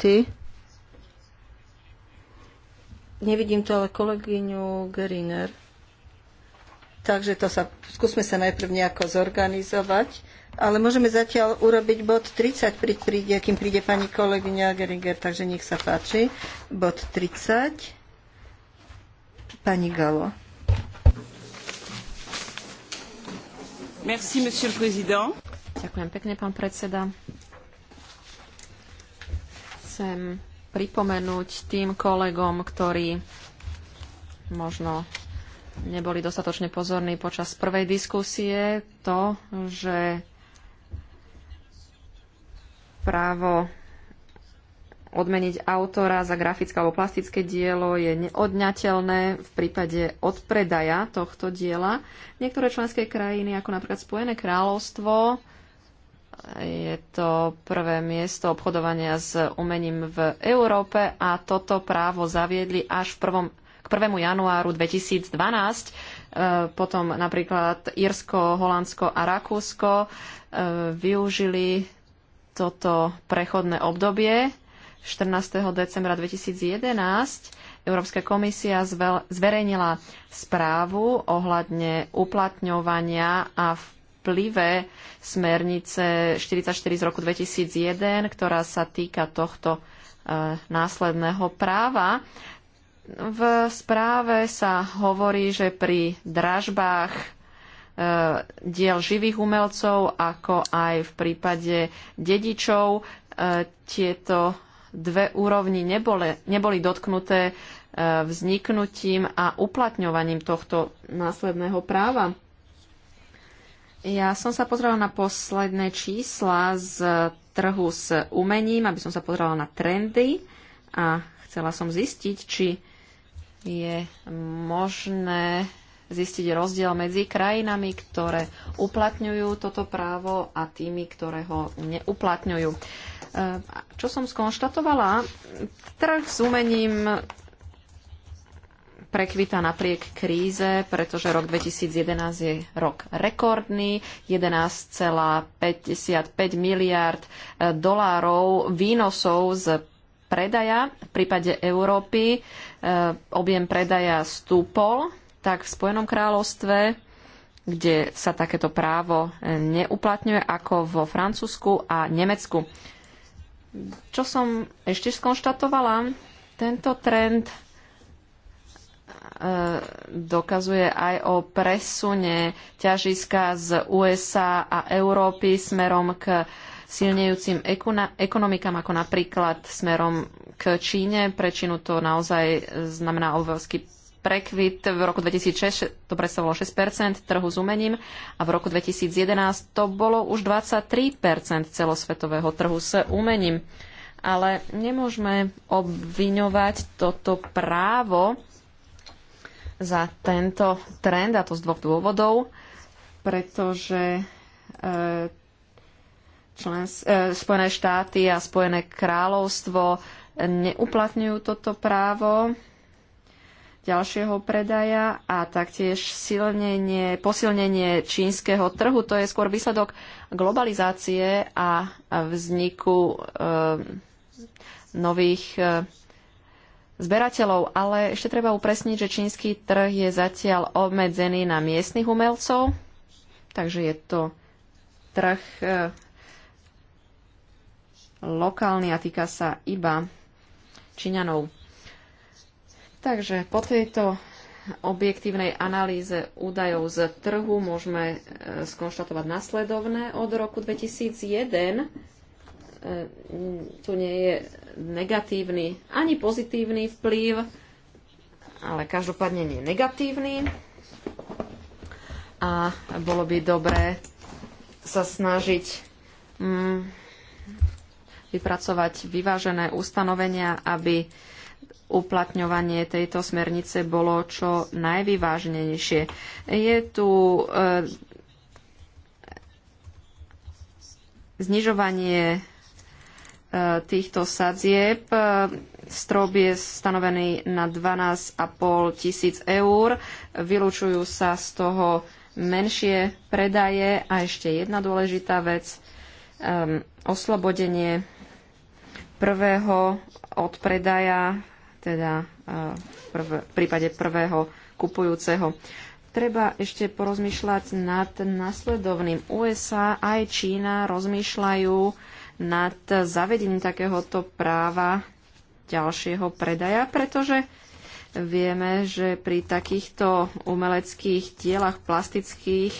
minúty. Nevidím to ale kolegyňu Geriner. Takže to sa, skúsme sa najprv nejako zorganizovať. Ale môžeme zatiaľ urobiť bod 30, pri, príde, kým príde pani kolegyňa Geringer, takže nech sa páči. Bod 30. Pani Galo. Merci, monsieur le président. Ďakujem pekne, pán predseda chcem pripomenúť tým kolegom, ktorí možno neboli dostatočne pozorní počas prvej diskusie, to, že právo odmeniť autora za grafické alebo plastické dielo je neodňateľné v prípade odpredaja tohto diela. Niektoré členské krajiny, ako napríklad Spojené kráľovstvo, je to prvé miesto obchodovania s umením v Európe a toto právo zaviedli až v prvom, k 1. januáru 2012. E, potom napríklad Írsko, Holandsko a Rakúsko e, využili toto prechodné obdobie 14. decembra 2011. Európska komisia zverejnila správu ohľadne uplatňovania a vplyve smernice 44 z roku 2001, ktorá sa týka tohto e, následného práva. V správe sa hovorí, že pri dražbách e, diel živých umelcov, ako aj v prípade dedičov, e, tieto dve úrovni neboli, neboli dotknuté vzniknutím a uplatňovaním tohto následného práva. Ja som sa pozrela na posledné čísla z trhu s umením, aby som sa pozrela na trendy a chcela som zistiť, či je možné zistiť rozdiel medzi krajinami, ktoré uplatňujú toto právo a tými, ktoré ho neuplatňujú. Ehm, čo som skonštatovala, trh s umením prekvita napriek kríze, pretože rok 2011 je rok rekordný, 11,55 miliard e, dolárov výnosov z predaja. V prípade Európy e, objem predaja stúpol, tak v Spojenom kráľovstve, kde sa takéto právo e, neuplatňuje, ako vo Francúzsku a Nemecku. Čo som ešte skonštatovala, tento trend E, dokazuje aj o presune ťažiska z USA a Európy smerom k silnejúcim ekonomikám, ako napríklad smerom k Číne. Pre Čínu to naozaj znamená obrovský prekvit. V roku 2006 to predstavovalo 6 trhu s umením a v roku 2011 to bolo už 23 celosvetového trhu s umením. Ale nemôžeme obviňovať toto právo za tento trend, a to z dvoch dôvodov, pretože e, člen, e, Spojené štáty a Spojené kráľovstvo neuplatňujú toto právo ďalšieho predaja a taktiež silnenie, posilnenie čínskeho trhu. To je skôr výsledok globalizácie a vzniku e, nových e, zberateľov, ale ešte treba upresniť, že čínsky trh je zatiaľ obmedzený na miestnych umelcov, takže je to trh e, lokálny a týka sa iba Číňanov. Takže po tejto objektívnej analýze údajov z trhu môžeme e, skonštatovať nasledovné. Od roku 2001 E, tu nie je negatívny ani pozitívny vplyv, ale každopádne nie negatívny. A bolo by dobré sa snažiť mm, vypracovať vyvážené ustanovenia, aby uplatňovanie tejto smernice bolo čo najvyváženejšie. Je tu e, znižovanie týchto sadzieb. Strop je stanovený na 12,5 tisíc eur. Vylúčujú sa z toho menšie predaje a ešte jedna dôležitá vec. Um, oslobodenie prvého od predaja, teda uh, prv, v prípade prvého kupujúceho. Treba ešte porozmýšľať nad nasledovným. USA aj Čína rozmýšľajú nad zavedením takéhoto práva ďalšieho predaja, pretože vieme, že pri takýchto umeleckých dielach plastických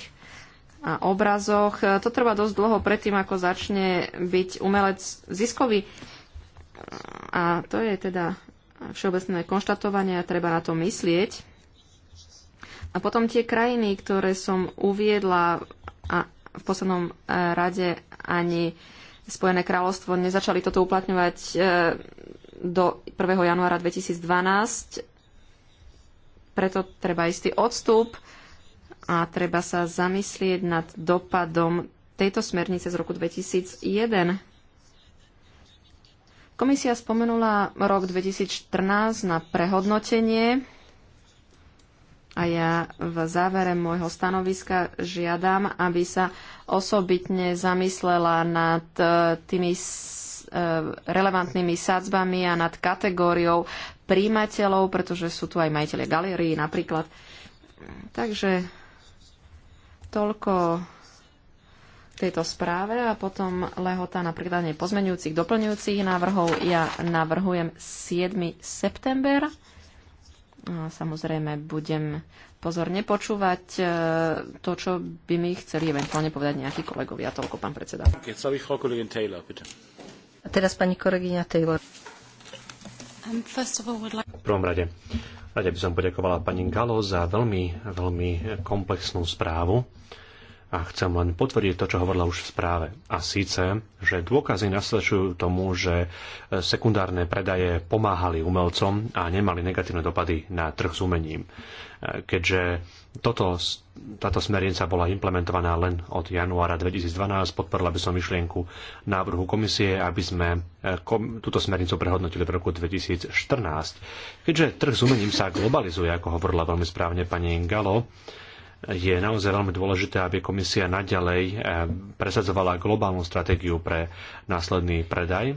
a obrazoch to trvá dosť dlho predtým, ako začne byť umelec ziskový. A to je teda všeobecné konštatovanie a treba na to myslieť. A potom tie krajiny, ktoré som uviedla a v poslednom eh, rade ani Spojené kráľovstvo nezačali toto uplatňovať e, do 1. januára 2012. Preto treba istý odstup a treba sa zamyslieť nad dopadom tejto smernice z roku 2001. Komisia spomenula rok 2014 na prehodnotenie a ja v závere môjho stanoviska žiadam, aby sa osobitne zamyslela nad e, tými e, relevantnými sadzbami a nad kategóriou príjimateľov, pretože sú tu aj majiteľe galérií napríklad. Takže toľko tejto správe a potom lehota na pridanie pozmenujúcich, doplňujúcich návrhov. Ja navrhujem 7. september Samozrejme, budem pozorne počúvať e, to, čo by mi chceli eventuálne povedať nejakí kolegovia. Toľko, pán predseda. A teraz pani kolegyňa Taylor. Um, v prvom rade, rade by som poďakovala pani Galo za veľmi, veľmi komplexnú správu a chcem len potvrdiť to, čo hovorila už v správe. A síce, že dôkazy nasvedčujú tomu, že sekundárne predaje pomáhali umelcom a nemali negatívne dopady na trh s umením. Keďže toto, táto smernica bola implementovaná len od januára 2012. Podporila by som myšlienku návrhu komisie, aby sme eh, kom, túto smernicu prehodnotili v roku 2014. Keďže trh s umením sa globalizuje, ako hovorila veľmi správne pani Galo, je naozaj veľmi dôležité, aby komisia naďalej eh, presadzovala globálnu stratégiu pre následný predaj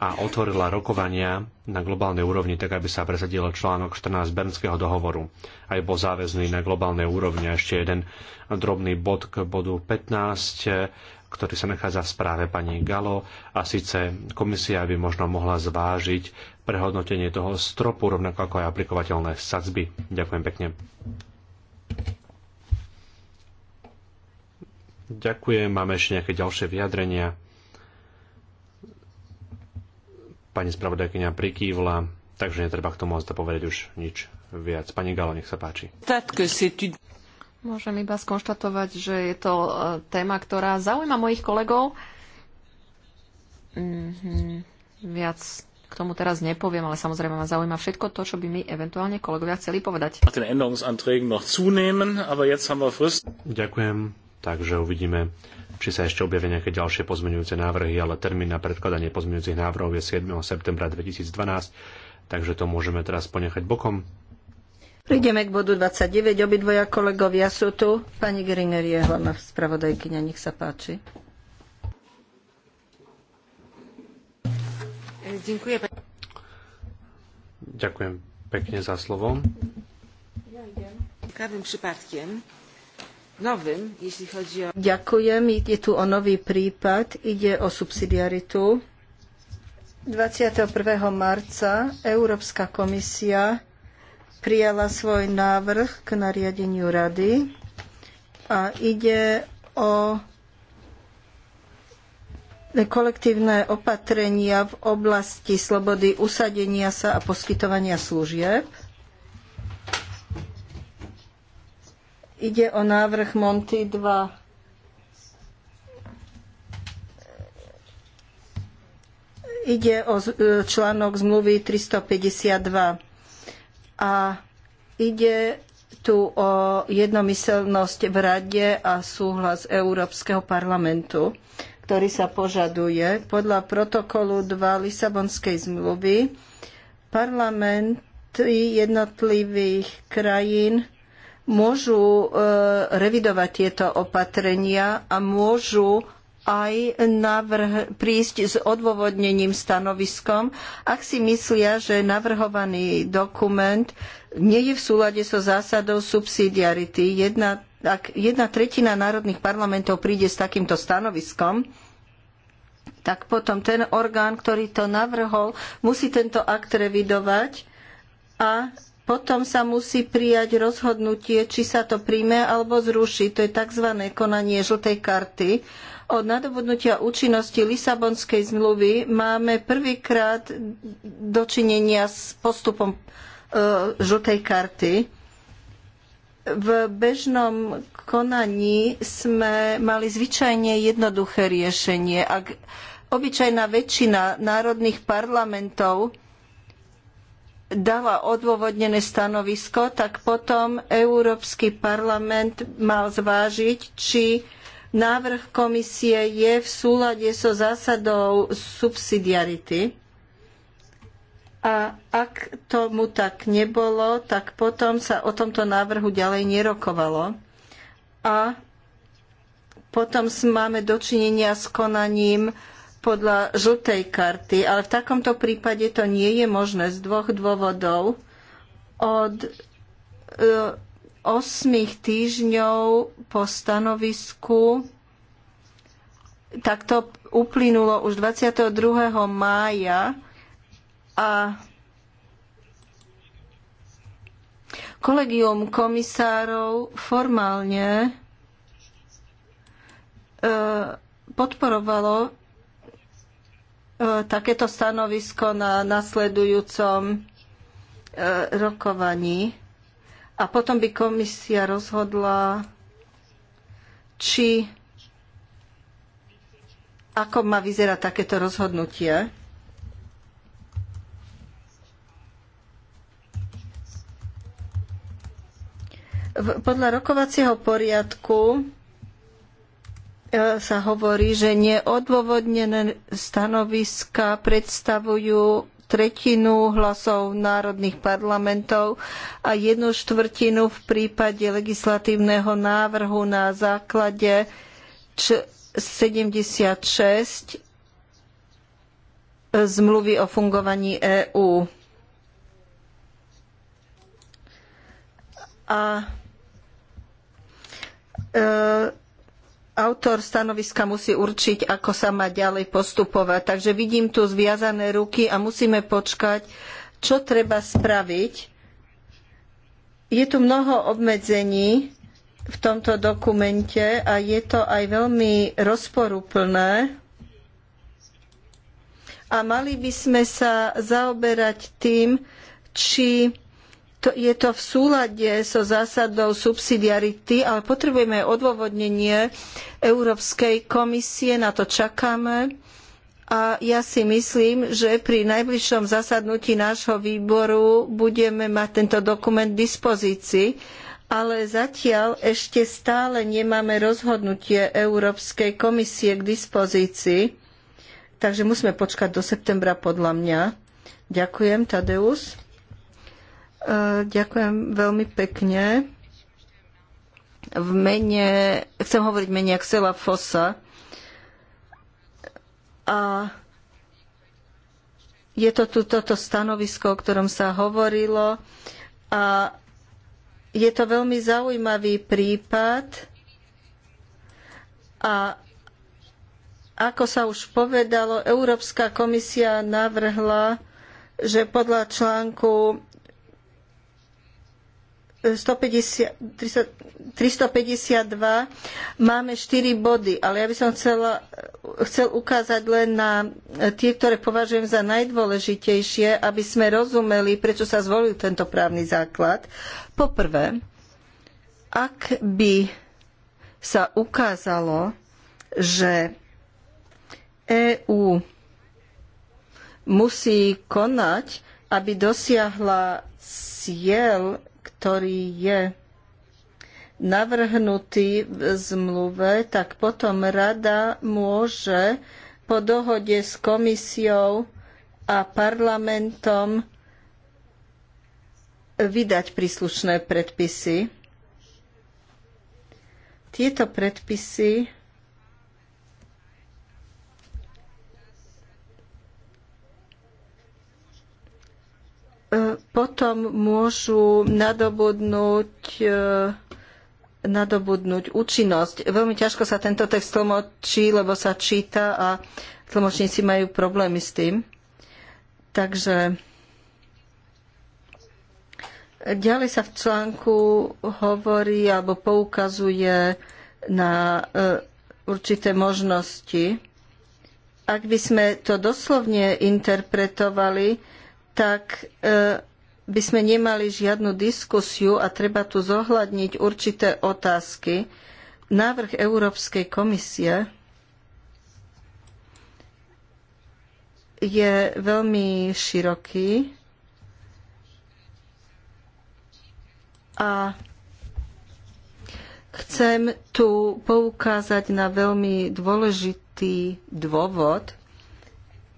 a otvorila rokovania na globálnej úrovni, tak aby sa presadilo článok 14 Bernského dohovoru. Aj bol záväzný na globálnej úrovni. A ešte jeden drobný bod k bodu 15 eh, ktorý sa nachádza v správe pani Galo a síce komisia by možno mohla zvážiť prehodnotenie toho stropu, rovnako ako aj aplikovateľné sadzby. Ďakujem pekne. Ďakujem. Máme ešte nejaké ďalšie vyjadrenia. Pani spravodajkynia prikývla, takže netreba k tomu asi povedať už nič viac. Pani Galo, nech sa páči. Môžem iba skonštatovať, že je to e, téma, ktorá zaujíma mojich kolegov. Mm-hmm. Viac k tomu teraz nepoviem, ale samozrejme ma zaujíma všetko to, čo by mi eventuálne kolegovia chceli povedať. Ďakujem takže uvidíme, či sa ešte objavia nejaké ďalšie pozmeňujúce návrhy, ale termín na predkladanie pozmeňujúcich návrhov je 7. septembra 2012, takže to môžeme teraz ponechať bokom. Prídeme k bodu 29. Obidvoja kolegovia sú tu. Pani Geringer je hlavná spravodajkynia, Nech sa páči. Ďakujem. Ďakujem pekne za slovo. Ja idem. Ciekawym przypadkiem nowym, jeśli chodzi o... Ďakujem. Ide tu o nový prípad. Ide o subsidiaritu. 21. marca Európska komisia prijala svoj návrh k nariadeniu rady a ide o kolektívne opatrenia v oblasti slobody usadenia sa a poskytovania služieb. Ide o návrh Monty 2. Ide o e, článok zmluvy 352. A ide tu o jednomyselnosť v Rade a súhlas Európskeho parlamentu, ktorý sa požaduje. Podľa protokolu 2 Lisabonskej zmluvy parlamenty jednotlivých krajín môžu e, revidovať tieto opatrenia a môžu aj navrh, prísť s odôvodnením stanoviskom, ak si myslia, že navrhovaný dokument nie je v súlade so zásadou subsidiarity. Jedna, ak jedna tretina národných parlamentov príde s takýmto stanoviskom, tak potom ten orgán, ktorý to navrhol, musí tento akt revidovať a potom sa musí prijať rozhodnutie, či sa to príjme alebo zruší. To je tzv. konanie žltej karty. Od nadobudnutia účinnosti Lisabonskej zmluvy máme prvýkrát dočinenia s postupom e, žltej karty. V bežnom konaní sme mali zvyčajne jednoduché riešenie. Ak obyčajná väčšina národných parlamentov dala odôvodnené stanovisko, tak potom Európsky parlament mal zvážiť, či návrh komisie je v súlade so zásadou subsidiarity. A ak tomu tak nebolo, tak potom sa o tomto návrhu ďalej nerokovalo. A potom máme dočinenia s konaním podľa žltej karty, ale v takomto prípade to nie je možné z dvoch dôvodov. Od e, 8 týždňov po stanovisku tak to uplynulo už 22. mája a kolegium komisárov formálne e, podporovalo E, takéto stanovisko na nasledujúcom e, rokovaní a potom by komisia rozhodla, či ako má vyzerať takéto rozhodnutie. Podľa rokovacieho poriadku E, sa hovorí, že neodôvodnené stanoviska predstavujú tretinu hlasov národných parlamentov a jednu štvrtinu v prípade legislatívneho návrhu na základe 76 zmluvy o fungovaní EÚ. A e, autor stanoviska musí určiť, ako sa má ďalej postupovať. Takže vidím tu zviazané ruky a musíme počkať, čo treba spraviť. Je tu mnoho obmedzení v tomto dokumente a je to aj veľmi rozporuplné. A mali by sme sa zaoberať tým, či to, je to v súlade so zásadou subsidiarity, ale potrebujeme odôvodnenie Európskej komisie, na to čakáme. A ja si myslím, že pri najbližšom zasadnutí nášho výboru budeme mať tento dokument k dispozícii, ale zatiaľ ešte stále nemáme rozhodnutie Európskej komisie k dispozícii, takže musíme počkať do septembra podľa mňa. Ďakujem, Tadeus. Eh, ďakujem veľmi pekne. V mene, chcem hovoriť mene Axela Fossa. A je to tu toto stanovisko, o ktorom sa hovorilo. A je to veľmi zaujímavý prípad. A ako sa už povedalo, Európska komisia navrhla, že podľa článku 352 máme 4 body, ale ja by som chcela, chcel ukázať len na tie, ktoré považujem za najdôležitejšie, aby sme rozumeli, prečo sa zvolil tento právny základ. Poprvé, ak by sa ukázalo, že EÚ musí konať, aby dosiahla cieľ ktorý je navrhnutý v zmluve, tak potom rada môže po dohode s komisiou a parlamentom vydať príslušné predpisy. Tieto predpisy potom môžu nadobudnúť, e, nadobudnúť účinnosť. Veľmi ťažko sa tento text tlmočí, lebo sa číta a tlmočníci majú problémy s tým. Takže ďalej sa v článku hovorí alebo poukazuje na e, určité možnosti. Ak by sme to doslovne interpretovali, tak e, by sme nemali žiadnu diskusiu a treba tu zohľadniť určité otázky. Návrh Európskej komisie je veľmi široký a chcem tu poukázať na veľmi dôležitý dôvod,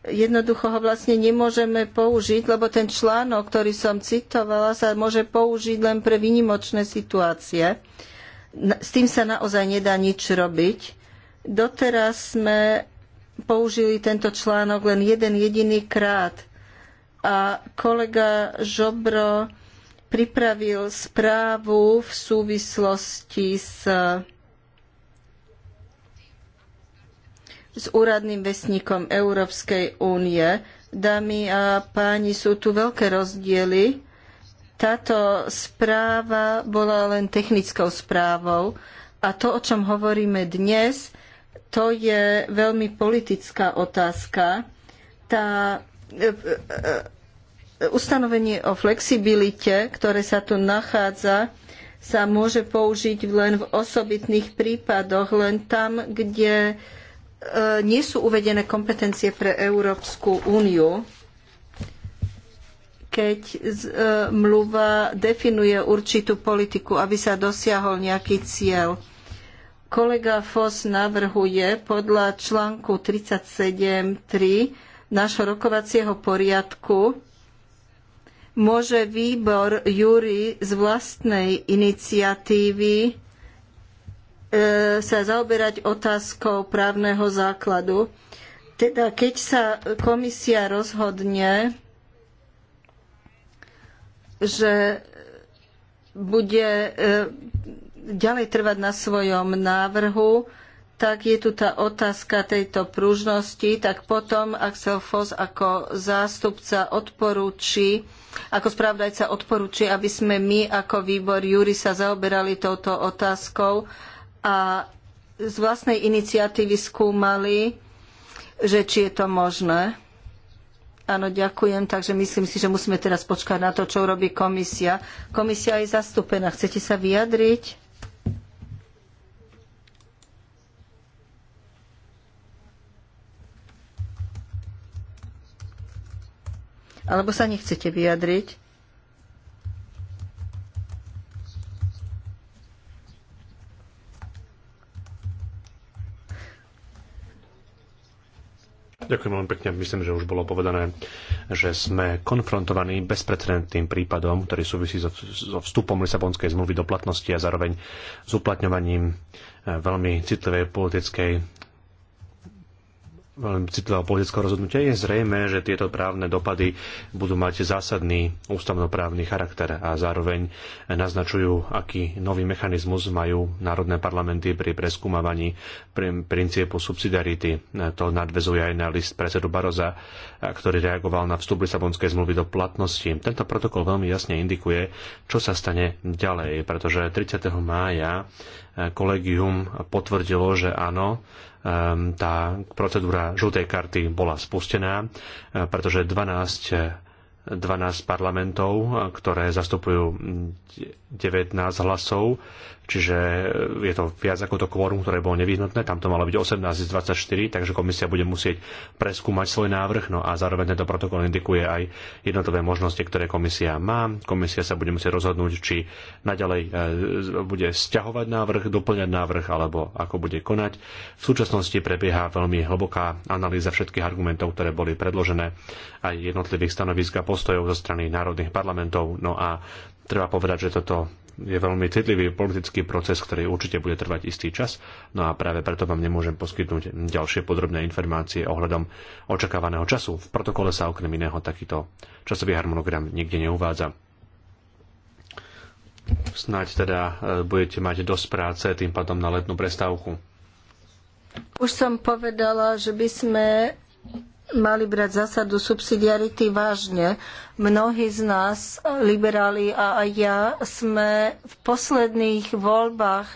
jednoducho ho vlastne nemôžeme použiť, lebo ten článok, ktorý som citovala, sa môže použiť len pre výnimočné situácie. S tým sa naozaj nedá nič robiť. Doteraz sme použili tento článok len jeden jediný krát a kolega Žobro pripravil správu v súvislosti s s úradným vestníkom Európskej únie. Dámy a páni, sú tu veľké rozdiely. Táto správa bola len technickou správou a to, o čom hovoríme dnes, to je veľmi politická otázka. Tá e, e, e, ustanovenie o flexibilite, ktoré sa tu nachádza, sa môže použiť len v osobitných prípadoch, len tam, kde E, nie sú uvedené kompetencie pre Európsku úniu, keď e, mluva definuje určitú politiku, aby sa dosiahol nejaký cieľ. Kolega Foss navrhuje podľa článku 37.3 nášho rokovacieho poriadku môže výbor Júri z vlastnej iniciatívy E, sa zaoberať otázkou právneho základu. Teda keď sa komisia rozhodne, že bude e, ďalej trvať na svojom návrhu, tak je tu tá otázka tejto pružnosti, tak potom Axel Foss ako zástupca odporúči, ako spravodajca odporúči, aby sme my ako výbor Júri sa zaoberali touto otázkou a z vlastnej iniciatívy skúmali, že či je to možné. Áno, ďakujem, takže myslím si, že musíme teraz počkať na to, čo robí komisia. Komisia je zastúpená. Chcete sa vyjadriť? Alebo sa nechcete vyjadriť? Ďakujem veľmi pekne. Myslím, že už bolo povedané, že sme konfrontovaní bezprecedentným prípadom, ktorý súvisí so, vstupom Lisabonskej zmluvy do platnosti a zároveň s uplatňovaním eh, veľmi citlivej politickej veľmi citlivého politického rozhodnutia, je zrejme, že tieto právne dopady budú mať zásadný ústavnoprávny charakter a zároveň naznačujú, aký nový mechanizmus majú národné parlamenty pri preskúmavaní princípu subsidiarity. To nadvezuje aj na list predsedu Baroza, ktorý reagoval na vstup Lisabonskej zmluvy do platnosti. Tento protokol veľmi jasne indikuje, čo sa stane ďalej, pretože 30. mája kolegium potvrdilo, že áno, Ehm, tá procedúra žltej karty bola spustená, e, pretože 12 12 e, parlamentov, e, ktoré zastupujú 19 hlasov, čiže e, je to viac ako to kvórum, ktoré bolo nevyhnutné, tam to malo byť 18 z 24, takže komisia bude musieť preskúmať svoj návrh, no a zároveň tento protokol indikuje aj jednotlivé možnosti, ktoré komisia má. Komisia sa bude musieť rozhodnúť, či naďalej e, bude stiahovať návrh, doplňať návrh, alebo ako bude konať. V súčasnosti prebieha veľmi hlboká analýza všetkých argumentov, ktoré boli predložené, aj jednotlivých stanovisk a postojov zo strany národných parlamentov, no a treba povedať, že toto je veľmi citlivý politický proces, ktorý určite bude trvať istý čas, no a práve preto vám nemôžem poskytnúť ďalšie podrobné informácie ohľadom očakávaného času. V protokole sa okrem iného takýto časový harmonogram nikde neuvádza. Snaď teda e, budete mať dosť práce tým pádom na letnú prestávku. Už som povedala, že by sme mali brať zásadu subsidiarity vážne. Mnohí z nás, liberáli a aj ja, sme v posledných voľbách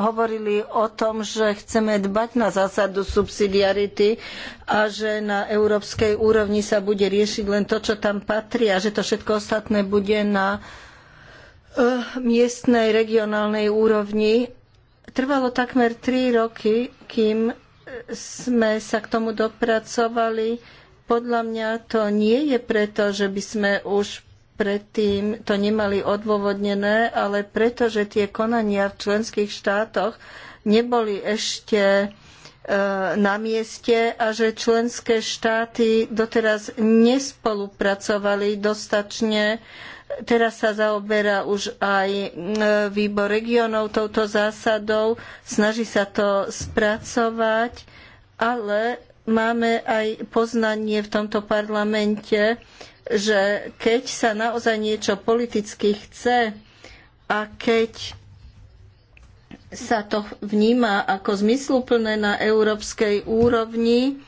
hovorili o tom, že chceme dbať na zásadu subsidiarity a že na európskej úrovni sa bude riešiť len to, čo tam patrí a že to všetko ostatné bude na eh, miestnej, regionálnej úrovni. Trvalo takmer tri roky, kým sme sa k tomu dopracovali. Podľa mňa to nie je preto, že by sme už predtým to nemali odôvodnené, ale preto, že tie konania v členských štátoch neboli ešte e, na mieste a že členské štáty doteraz nespolupracovali dostačne Teraz sa zaoberá už aj e, výbor regionov touto zásadou, snaží sa to spracovať, ale máme aj poznanie v tomto parlamente, že keď sa naozaj niečo politicky chce a keď sa to vníma ako zmysluplné na európskej úrovni,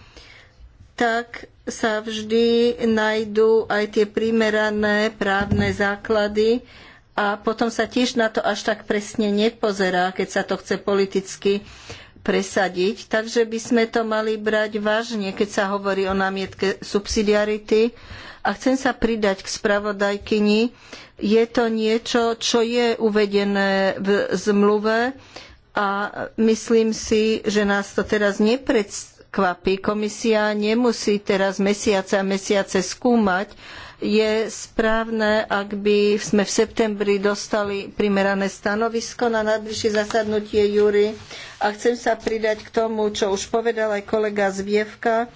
tak sa vždy nájdú aj tie primerané právne základy a potom sa tiež na to až tak presne nepozerá, keď sa to chce politicky presadiť. Takže by sme to mali brať vážne, keď sa hovorí o námietke subsidiarity. A chcem sa pridať k spravodajkyni. Je to niečo, čo je uvedené v zmluve a myslím si, že nás to teraz nepredstaví kvapí. Komisia nemusí teraz mesiace a mesiace skúmať. Je správne, ak by sme v septembri dostali primerané stanovisko na najbližšie zasadnutie Júry. A chcem sa pridať k tomu, čo už povedal aj kolega Zvievka,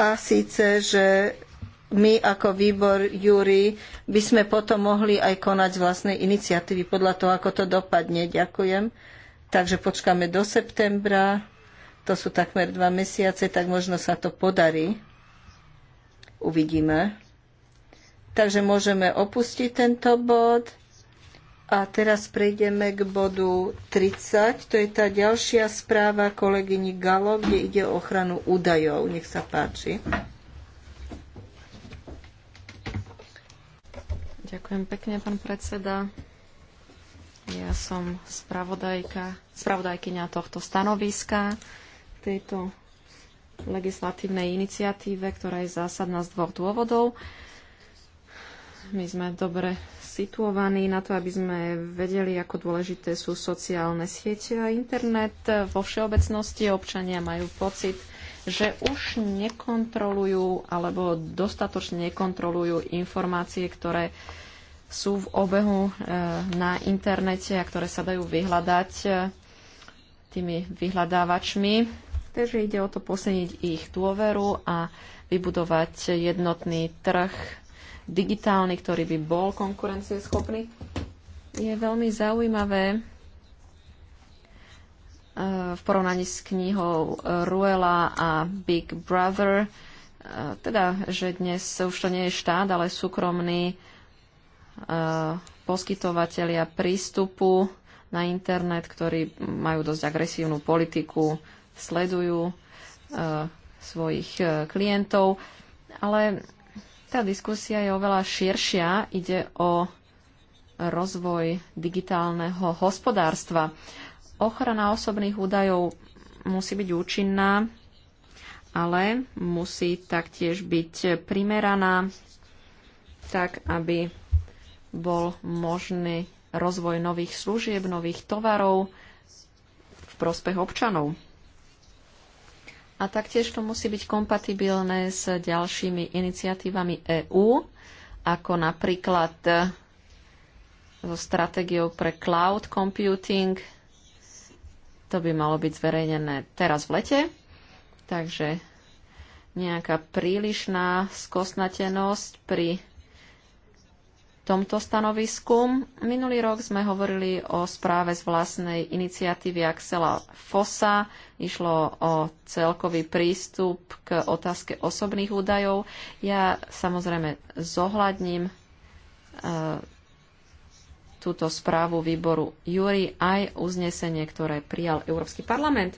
a síce, že my ako výbor Júri by sme potom mohli aj konať z vlastnej iniciatívy podľa toho, ako to dopadne. Ďakujem. Takže počkáme do septembra to sú takmer dva mesiace, tak možno sa to podarí. Uvidíme. Takže môžeme opustiť tento bod. A teraz prejdeme k bodu 30. To je tá ďalšia správa kolegyni Galo, kde ide o ochranu údajov. Nech sa páči. Ďakujem pekne, pán predseda. Ja som spravodajka, spravodajkyňa tohto stanoviska tejto legislatívnej iniciatíve, ktorá je zásadná z dvoch dôvodov. My sme dobre situovaní na to, aby sme vedeli, ako dôležité sú sociálne siete a internet. Vo všeobecnosti občania majú pocit, že už nekontrolujú alebo dostatočne nekontrolujú informácie, ktoré sú v obehu e, na internete a ktoré sa dajú vyhľadať e, tými vyhľadávačmi Takže ide o to poseniť ich dôveru a vybudovať jednotný trh digitálny, ktorý by bol konkurencieschopný. Je veľmi zaujímavé e, v porovnaní s knihou Ruela a Big Brother, e, teda, že dnes už to nie je štát, ale súkromný e, poskytovateľia prístupu na internet, ktorí majú dosť agresívnu politiku sledujú e, svojich e, klientov, ale tá diskusia je oveľa širšia. Ide o rozvoj digitálneho hospodárstva. Ochrana osobných údajov musí byť účinná, ale musí taktiež byť primeraná tak, aby bol možný rozvoj nových služieb, nových tovarov v prospech občanov. A taktiež to musí byť kompatibilné s ďalšími iniciatívami EÚ, ako napríklad e, so stratégiou pre cloud computing. To by malo byť zverejnené teraz v lete. Takže nejaká prílišná skosnatenosť pri tomto stanovisku. Minulý rok sme hovorili o správe z vlastnej iniciatívy Axela Fossa. Išlo o celkový prístup k otázke osobných údajov. Ja samozrejme zohľadním e, túto správu výboru Júri aj uznesenie, ktoré prijal Európsky parlament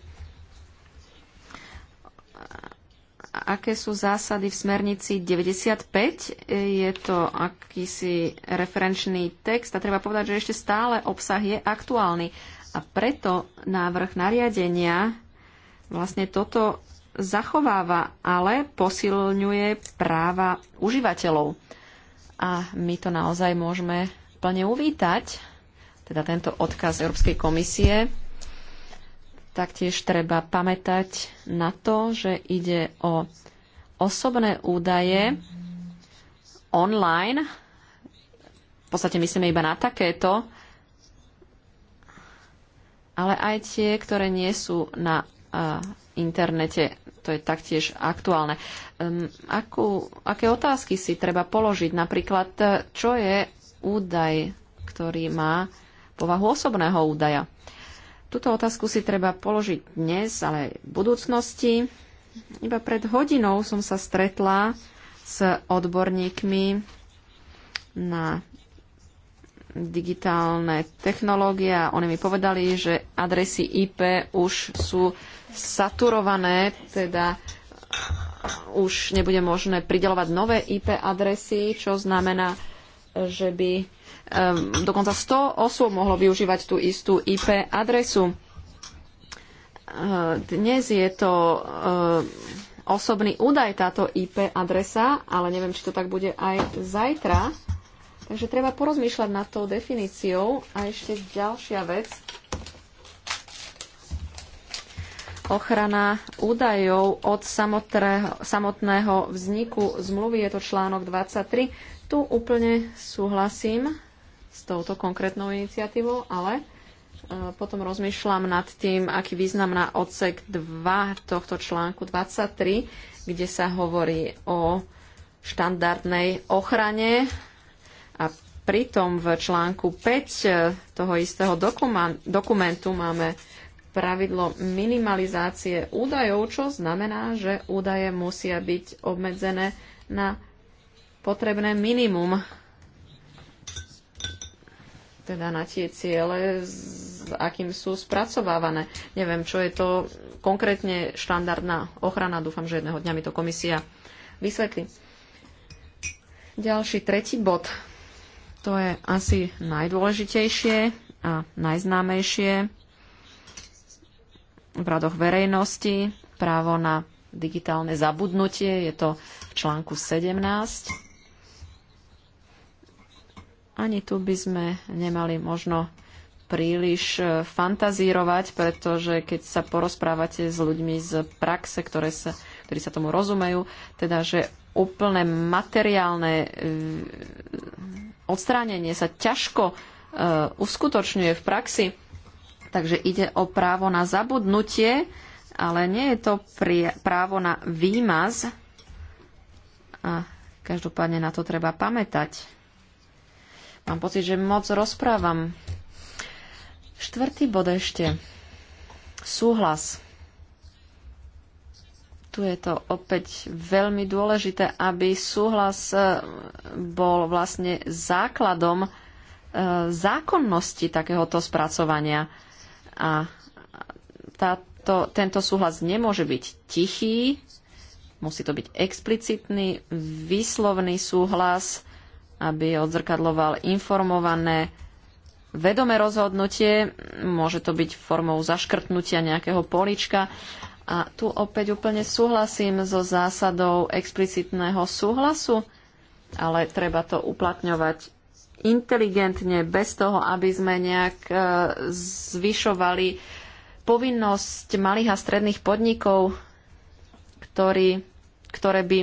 aké sú zásady v smernici 95. Je to akýsi referenčný text a treba povedať, že ešte stále obsah je aktuálny. A preto návrh nariadenia vlastne toto zachováva, ale posilňuje práva užívateľov. A my to naozaj môžeme plne uvítať, teda tento odkaz Európskej komisie Taktiež treba pamätať na to, že ide o osobné údaje online. V podstate myslíme iba na takéto, ale aj tie, ktoré nie sú na uh, internete. To je taktiež aktuálne. Um, akú, aké otázky si treba položiť? Napríklad, čo je údaj, ktorý má povahu osobného údaja? Tuto otázku si treba položiť dnes, ale v budúcnosti. Iba pred hodinou som sa stretla s odborníkmi na digitálne technológie a oni mi povedali, že adresy IP už sú saturované, teda už nebude možné pridelovať nové IP adresy, čo znamená, že by Ehm, dokonca 100 osôb mohlo využívať tú istú IP adresu. Ehm, dnes je to ehm, osobný údaj táto IP adresa, ale neviem, či to tak bude aj zajtra. Takže treba porozmýšľať nad tou definíciou. A ešte ďalšia vec. Ochrana údajov od samotného vzniku zmluvy je to článok 23. Tu úplne súhlasím s touto konkrétnou iniciatívou, ale e, potom rozmýšľam nad tým, aký význam na odsek 2 tohto článku 23, kde sa hovorí o štandardnej ochrane a pritom v článku 5 e, toho istého dokumentu máme pravidlo minimalizácie údajov, čo znamená, že údaje musia byť obmedzené na potrebné minimum teda na tie ciele, s akým sú spracovávané. Neviem, čo je to konkrétne štandardná ochrana. Dúfam, že jedného dňa mi to komisia vysvetlí. Ďalší, tretí bod. To je asi najdôležitejšie a najznámejšie v radoch verejnosti. Právo na digitálne zabudnutie je to v článku 17 ani tu by sme nemali možno príliš e, fantazírovať, pretože keď sa porozprávate s ľuďmi z praxe, ktoré sa, ktorí sa tomu rozumejú, teda že úplné materiálne e, odstránenie sa ťažko e, uskutočňuje v praxi. Takže ide o právo na zabudnutie, ale nie je to právo na výmaz. A každopádne na to treba pamätať. Mám pocit, že moc rozprávam. Štvrtý bod ešte. Súhlas. Tu je to opäť veľmi dôležité, aby súhlas e, bol vlastne základom e, zákonnosti takéhoto spracovania. A táto, tento súhlas nemôže byť tichý, musí to byť explicitný, výslovný súhlas aby odzrkadloval informované vedomé rozhodnutie, môže to byť formou zaškrtnutia nejakého polička. A tu opäť úplne súhlasím so zásadou explicitného súhlasu, ale treba to uplatňovať inteligentne, bez toho, aby sme nejak e, zvyšovali povinnosť malých a stredných podnikov, ktorý, ktoré by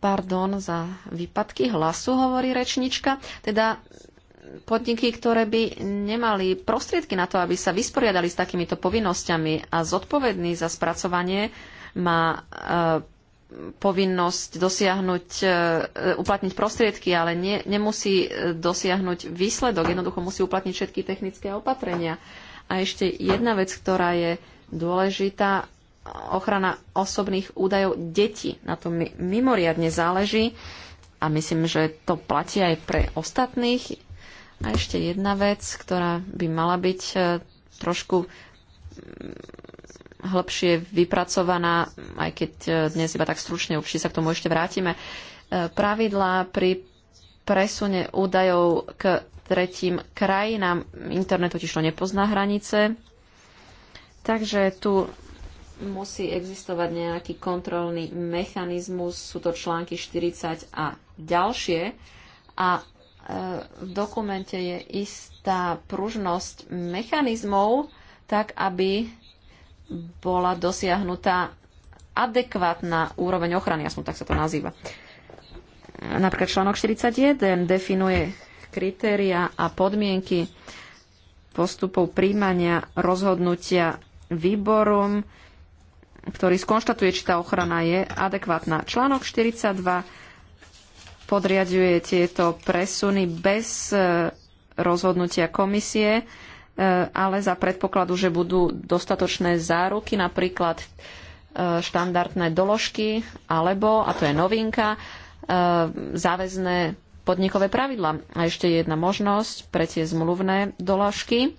Pardon za výpadky hlasu, hovorí rečnička. Teda podniky, ktoré by nemali prostriedky na to, aby sa vysporiadali s takýmito povinnosťami a zodpovedný za spracovanie má e, povinnosť dosiahnuť, e, uplatniť prostriedky, ale nie, nemusí e, dosiahnuť výsledok. Jednoducho musí uplatniť všetky technické opatrenia. A ešte jedna vec, ktorá je dôležitá, ochrana osobných údajov detí. Na tom mi mimoriadne záleží a myslím, že to platí aj pre ostatných. A ešte jedna vec, ktorá by mala byť e, trošku hĺbšie vypracovaná, aj keď e, dnes iba tak stručne, určite sa k tomu ešte vrátime. E, pravidlá pri presune údajov k tretím krajinám. Internet totiž to nepozná hranice. Takže tu musí existovať nejaký kontrolný mechanizmus, sú to články 40 a ďalšie. A e, v dokumente je istá pružnosť mechanizmov, tak aby bola dosiahnutá adekvátna úroveň ochrany, aspoň tak sa to nazýva. Napríklad článok 41 definuje kritéria a podmienky postupov príjmania rozhodnutia výborom, ktorý skonštatuje, či tá ochrana je adekvátna. Článok 42 podriaduje tieto presuny bez e, rozhodnutia komisie, e, ale za predpokladu, že budú dostatočné záruky, napríklad e, štandardné doložky alebo, a to je novinka, záväzné podnikové pravidla. A ešte jedna možnosť pre tie zmluvné doložky,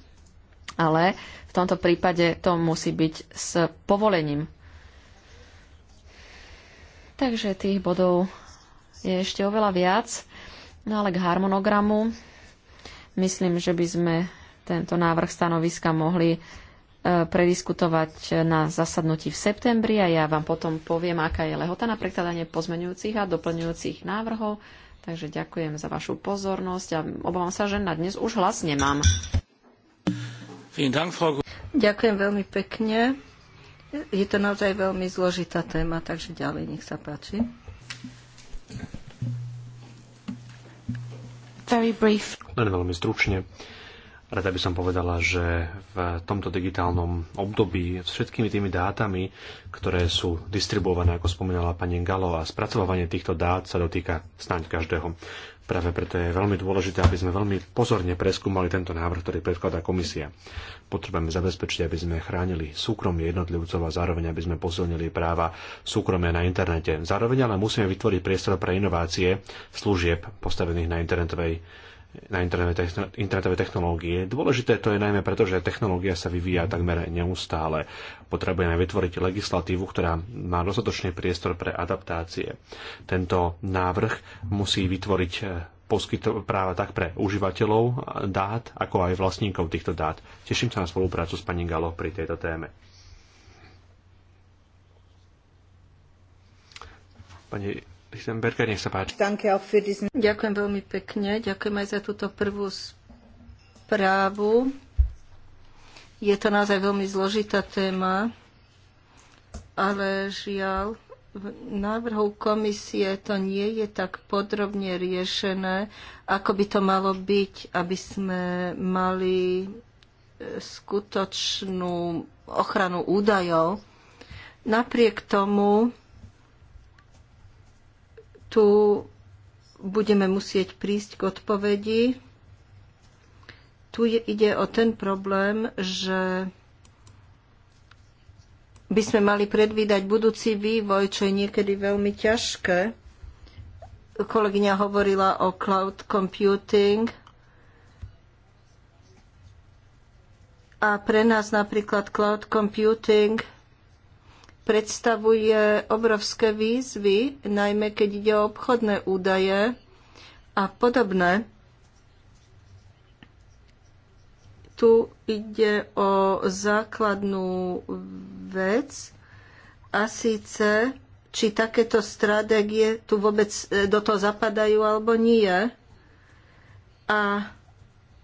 ale v tomto prípade to musí byť s povolením. Takže tých bodov je ešte oveľa viac. No ale k harmonogramu myslím, že by sme tento návrh stanoviska mohli e, prediskutovať na zasadnutí v septembri a ja vám potom poviem, aká je lehota na prekladanie pozmenujúcich a doplňujúcich návrhov. Takže ďakujem za vašu pozornosť a obávam sa, že na dnes už hlas nemám. Ďakujem veľmi pekne. Je to naozaj veľmi zložitá téma, takže ďalej nech sa páči. Very brief. Len veľmi stručne. Rada by som povedala, že v tomto digitálnom období s všetkými tými dátami, ktoré sú distribuované, ako spomínala pani Galo, a spracovávanie týchto dát sa dotýka snáď každého. Práve preto je veľmi dôležité, aby sme veľmi pozorne preskúmali tento návrh, ktorý predkladá komisia potrebujeme zabezpečiť, aby sme chránili súkromie jednotlivcov a zároveň, aby sme posilnili práva súkromia na internete. Zároveň ale musíme vytvoriť priestor pre inovácie služieb postavených na internetovej na internetové technológie. Dôležité to je najmä preto, že technológia sa vyvíja takmer neustále. Potrebujeme vytvoriť legislatívu, ktorá má dostatočný priestor pre adaptácie. Tento návrh musí vytvoriť poskytov- práva tak pre užívateľov dát, ako aj vlastníkov týchto dát. Teším sa na spoluprácu s pani Galo pri tejto téme. Pani Lichtenberger, nech sa páči. Ďakujem veľmi pekne. Ďakujem aj za túto prvú správu. Je to naozaj veľmi zložitá téma, ale žiaľ, v návrhu komisie to nie je tak podrobne riešené, ako by to malo byť, aby sme mali e, skutočnú ochranu údajov. Napriek tomu tu budeme musieť prísť k odpovedi. Tu ide o ten problém, že by sme mali predvídať budúci vývoj, čo je niekedy veľmi ťažké. Kolegyňa hovorila o cloud computing. A pre nás napríklad cloud computing predstavuje obrovské výzvy, najmä keď ide o obchodné údaje a podobné tu ide o základnú vec a síce, či takéto stratégie tu vôbec e, do toho zapadajú alebo nie. A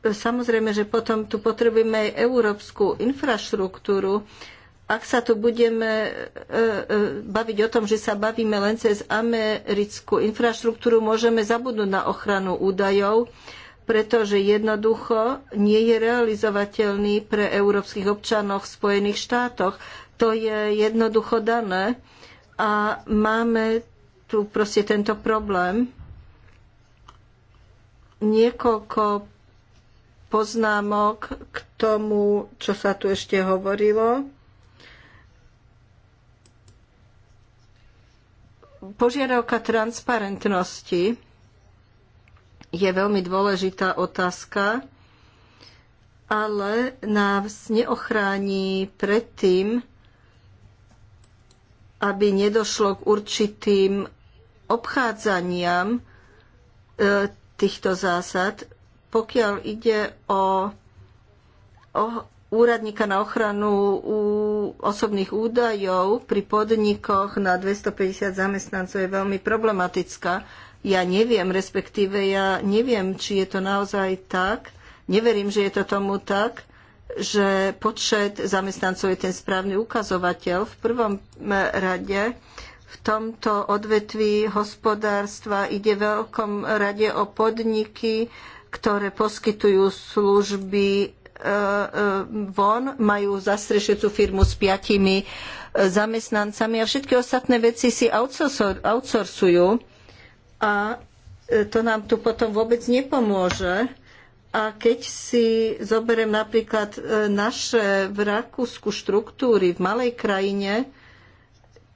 samozrejme, že potom tu potrebujeme aj európsku infraštruktúru. Ak sa tu budeme e, e, baviť o tom, že sa bavíme len cez americkú infraštruktúru, môžeme zabudnúť na ochranu údajov pretože jednoducho nie je realizovateľný pre európskych občanov v Spojených štátoch. To je jednoducho dané a máme tu proste tento problém. Niekoľko poznámok k tomu, čo sa tu ešte hovorilo. Požiadavka transparentnosti je veľmi dôležitá otázka, ale nás neochrání pred tým, aby nedošlo k určitým obchádzaniam e, týchto zásad, pokiaľ ide o, o úradníka na ochranu osobných údajov pri podnikoch na 250 zamestnancov je veľmi problematická ja neviem, respektíve ja neviem, či je to naozaj tak. Neverím, že je to tomu tak že počet zamestnancov je ten správny ukazovateľ. V prvom rade v tomto odvetví hospodárstva ide v veľkom rade o podniky, ktoré poskytujú služby e, e, von, majú zastrešujúcu firmu s piatimi e, zamestnancami a všetky ostatné veci si outsourcujú a e, to nám tu potom vôbec nepomôže. A keď si zoberiem napríklad e, naše v Rakúsku štruktúry v malej krajine,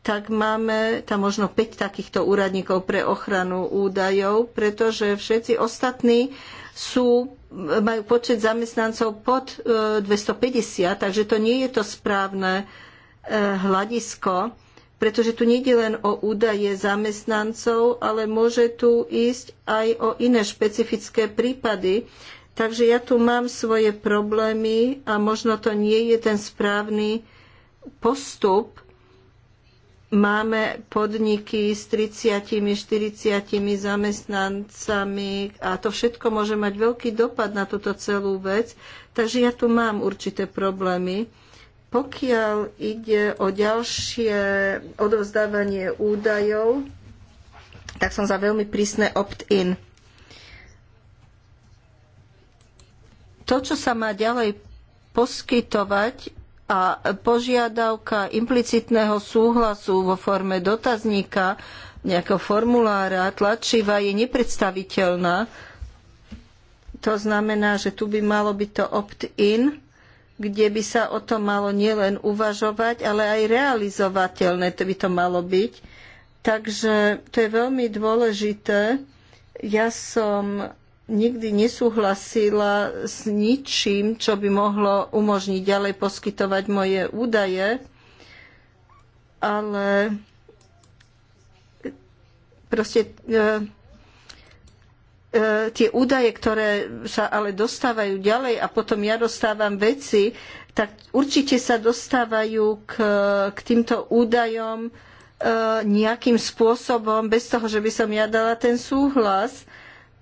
tak máme tam možno 5 takýchto úradníkov pre ochranu údajov, pretože všetci ostatní sú, majú počet zamestnancov pod 250, e, takže to nie je to správne hľadisko pretože tu nejde len o údaje zamestnancov, ale môže tu ísť aj o iné špecifické prípady. Takže ja tu mám svoje problémy a možno to nie je ten správny postup. Máme podniky s 30-40 zamestnancami a to všetko môže mať veľký dopad na túto celú vec. Takže ja tu mám určité problémy. Pokiaľ ide o ďalšie odovzdávanie údajov, tak som za veľmi prísne opt-in. To, čo sa má ďalej poskytovať a požiadavka implicitného súhlasu vo forme dotazníka, nejakého formulára, tlačiva je nepredstaviteľná. To znamená, že tu by malo byť to opt-in kde by sa o tom malo nielen uvažovať, ale aj realizovateľné to by to malo byť. Takže to je veľmi dôležité. Ja som nikdy nesúhlasila s ničím, čo by mohlo umožniť ďalej poskytovať moje údaje, ale proste e, E, tie údaje, ktoré sa ale dostávajú ďalej a potom ja dostávam veci, tak určite sa dostávajú k, k týmto údajom e, nejakým spôsobom, bez toho, že by som ja dala ten súhlas.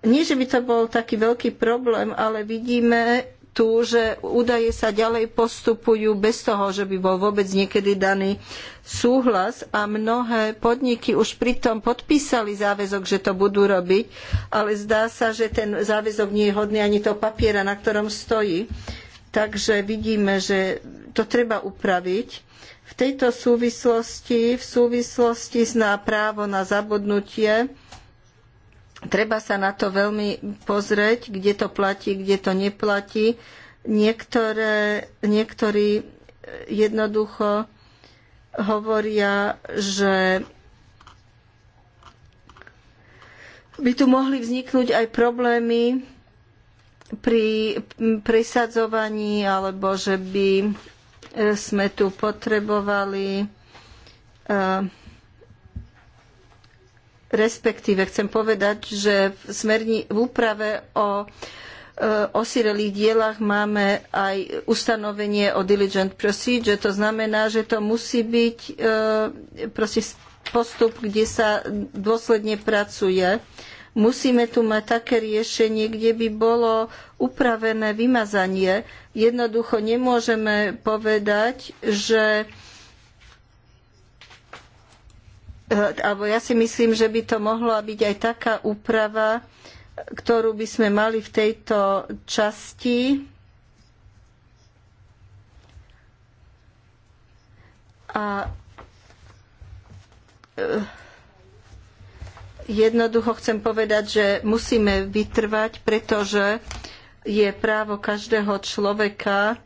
Nie, že by to bol taký veľký problém, ale vidíme, tu, že údaje sa ďalej postupujú bez toho, že by bol vôbec niekedy daný súhlas a mnohé podniky už pritom podpísali záväzok, že to budú robiť, ale zdá sa, že ten záväzok nie je hodný ani toho papiera, na ktorom stojí. Takže vidíme, že to treba upraviť. V tejto súvislosti, v súvislosti na právo na zabudnutie, Treba sa na to veľmi pozrieť, kde to platí, kde to neplatí. Niektoré, niektorí e, jednoducho hovoria, že by tu mohli vzniknúť aj problémy pri presadzovaní, alebo že by e, sme tu potrebovali uh, respektíve chcem povedať, že v, smerni, v úprave o e, osirelých dielach máme aj ustanovenie o diligent procedure. To znamená, že to musí byť e, proste postup, kde sa dôsledne pracuje. Musíme tu mať také riešenie, kde by bolo upravené vymazanie. Jednoducho nemôžeme povedať, že Eh, alebo ja si myslím, že by to mohla byť aj taká úprava, ktorú by sme mali v tejto časti. A eh, jednoducho chcem povedať, že musíme vytrvať, pretože je právo každého človeka,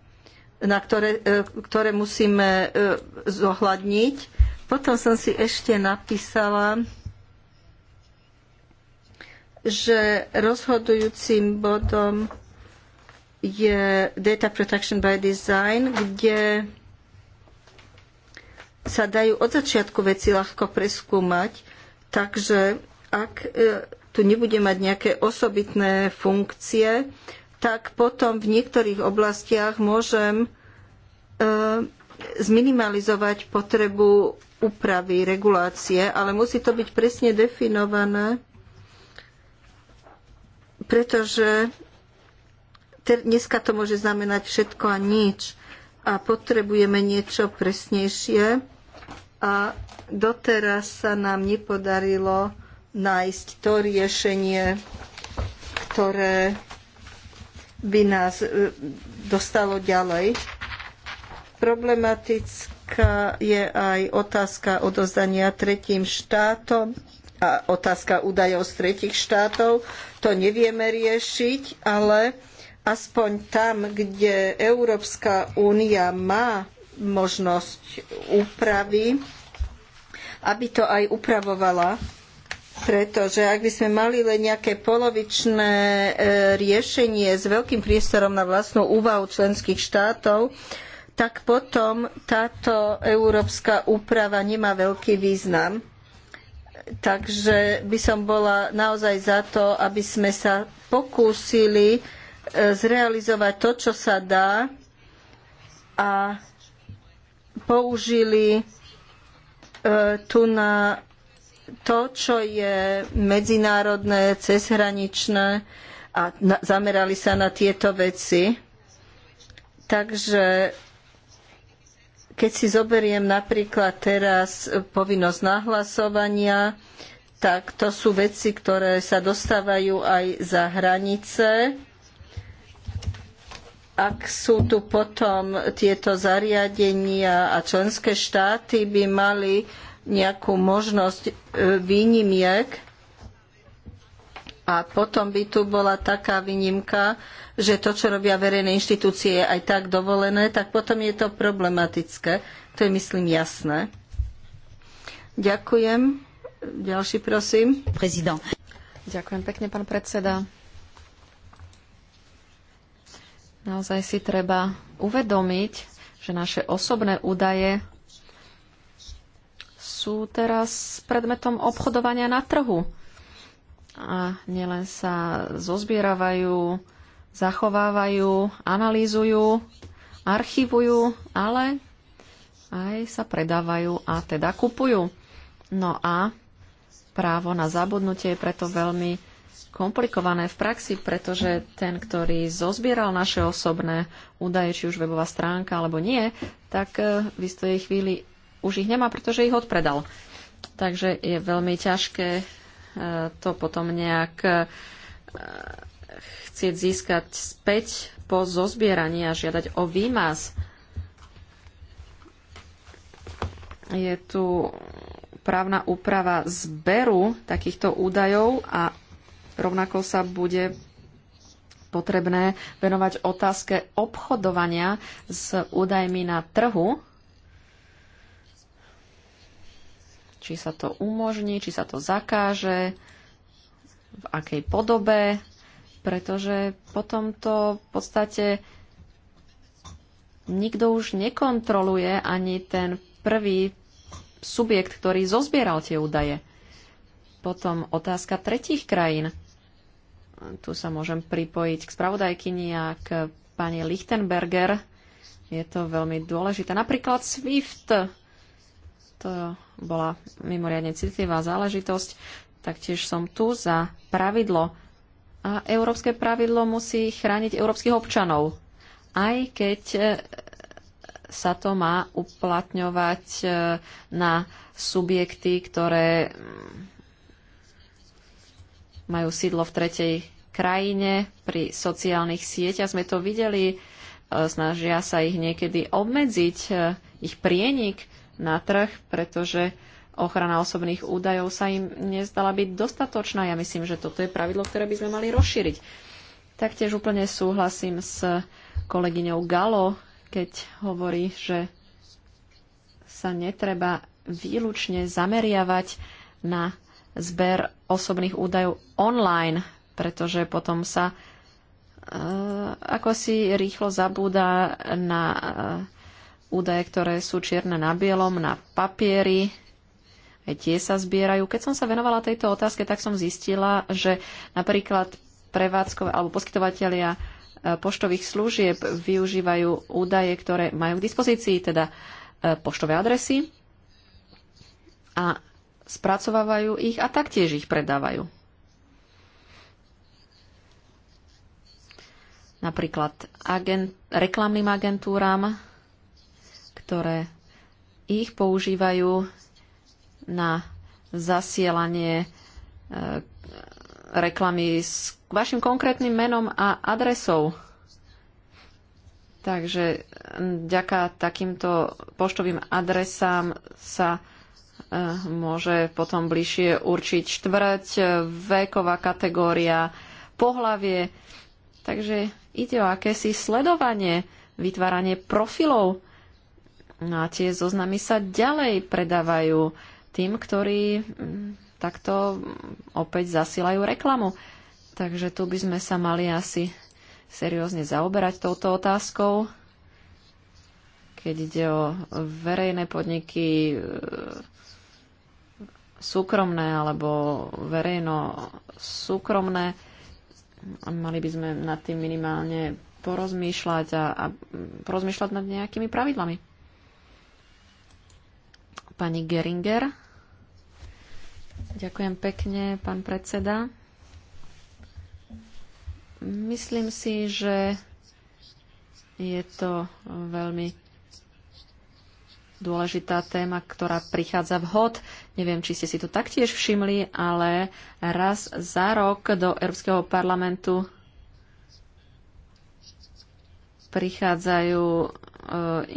na ktoré, eh, ktoré musíme zohľadniť potom som si ešte napísala, že rozhodujúcim bodom je Data Protection by Design, kde sa dajú od začiatku veci ľahko preskúmať, takže ak e, tu nebude mať nejaké osobitné funkcie, tak potom v niektorých oblastiach môžem e, zminimalizovať potrebu úpravy, regulácie, ale musí to byť presne definované, pretože dneska to môže znamenať všetko a nič a potrebujeme niečo presnejšie a doteraz sa nám nepodarilo nájsť to riešenie, ktoré by nás e, dostalo ďalej. Problematická je aj otázka odozdania tretím štátom a otázka údajov z tretich štátov. To nevieme riešiť, ale aspoň tam, kde Európska únia má možnosť úpravy, aby to aj upravovala, pretože ak by sme mali len nejaké polovičné e, riešenie s veľkým priestorom na vlastnú úvahu členských štátov, tak potom táto európska úprava nemá veľký význam. Takže by som bola naozaj za to, aby sme sa pokúsili e, zrealizovať to, čo sa dá a použili e, tu na to, čo je medzinárodné, cezhraničné a zamerali sa na tieto veci. Takže keď si zoberiem napríklad teraz povinnosť nahlasovania, tak to sú veci, ktoré sa dostávajú aj za hranice. Ak sú tu potom tieto zariadenia a členské štáty by mali nejakú možnosť e, výnimiek, a potom by tu bola taká výnimka, že to, čo robia verejné inštitúcie, je aj tak dovolené, tak potom je to problematické. To je, myslím, jasné. Ďakujem. Ďalší, prosím. Prezident. Ďakujem pekne, pán predseda. Naozaj si treba uvedomiť, že naše osobné údaje sú teraz predmetom obchodovania na trhu a nielen sa zozbieravajú, zachovávajú, analýzujú, archivujú, ale aj sa predávajú a teda kupujú. No a právo na zabudnutie je preto veľmi komplikované v praxi, pretože ten, ktorý zozbieral naše osobné údaje, či už webová stránka alebo nie, tak e, v istej chvíli už ich nemá, pretože ich odpredal. Takže je veľmi ťažké to potom nejak e, chcieť získať späť po zozbieraní a žiadať o výmaz. Je tu právna úprava zberu takýchto údajov a rovnako sa bude potrebné venovať otázke obchodovania s údajmi na trhu či sa to umožní, či sa to zakáže, v akej podobe, pretože potom to v podstate nikto už nekontroluje ani ten prvý subjekt, ktorý zozbieral tie údaje. Potom otázka tretích krajín. Tu sa môžem pripojiť k spravodajkyni a k pani Lichtenberger. Je to veľmi dôležité. Napríklad SWIFT to bola mimoriadne citlivá záležitosť. Taktiež som tu za pravidlo. A európske pravidlo musí chrániť európskych občanov. Aj keď e, sa to má uplatňovať e, na subjekty, ktoré mm, majú sídlo v tretej krajine, pri sociálnych sieťach sme to videli, e, snažia sa ich niekedy obmedziť, ich prienik na trh, pretože ochrana osobných údajov sa im nezdala byť dostatočná. Ja myslím, že toto je pravidlo, ktoré by sme mali rozšíriť. Taktiež úplne súhlasím s kolegyňou Galo, keď hovorí, že sa netreba výlučne zameriavať na zber osobných údajov online, pretože potom sa e, ako si rýchlo zabúda na e, údaje, ktoré sú čierne na bielom, na papieri, aj tie sa zbierajú. Keď som sa venovala tejto otázke, tak som zistila, že napríklad prevádzkové alebo poskytovateľia e, poštových služieb využívajú údaje, ktoré majú k dispozícii, teda e, poštové adresy a spracovávajú ich a taktiež ich predávajú. Napríklad agent, reklamným agentúram ktoré ich používajú na zasielanie e, reklamy s vašim konkrétnym menom a adresou. Takže vďaka takýmto poštovým adresám sa e, môže potom bližšie určiť štvrť, e, veková kategória, pohlavie. Takže ide o akési sledovanie, vytváranie profilov No a tie zoznamy sa ďalej predávajú tým, ktorí mm, takto opäť zasilajú reklamu. Takže tu by sme sa mali asi seriózne zaoberať touto otázkou. Keď ide o verejné podniky, e, súkromné alebo verejno-súkromné, mali by sme nad tým minimálne porozmýšľať a, a porozmýšľať nad nejakými pravidlami. Pani Geringer. Ďakujem pekne, pán predseda. Myslím si, že je to veľmi dôležitá téma, ktorá prichádza v hod. Neviem, či ste si to taktiež všimli, ale raz za rok do Európskeho parlamentu prichádzajú e,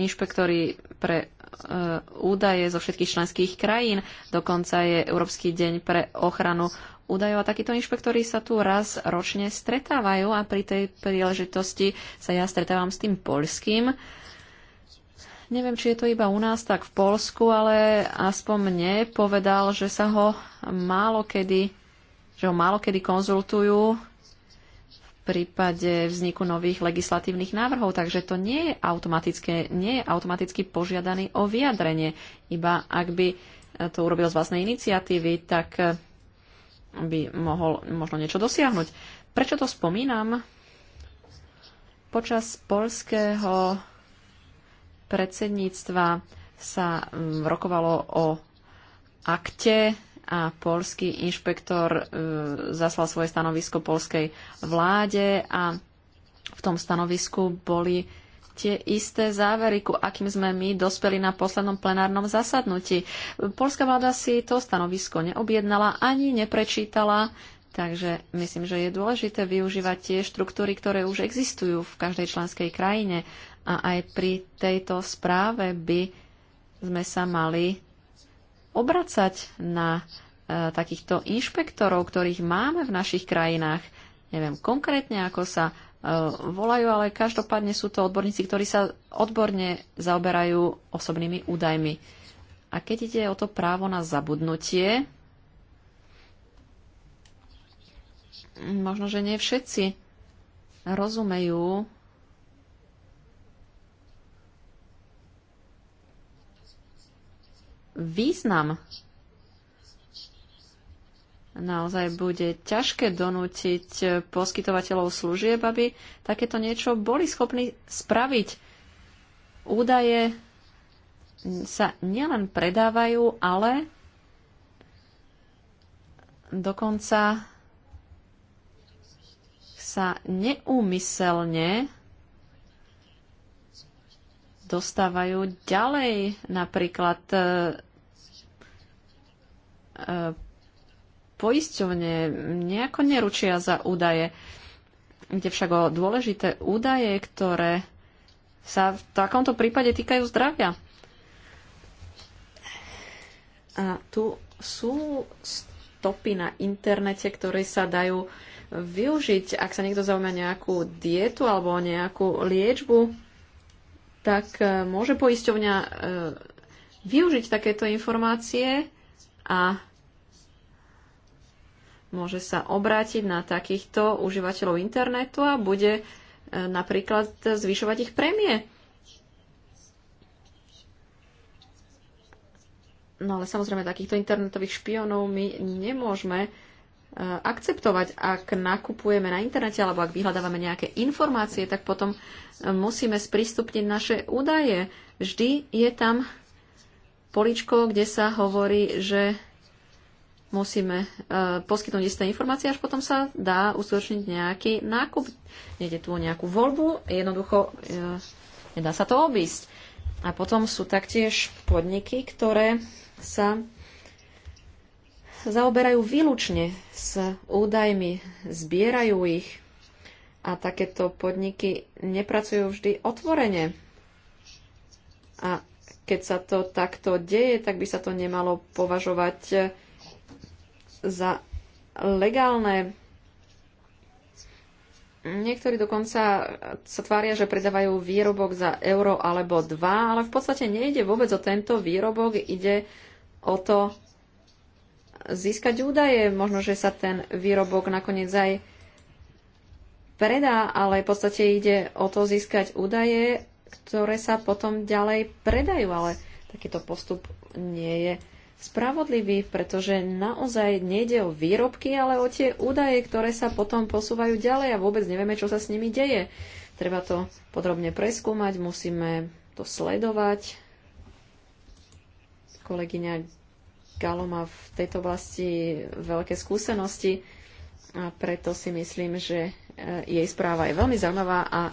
inšpektori pre E, údaje zo všetkých členských krajín. Dokonca je Európsky deň pre ochranu údajov a takíto inšpektori sa tu raz ročne stretávajú a pri tej príležitosti sa ja stretávam s tým poľským. Neviem, či je to iba u nás tak v Polsku, ale aspoň mne povedal, že sa ho málo kedy, že ho málo kedy konzultujú prípade vzniku nových legislatívnych návrhov. Takže to nie je, automatické, nie je automaticky požiadaný o vyjadrenie. Iba ak by e, to urobil z vlastnej iniciatívy, tak e, by mohol možno niečo dosiahnuť. Prečo to spomínam? Počas polského predsedníctva sa rokovalo o akte a polský inšpektor e, zaslal svoje stanovisko polskej vláde a v tom stanovisku boli tie isté závery, ku akým sme my dospeli na poslednom plenárnom zasadnutí. Polská vláda si to stanovisko neobjednala ani neprečítala, takže myslím, že je dôležité využívať tie štruktúry, ktoré už existujú v každej členskej krajine a aj pri tejto správe by sme sa mali obracať na e, takýchto inšpektorov, ktorých máme v našich krajinách. Neviem konkrétne, ako sa e, volajú, ale každopádne sú to odborníci, ktorí sa odborne zaoberajú osobnými údajmi. A keď ide o to právo na zabudnutie, možno, že nie všetci rozumejú význam. Naozaj bude ťažké donútiť poskytovateľov služieb, aby takéto niečo boli schopní spraviť. Údaje sa nielen predávajú, ale dokonca sa neúmyselne dostávajú ďalej. Napríklad e, poisťovne nejako neručia za údaje. Ide však o dôležité údaje, ktoré sa v takomto prípade týkajú zdravia. A tu sú stopy na internete, ktoré sa dajú využiť. Ak sa niekto zaujíma nejakú dietu alebo nejakú liečbu, tak e, môže poisťovňa e, využiť takéto informácie a môže sa obrátiť na takýchto užívateľov internetu a bude e, napríklad zvyšovať ich prémie. No ale samozrejme, takýchto internetových špionov my nemôžeme e, akceptovať. Ak nakupujeme na internete alebo ak vyhľadávame nejaké informácie, tak potom e, musíme sprístupniť naše údaje. Vždy je tam poličko, kde sa hovorí, že musíme e, poskytnúť isté informácie, až potom sa dá uskutočniť nejaký nákup. Nede tu o nejakú voľbu, jednoducho e, nedá sa to obísť. A potom sú taktiež podniky, ktoré sa zaoberajú výlučne s údajmi, zbierajú ich a takéto podniky nepracujú vždy otvorene. A keď sa to takto deje, tak by sa to nemalo považovať za legálne. Niektorí dokonca sa tvária, že predávajú výrobok za euro alebo dva, ale v podstate nejde vôbec o tento výrobok, ide o to získať údaje. Možno, že sa ten výrobok nakoniec aj predá, ale v podstate ide o to získať údaje, ktoré sa potom ďalej predajú, ale takýto postup nie je spravodlivý, pretože naozaj nejde o výrobky, ale o tie údaje, ktoré sa potom posúvajú ďalej a vôbec nevieme, čo sa s nimi deje. Treba to podrobne preskúmať, musíme to sledovať. Kolegyňa Galo má v tejto oblasti veľké skúsenosti a preto si myslím, že e, jej správa je veľmi zaujímavá a e,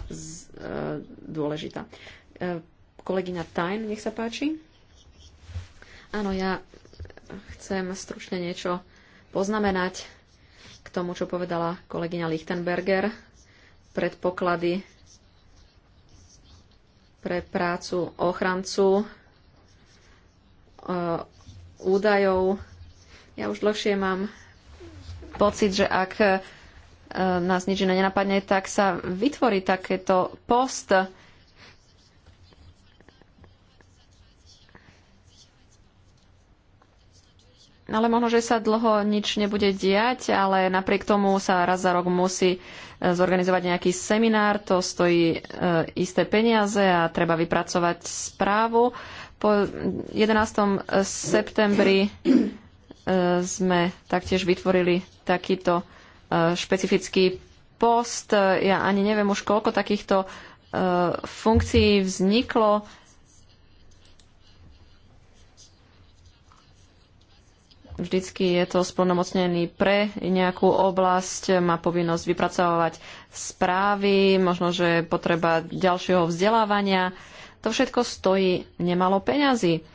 dôležitá. E, kolegyňa Tajn, nech sa páči. Áno, ja chcem stručne niečo poznamenať k tomu, čo povedala kolegyňa Lichtenberger. Predpoklady pre prácu ochrancu eh, údajov. Ja už dlhšie mám pocit, že ak eh, nás nič iné nenapadne, tak sa vytvorí takéto post ale možno, že sa dlho nič nebude diať, ale napriek tomu sa raz za rok musí e, zorganizovať nejaký seminár, to stojí e, isté peniaze a treba vypracovať správu. Po 11. septembri e, sme taktiež vytvorili takýto e, špecifický post. Ja ani neviem už koľko takýchto e, funkcií vzniklo Vždycky je to splnomocnený pre nejakú oblasť, má povinnosť vypracovať správy, možno, že je potreba ďalšieho vzdelávania. To všetko stojí nemalo peňazí.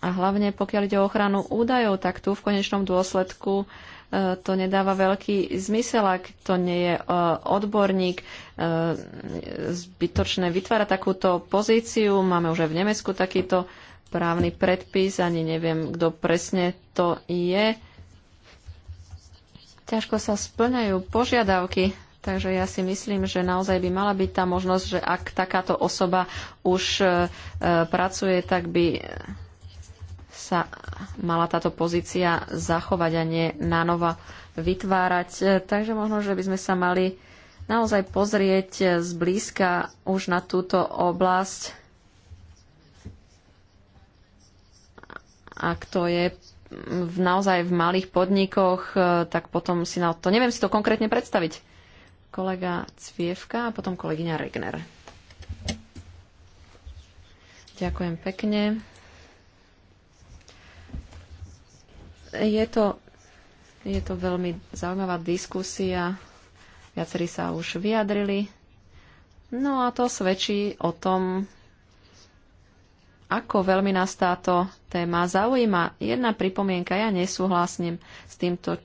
A hlavne pokiaľ ide o ochranu údajov, tak tu v konečnom dôsledku e, to nedáva veľký zmysel, ak to nie je e, odborník. E, zbytočné vytvára takúto pozíciu. Máme už aj v Nemecku takýto právny predpis, ani neviem, kto presne to je. Ťažko sa splňajú požiadavky, takže ja si myslím, že naozaj by mala byť tá možnosť, že ak takáto osoba už e, pracuje, tak by sa mala táto pozícia zachovať a nie nanova vytvárať. E, takže možno, že by sme sa mali naozaj pozrieť e, zblízka už na túto oblasť. Ak to je v, naozaj v malých podnikoch, e, tak potom si na to... Neviem si to konkrétne predstaviť. Kolega Cvievka a potom kolegyňa Regner. Ďakujem pekne. Je to, je to veľmi zaujímavá diskusia. Viacerí sa už vyjadrili. No a to svedčí o tom, ako veľmi nás táto téma zaujíma. Jedna pripomienka, ja nesúhlasím s týmto,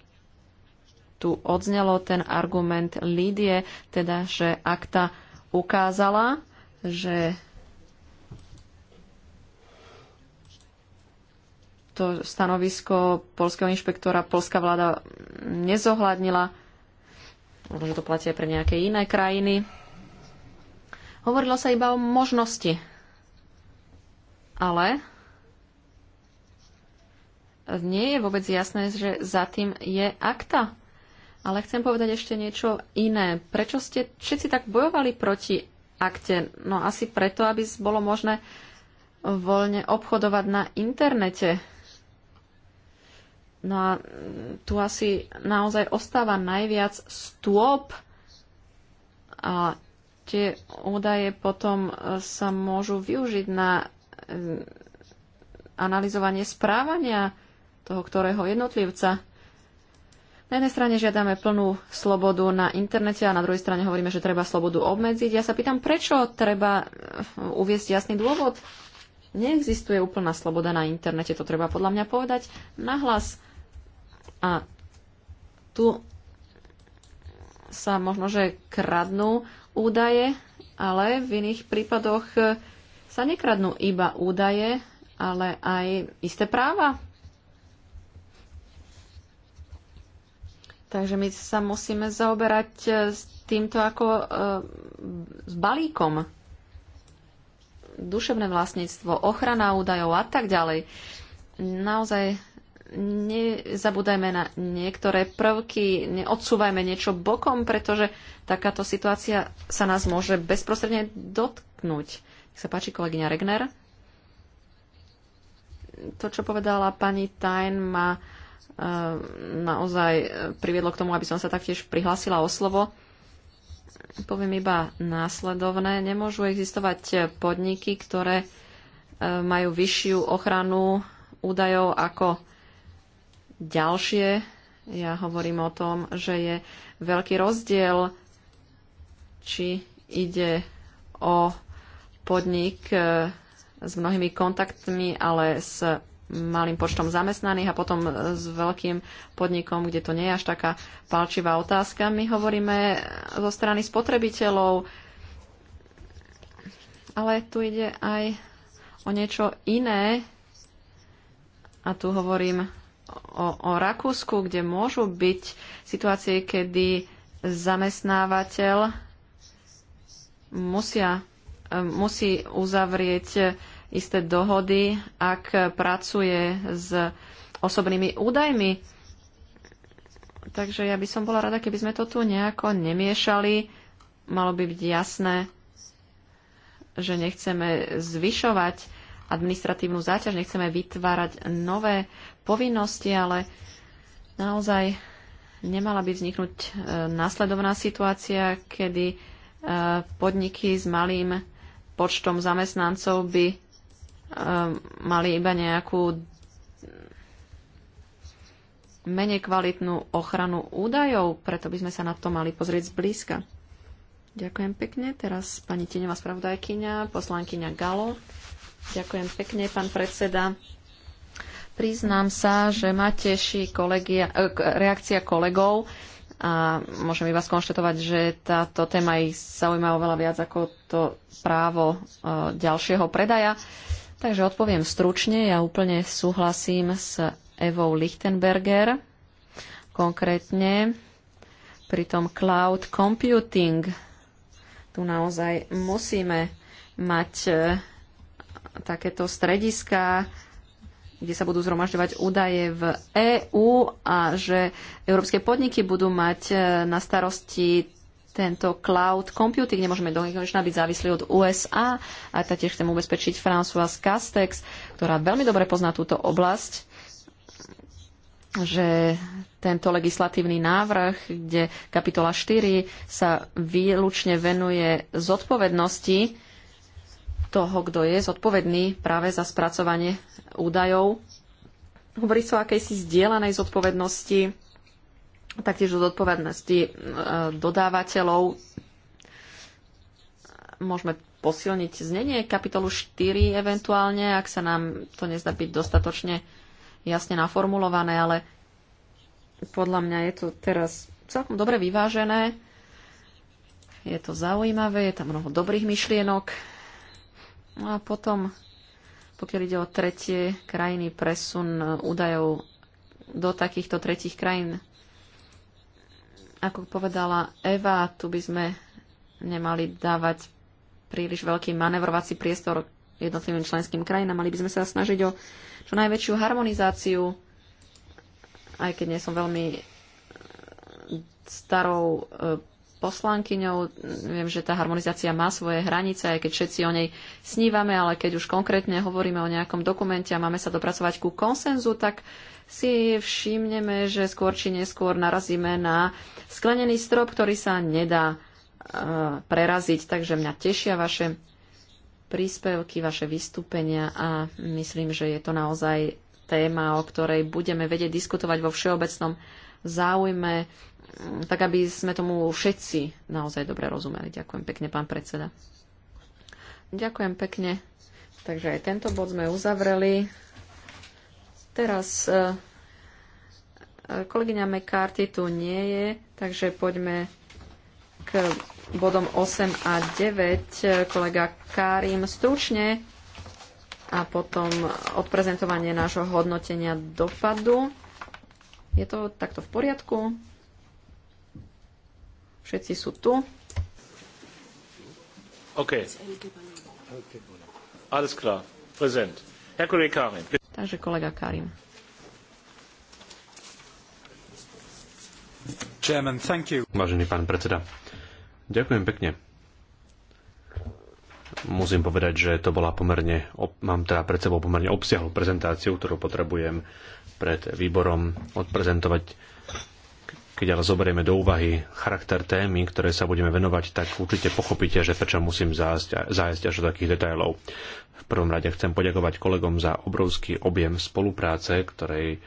tu odznelo ten argument Lídie, teda, že akta ukázala, že to stanovisko polského inšpektora polská vláda nezohľadnila, možno to platia pre nejaké iné krajiny. Hovorilo sa iba o možnosti ale nie je vôbec jasné, že za tým je akta. Ale chcem povedať ešte niečo iné. Prečo ste všetci tak bojovali proti akte? No asi preto, aby bolo možné voľne obchodovať na internete. No a mm, tu asi naozaj ostáva najviac stôp a tie údaje potom e, sa môžu využiť na analyzovanie správania toho ktorého jednotlivca. Na jednej strane žiadame plnú slobodu na internete a na druhej strane hovoríme, že treba slobodu obmedziť. Ja sa pýtam, prečo treba uviesť jasný dôvod. Neexistuje úplná sloboda na internete, to treba podľa mňa povedať nahlas. A tu sa možno, že kradnú údaje, ale v iných prípadoch sa nekradnú iba údaje, ale aj isté práva. Takže my sa musíme zaoberať e, s týmto ako e, s balíkom. Duševné vlastníctvo, ochrana údajov a tak ďalej. Naozaj nezabúdajme na niektoré prvky, neodsúvajme niečo bokom, pretože takáto situácia sa nás môže bezprostredne dotknúť. Nech sa páči, kolegyňa Regner. To, čo povedala pani Tajn, ma eh, naozaj eh, priviedlo k tomu, aby som sa taktiež prihlasila o slovo. Poviem iba následovné. Nemôžu existovať podniky, ktoré eh, majú vyššiu ochranu údajov ako ďalšie. Ja hovorím o tom, že je veľký rozdiel, či ide o podnik e, s mnohými kontaktmi, ale s malým počtom zamestnaných a potom e, s veľkým podnikom, kde to nie je až taká palčivá otázka. My hovoríme e, zo strany spotrebiteľov, ale tu ide aj o niečo iné. A tu hovorím o, o Rakúsku, kde môžu byť situácie, kedy zamestnávateľ musia musí uzavrieť isté dohody, ak pracuje s osobnými údajmi. Takže ja by som bola rada, keby sme to tu nejako nemiešali. Malo by byť jasné, že nechceme zvyšovať administratívnu záťaž, nechceme vytvárať nové povinnosti, ale naozaj nemala by vzniknúť e, následovná situácia, kedy e, podniky s malým počtom zamestnancov by e, mali iba nejakú menej kvalitnú ochranu údajov, preto by sme sa na to mali pozrieť zblízka. Ďakujem pekne. Teraz pani Tineva spravodajkyňa, poslankyňa Galo. Ďakujem pekne, pán predseda. Priznám sa, že ma teší kolegia, e, reakcia kolegov a môžem iba skonštatovať, že táto téma ich zaujíma oveľa viac ako to právo e, ďalšieho predaja. Takže odpoviem stručne, ja úplne súhlasím s Evou Lichtenberger, konkrétne pri tom cloud computing. Tu naozaj musíme mať e, takéto strediska, kde sa budú zhromažďovať údaje v EÚ a že európske podniky budú mať e, na starosti tento cloud computing. Nemôžeme do nekonečna byť závislí od USA a taktiež chcem ubezpečiť François Castex, ktorá veľmi dobre pozná túto oblasť, že tento legislatívny návrh, kde kapitola 4 sa výlučne venuje zodpovednosti toho, kto je zodpovedný práve za spracovanie údajov. Hovorí sa o akejsi zdieľanej zodpovednosti, taktiež o zodpovednosti e, dodávateľov. Môžeme posilniť znenie kapitolu 4 eventuálne, ak sa nám to nezdá byť dostatočne jasne naformulované, ale podľa mňa je to teraz celkom dobre vyvážené. Je to zaujímavé, je tam mnoho dobrých myšlienok No A potom, pokiaľ ide o tretie krajiny, presun údajov do takýchto tretich krajín, ako povedala Eva, tu by sme nemali dávať príliš veľký manevrovací priestor jednotlivým členským krajinám. Mali by sme sa snažiť o čo najväčšiu harmonizáciu, aj keď nie som veľmi starou e, poslankyňou. Viem, že tá harmonizácia má svoje hranice, aj keď všetci o nej snívame, ale keď už konkrétne hovoríme o nejakom dokumente a máme sa dopracovať ku konsenzu, tak si všimneme, že skôr či neskôr narazíme na sklenený strop, ktorý sa nedá e, preraziť. Takže mňa tešia vaše príspevky, vaše vystúpenia a myslím, že je to naozaj téma, o ktorej budeme vedieť diskutovať vo všeobecnom záujme tak aby sme tomu všetci naozaj dobre rozumeli. Ďakujem pekne, pán predseda. Ďakujem pekne. Takže aj tento bod sme uzavreli. Teraz e, e, kolegyňa McCarthy tu nie je, takže poďme k bodom 8 a 9. E, kolega Karim stručne a potom odprezentovanie nášho hodnotenia dopadu. Je to takto v poriadku? Všetci sú tu. OK. Alles klar. Prezent. Herr Kollege Karim. Takže kolega Karim. Chairman, thank you. Vážený pán predseda, ďakujem pekne. Musím povedať, že to bola pomerne, mám teda pred sebou pomerne obsiahlu prezentáciu, ktorú potrebujem pred výborom odprezentovať keď ale zoberieme do úvahy charakter témy, ktoré sa budeme venovať, tak určite pochopíte, že prečo musím zájsť až do takých detajlov. V prvom rade chcem poďakovať kolegom za obrovský objem spolupráce, ktorej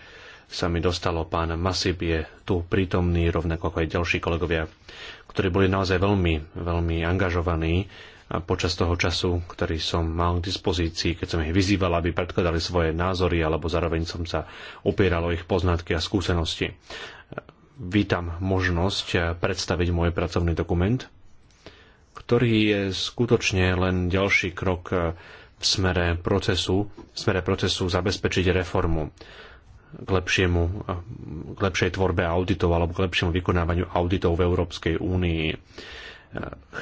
sa mi dostalo. Pán Masip je tu prítomný, rovnako ako aj ďalší kolegovia, ktorí boli naozaj veľmi, veľmi angažovaní a počas toho času, ktorý som mal k dispozícii, keď som ich vyzýval, aby predkladali svoje názory, alebo zároveň som sa opieral o ich poznatky a skúsenosti vítam možnosť eh, predstaviť môj pracovný dokument, ktorý je skutočne len ďalší krok eh, v smere procesu, v smere procesu zabezpečiť reformu k, lepšiemu, eh, k lepšej tvorbe auditov alebo k lepšiemu vykonávaniu auditov v Európskej únii.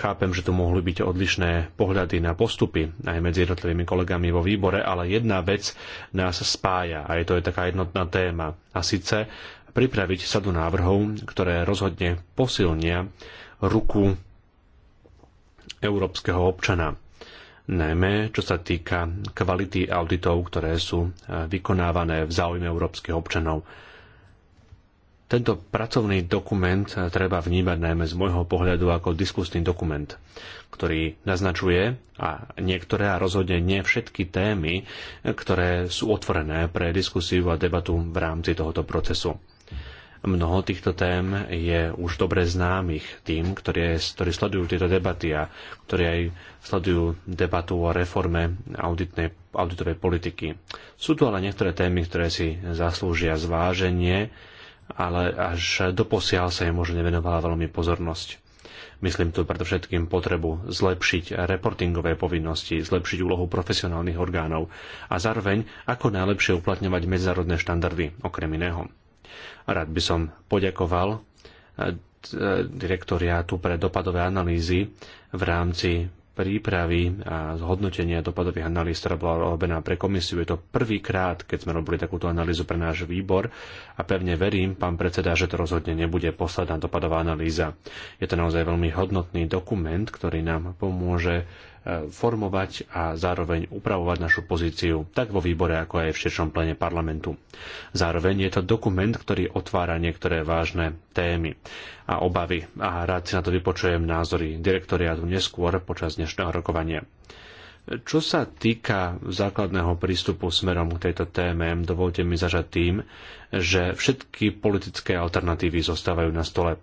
Chápem, že tu mohli byť odlišné pohľady na postupy aj medzi jednotlivými kolegami vo výbore, ale jedna vec nás spája a je to je taká jednotná téma. A síce pripraviť sadu návrhov, ktoré rozhodne posilnia ruku európskeho občana najmä čo sa týka kvality auditov, ktoré sú e, vykonávané v záujme európskych občanov. Tento pracovný dokument e, treba vnímať najmä z môjho pohľadu ako diskusný dokument, ktorý naznačuje a niektoré a rozhodne nie všetky témy, e, ktoré sú otvorené pre diskusiu a debatu v rámci tohoto procesu. Mnoho týchto tém je už dobre známych tým, ktorí, ktorí sledujú tieto debaty a ktorí aj sledujú debatu o reforme auditnej, auditovej politiky. Sú tu ale niektoré témy, ktoré si zaslúžia zváženie, ale až doposiaľ sa im možno nevenovala veľmi pozornosť. Myslím tu predovšetkým potrebu zlepšiť reportingové povinnosti, zlepšiť úlohu profesionálnych orgánov a zároveň ako najlepšie uplatňovať medzinárodné štandardy, okrem iného. Rád by som poďakoval eh, direktoriátu pre dopadové analýzy v rámci prípravy a zhodnotenia dopadových analýz, ktorá bola robená pre komisiu. Je to prvýkrát, keď sme robili takúto analýzu pre náš výbor a pevne verím, pán predseda, že to rozhodne nebude posledná dopadová analýza. Je to naozaj veľmi hodnotný dokument, ktorý nám pomôže formovať a zároveň upravovať našu pozíciu tak vo výbore, ako aj v širšom plene parlamentu. Zároveň je to dokument, ktorý otvára niektoré vážne témy a obavy a rád si na to vypočujem názory direktoriátu neskôr počas dnešného rokovania. Čo sa týka základného prístupu smerom k tejto téme, dovolte mi zažať tým, že všetky politické alternatívy zostávajú na stole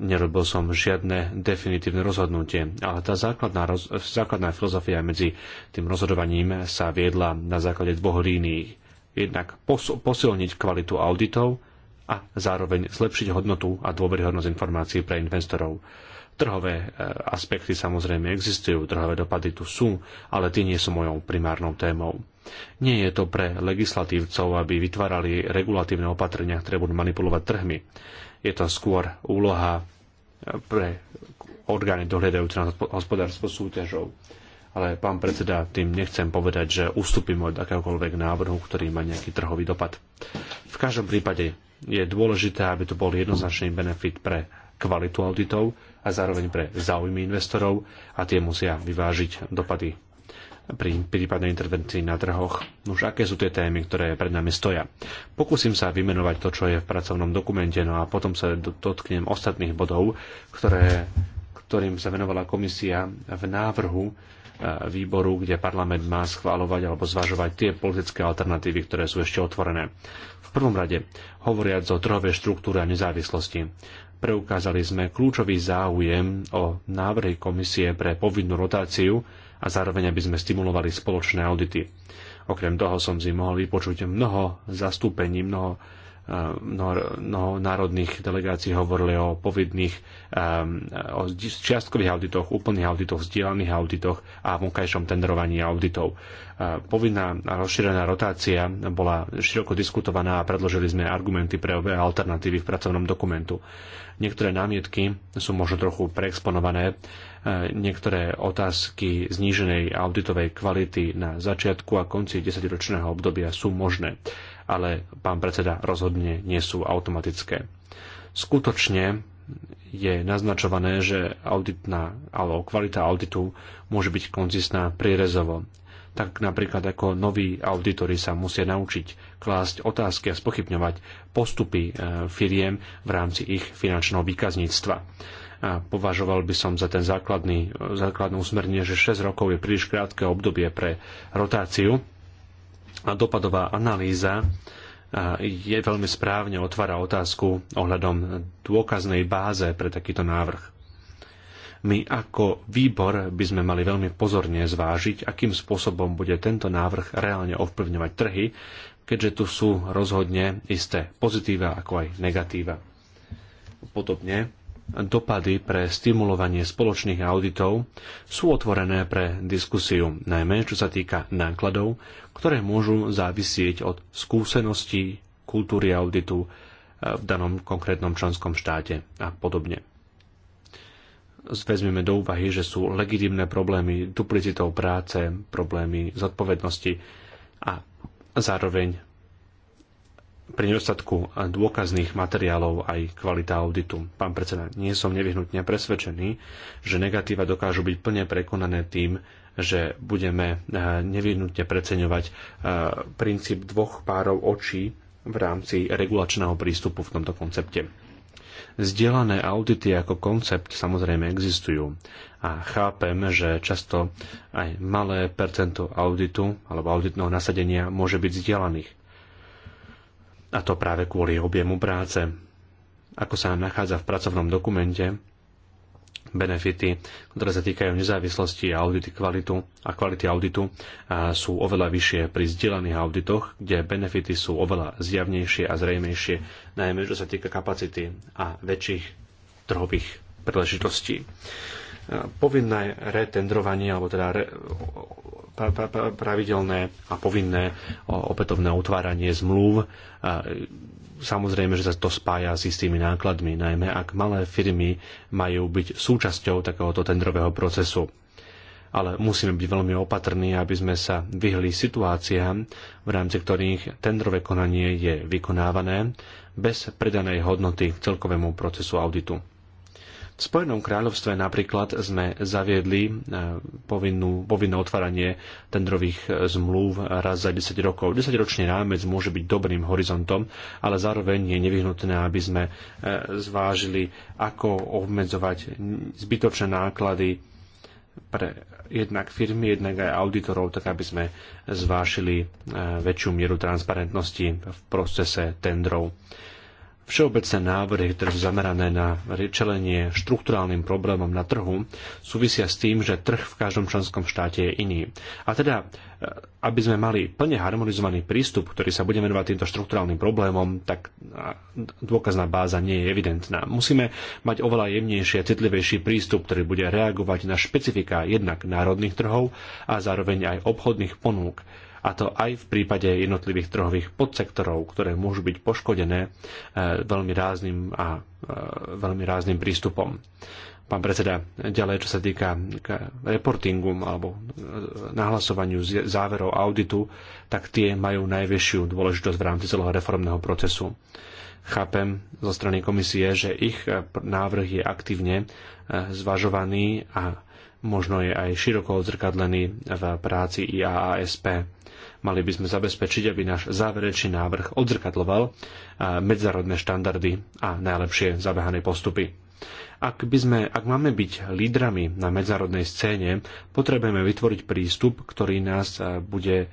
nerobil som žiadne definitívne rozhodnutie, ale tá základná, roz, základná filozofia medzi tým rozhodovaním sa viedla na základe dvoch línií. Jednak pos, posilniť kvalitu auditov a zároveň zlepšiť hodnotu a dôveryhodnosť informácií pre investorov. Trhové e, aspekty samozrejme existujú, trhové dopady tu sú, ale tie nie sú mojou primárnou témou. Nie je to pre legislatívcov, aby vytvárali regulatívne opatrenia, ktoré budú manipulovať trhmi je to skôr úloha pre orgány dohľadajúce na hospodárstvo súťažov. Ale pán predseda, tým nechcem povedať, že ustúpim od akéhokoľvek návrhu, ktorý má nejaký trhový dopad. V každom prípade je dôležité, aby to bol jednoznačný benefit pre kvalitu auditov a zároveň pre záujmy investorov a tie musia vyvážiť dopady pri prípadnej intervencii na trhoch. Už aké sú tie témy, ktoré pred nami stoja? Pokúsim sa vymenovať to, čo je v pracovnom dokumente, no a potom sa dotknem ostatných bodov, ktoré, ktorým sa venovala komisia v návrhu e, výboru, kde parlament má schváľovať alebo zvažovať tie politické alternatívy, ktoré sú ešte otvorené. V prvom rade, hovoriac o trhovej štruktúre a nezávislosti, preukázali sme kľúčový záujem o návrhy komisie pre povinnú rotáciu a zároveň aby sme stimulovali spoločné audity. Okrem toho som si mohol vypočuť mnoho zastúpení, mnoho eh, mnoho, mnoho národných delegácií hovorili o povinných eh, o čiastkových auditoch, úplných auditoch, vzdielaných auditoch a vonkajšom tenderovaní auditov. Eh, povinná rozšírená rotácia bola široko diskutovaná a predložili sme argumenty pre obe alternatívy v pracovnom dokumentu. Niektoré námietky sú možno trochu preexponované niektoré otázky zníženej auditovej kvality na začiatku a konci desaťročného obdobia sú možné, ale pán predseda rozhodne nie sú automatické. Skutočne je naznačované, že auditná alebo kvalita auditu môže byť konzistná prierezovo. Tak napríklad ako noví auditori sa musia naučiť klásť otázky a spochybňovať postupy eh, firiem v rámci ich finančného výkazníctva a považoval by som za ten základný, základné usmernenie, že 6 rokov je príliš krátke obdobie pre rotáciu a dopadová analýza je veľmi správne otvára otázku ohľadom dôkaznej báze pre takýto návrh. My ako výbor by sme mali veľmi pozorne zvážiť, akým spôsobom bude tento návrh reálne ovplyvňovať trhy, keďže tu sú rozhodne isté pozitíva ako aj negatíva. Podobne dopady pre stimulovanie spoločných auditov sú otvorené pre diskusiu, najmä čo sa týka nákladov, ktoré môžu závisieť od skúseností, kultúry auditu eh, v danom konkrétnom členskom štáte a podobne. Vezmeme do úvahy, že sú legitimné problémy duplicitou práce, problémy zodpovednosti a zároveň pri nedostatku dôkazných materiálov aj kvalita auditu. Pán predseda, nie som nevyhnutne presvedčený, že negatíva dokážu byť plne prekonané tým, že budeme eh, nevyhnutne preceňovať eh, princíp dvoch párov očí v rámci regulačného prístupu v tomto koncepte. Zdielané audity ako koncept samozrejme existujú a chápem, že často aj malé percento auditu alebo auditného nasadenia môže byť zdielaných. A to práve kvôli objemu práce. Ako sa nachádza v pracovnom dokumente, benefity, ktoré sa týkajú nezávislosti a audity kvalitu a kvality auditu a sú oveľa vyššie pri zdieľaných auditoch, kde benefity sú oveľa zjavnejšie a zrejmejšie, najmä čo sa týka kapacity a väčších trhových príležitostí. Povinné retendrovanie, alebo teda re, pravidelné a povinné opätovné utváranie zmluv. Samozrejme, že sa to spája s istými nákladmi, najmä ak malé firmy majú byť súčasťou takéhoto tendrového procesu. Ale musíme byť veľmi opatrní, aby sme sa vyhli situáciám, v rámci ktorých tendrové konanie je vykonávané bez predanej hodnoty k celkovému procesu auditu. V Spojenom kráľovstve napríklad sme zaviedli e, povinnú, povinné otváranie tendrových e, zmluv raz za 10 rokov. 10-ročný rámec môže byť dobrým horizontom, ale zároveň je nevyhnutné, aby sme e, zvážili, ako obmedzovať zbytočné náklady pre jednak firmy, jednak aj auditorov, tak aby sme zvážili väčšiu mieru transparentnosti v procese tendrov. Všeobecné návrhy, ktoré sú zamerané na čelenie štruktúrálnym problémom na trhu, súvisia s tým, že trh v každom členskom štáte je iný. A teda, e, aby sme mali plne harmonizovaný prístup, ktorý sa bude venovať týmto štruktúrálnym problémom, tak dôkazná báza nie je evidentná. Musíme mať oveľa jemnejší a citlivejší prístup, ktorý bude reagovať na špecifika jednak národných trhov a zároveň aj obchodných ponúk a to aj v prípade jednotlivých trhových podsektorov, ktoré môžu byť poškodené e, veľmi rázným a e, veľmi rázným prístupom pán predseda, ďalej, čo sa týka reportingu alebo e, nahlasovaniu záverov auditu, tak tie majú najvyššiu dôležitosť v rámci celého reformného procesu. Chápem zo strany komisie, že ich návrh je aktívne zvažovaný a možno je aj široko odzrkadlený v práci IAASP. Mali by sme zabezpečiť, aby náš záverečný návrh odzrkadloval medzárodné štandardy a najlepšie zabehané postupy. Ak, by sme, ak máme byť lídrami na medzárodnej scéne, potrebujeme vytvoriť prístup, ktorý nás bude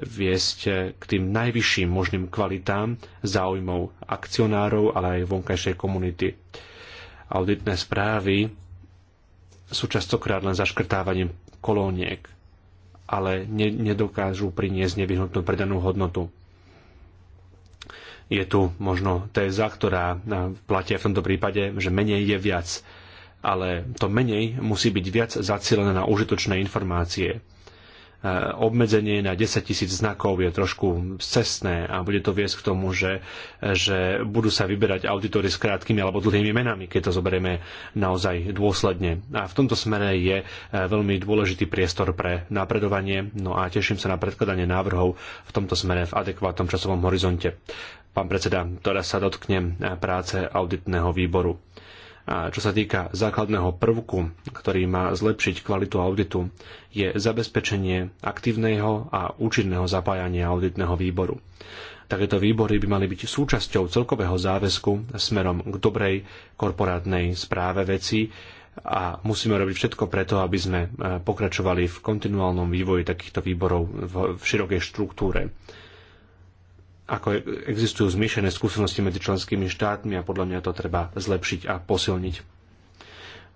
viesť e, k tým najvyšším možným kvalitám záujmov akcionárov, ale aj vonkajšej komunity. Auditné správy sú častokrát len zaškrtávaním kolóniek ale ne, nedokážu priniesť nevyhnutnú predanú hodnotu. Je tu možno téza, ktorá platia v tomto prípade, že menej je viac, ale to menej musí byť viac zacielené na užitočné informácie. Eh, obmedzenie na 10 tisíc znakov je trošku cestné a bude to viesť k tomu, že, že budú sa vyberať auditory s krátkými alebo dlhými menami, keď to zoberieme naozaj dôsledne. A v tomto smere je eh, veľmi dôležitý priestor pre napredovanie, no a teším sa na predkladanie návrhov v tomto smere v adekvátnom časovom horizonte. Pán predseda, teraz sa dotknem eh, práce auditného výboru čo sa týka základného prvku, ktorý má zlepšiť kvalitu auditu, je zabezpečenie aktívneho a účinného zapájania auditného výboru. Takéto výbory by mali byť súčasťou celkového záväzku smerom k dobrej korporátnej správe veci a musíme robiť všetko preto, aby sme e, pokračovali v kontinuálnom vývoji takýchto výborov v širokej štruktúre ako existujú zmiešané skúsenosti medzi členskými štátmi a podľa mňa to treba zlepšiť a posilniť.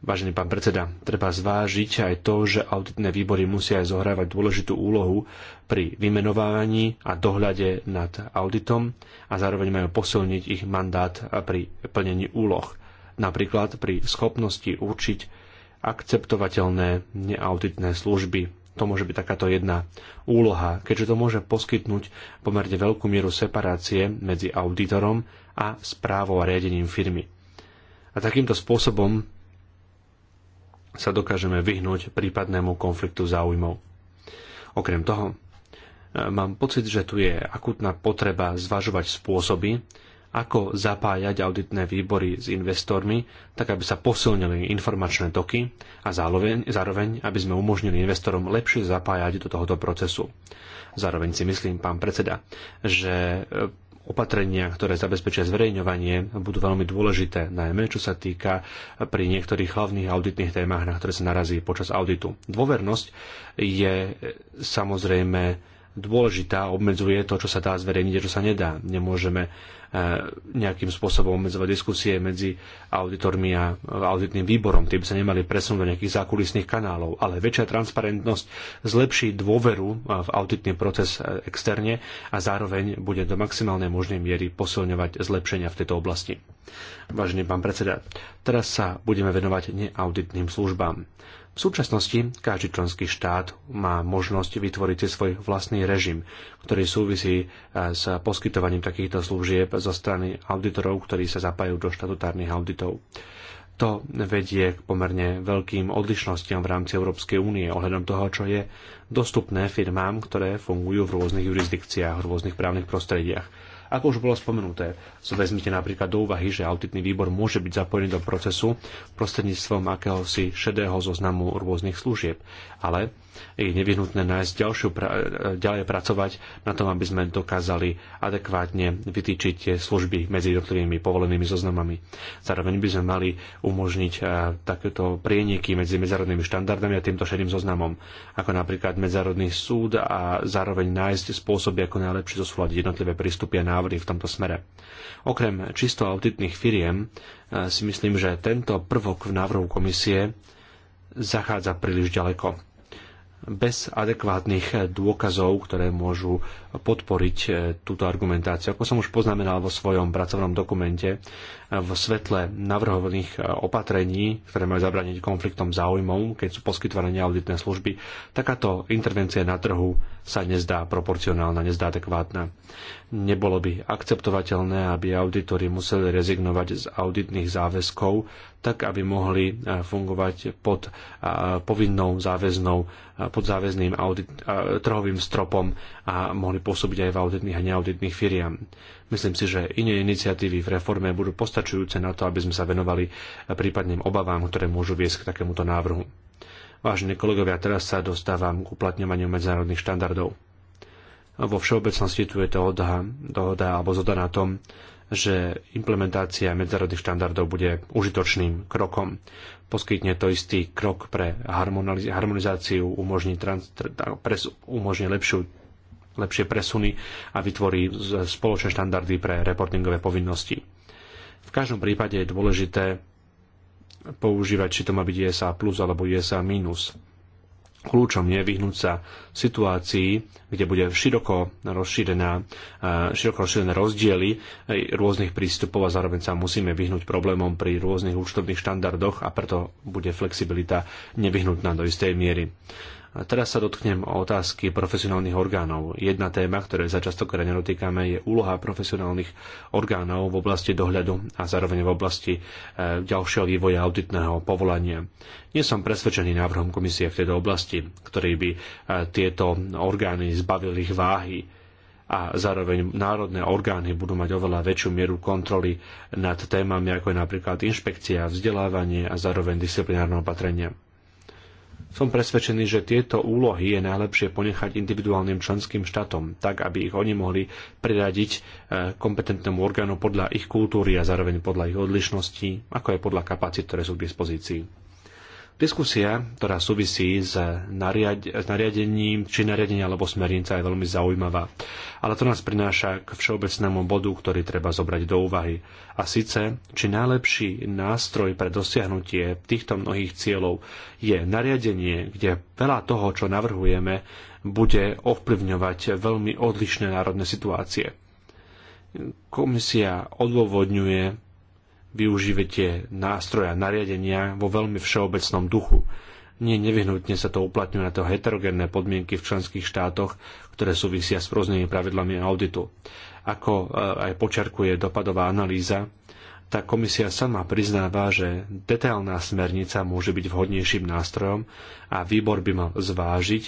Vážený pán predseda, treba zvážiť aj to, že auditné výbory musia aj zohrávať dôležitú úlohu pri vymenovávaní a dohľade nad auditom a zároveň majú posilniť ich mandát pri plnení úloh, napríklad pri schopnosti určiť akceptovateľné neauditné služby to môže byť takáto jedna úloha, keďže to môže poskytnúť pomerne veľkú mieru separácie medzi auditorom a správou a riadením firmy. A takýmto spôsobom sa dokážeme vyhnúť prípadnému konfliktu záujmov. Okrem toho, e, mám pocit, že tu je akutná potreba zvažovať spôsoby, ako zapájať auditné výbory s investormi, tak aby sa posilnili informačné toky a zároveň, zároveň aby sme umožnili investorom lepšie zapájať do tohoto procesu. Zároveň si myslím, pán predseda, že e, opatrenia, ktoré zabezpečia zverejňovanie, budú veľmi dôležité, najmä čo sa týka e, pri niektorých hlavných auditných témach, na ktoré sa narazí počas auditu. Dôvernosť je e, samozrejme dôležitá, obmedzuje to, čo sa dá zverejniť a čo sa nedá. Nemôžeme E, nejakým spôsobom obmedzovať diskusie medzi auditormi a auditným výborom. Tým by sa nemali presunúť do nejakých zákulisných kanálov. Ale väčšia transparentnosť zlepší dôveru e, v auditný proces e, externe a zároveň bude do maximálnej možnej miery posilňovať zlepšenia v tejto oblasti. Vážený pán predseda, teraz sa budeme venovať neauditným službám. V súčasnosti každý členský štát má možnosť vytvoriť si svoj vlastný režim, ktorý súvisí e, s poskytovaním takýchto služieb zo strany auditorov, ktorí sa zapájajú do štatutárnych auditov. To vedie k pomerne veľkým odlišnostiam v rámci Európskej únie ohľadom toho, čo je dostupné firmám, ktoré fungujú v rôznych jurisdikciách, v rôznych právnych prostrediach. Ako už bolo spomenuté, vezmite napríklad do úvahy, že auditný výbor môže byť zapojený do procesu prostredníctvom akéhosi šedého zoznamu rôznych služieb, ale je nevyhnutné nájsť ďalšiu, ďalej pracovať na tom, aby sme dokázali adekvátne vytýčiť tie služby medzi jednotlivými povolenými zoznamami. Zároveň by sme mali umožniť eh, takéto prieniky medzi medzárodnými štandardami a týmto šedým zoznamom, ako napríklad medzárodný súd a zároveň nájsť spôsoby, ako najlepšie zosúľadiť jednotlivé prístupy a návrhy návrhy v tomto smere. Okrem čisto auditných firiem e, si myslím, že tento prvok v návrhu komisie zachádza príliš ďaleko. Bez adekvátnych dôkazov, ktoré môžu podporiť e, túto argumentáciu. Ako som už poznamenal vo svojom pracovnom dokumente, e, v svetle navrhovaných opatrení, ktoré majú zabrániť konfliktom záujmov, keď sú poskytované neauditné služby, takáto intervencia na trhu sa nezdá proporcionálna, nezdá adekvátna. Nebolo by akceptovateľné, aby auditori museli rezignovať z auditných záväzkov, tak aby mohli e, fungovať pod e, povinnou záväznou, e, pod záväzným audit, trhovým stropom a mohli pôsobiť aj v auditných a neauditných firiam. Myslím si, že iné iniciatívy v reforme budú postačujúce na to, aby sme sa venovali prípadným obavám, ktoré môžu viesť k takémuto návrhu. Vážení kolegovia, teraz sa dostávam k uplatňovaniu medzinárodných štandardov. Vo všeobecnosti tu je to odha, dohoda alebo zhoda na tom, že implementácia medzárodných štandardov bude užitočným krokom. Poskytne to istý krok pre harmonizáciu, umožní, trans, pres, umožní lepšiu, lepšie presuny a vytvorí spoločné štandardy pre reportingové povinnosti. V každom prípade je dôležité používať, či to má byť ISA plus alebo ISA minus. Kľúčom je vyhnúť sa situácii, kde bude široko rozšírená, e, široko rozšírené rozdiely e, rôznych prístupov a zároveň sa musíme vyhnúť problémom pri rôznych účtovných štandardoch a preto bude flexibilita nevyhnutná do istej miery. Teraz sa dotknem o otázky profesionálnych orgánov. Jedna téma, ktoré sa častokrát nedotýkame, je úloha profesionálnych orgánov v oblasti dohľadu a zároveň v oblasti e, ďalšieho vývoja auditného povolania. Nie som presvedčený návrhom komisie v tejto oblasti, ktorý by e, tieto orgány zbavili ich váhy a zároveň národné orgány budú mať oveľa väčšiu mieru kontroly nad témami, ako je napríklad inšpekcia, vzdelávanie a zároveň disciplinárne opatrenia. Som presvedčený, že tieto úlohy je najlepšie ponechať individuálnym členským štátom, tak aby ich oni mohli priradiť e, kompetentnému orgánu podľa ich kultúry a zároveň podľa ich odlišností, ako aj podľa kapacít, ktoré sú k dispozícii. Diskusia, ktorá súvisí s, nariad- s nariadením, či nariadenia alebo smernica je veľmi zaujímavá. Ale to nás prináša k všeobecnému bodu, ktorý treba zobrať do úvahy. A síce, či najlepší nástroj pre dosiahnutie týchto mnohých cieľov je nariadenie, kde veľa toho, čo navrhujeme, bude ovplyvňovať veľmi odlišné národné situácie. Komisia odôvodňuje využívate nástroja, nariadenia vo veľmi všeobecnom duchu. Nie nevyhnutne sa to uplatňuje na to heterogénne podmienky v členských štátoch, ktoré súvisia s rôznymi pravidlami auditu. Ako e, aj počarkuje dopadová analýza, tá komisia sama priznáva, že detailná smernica môže byť vhodnejším nástrojom a výbor by mal zvážiť,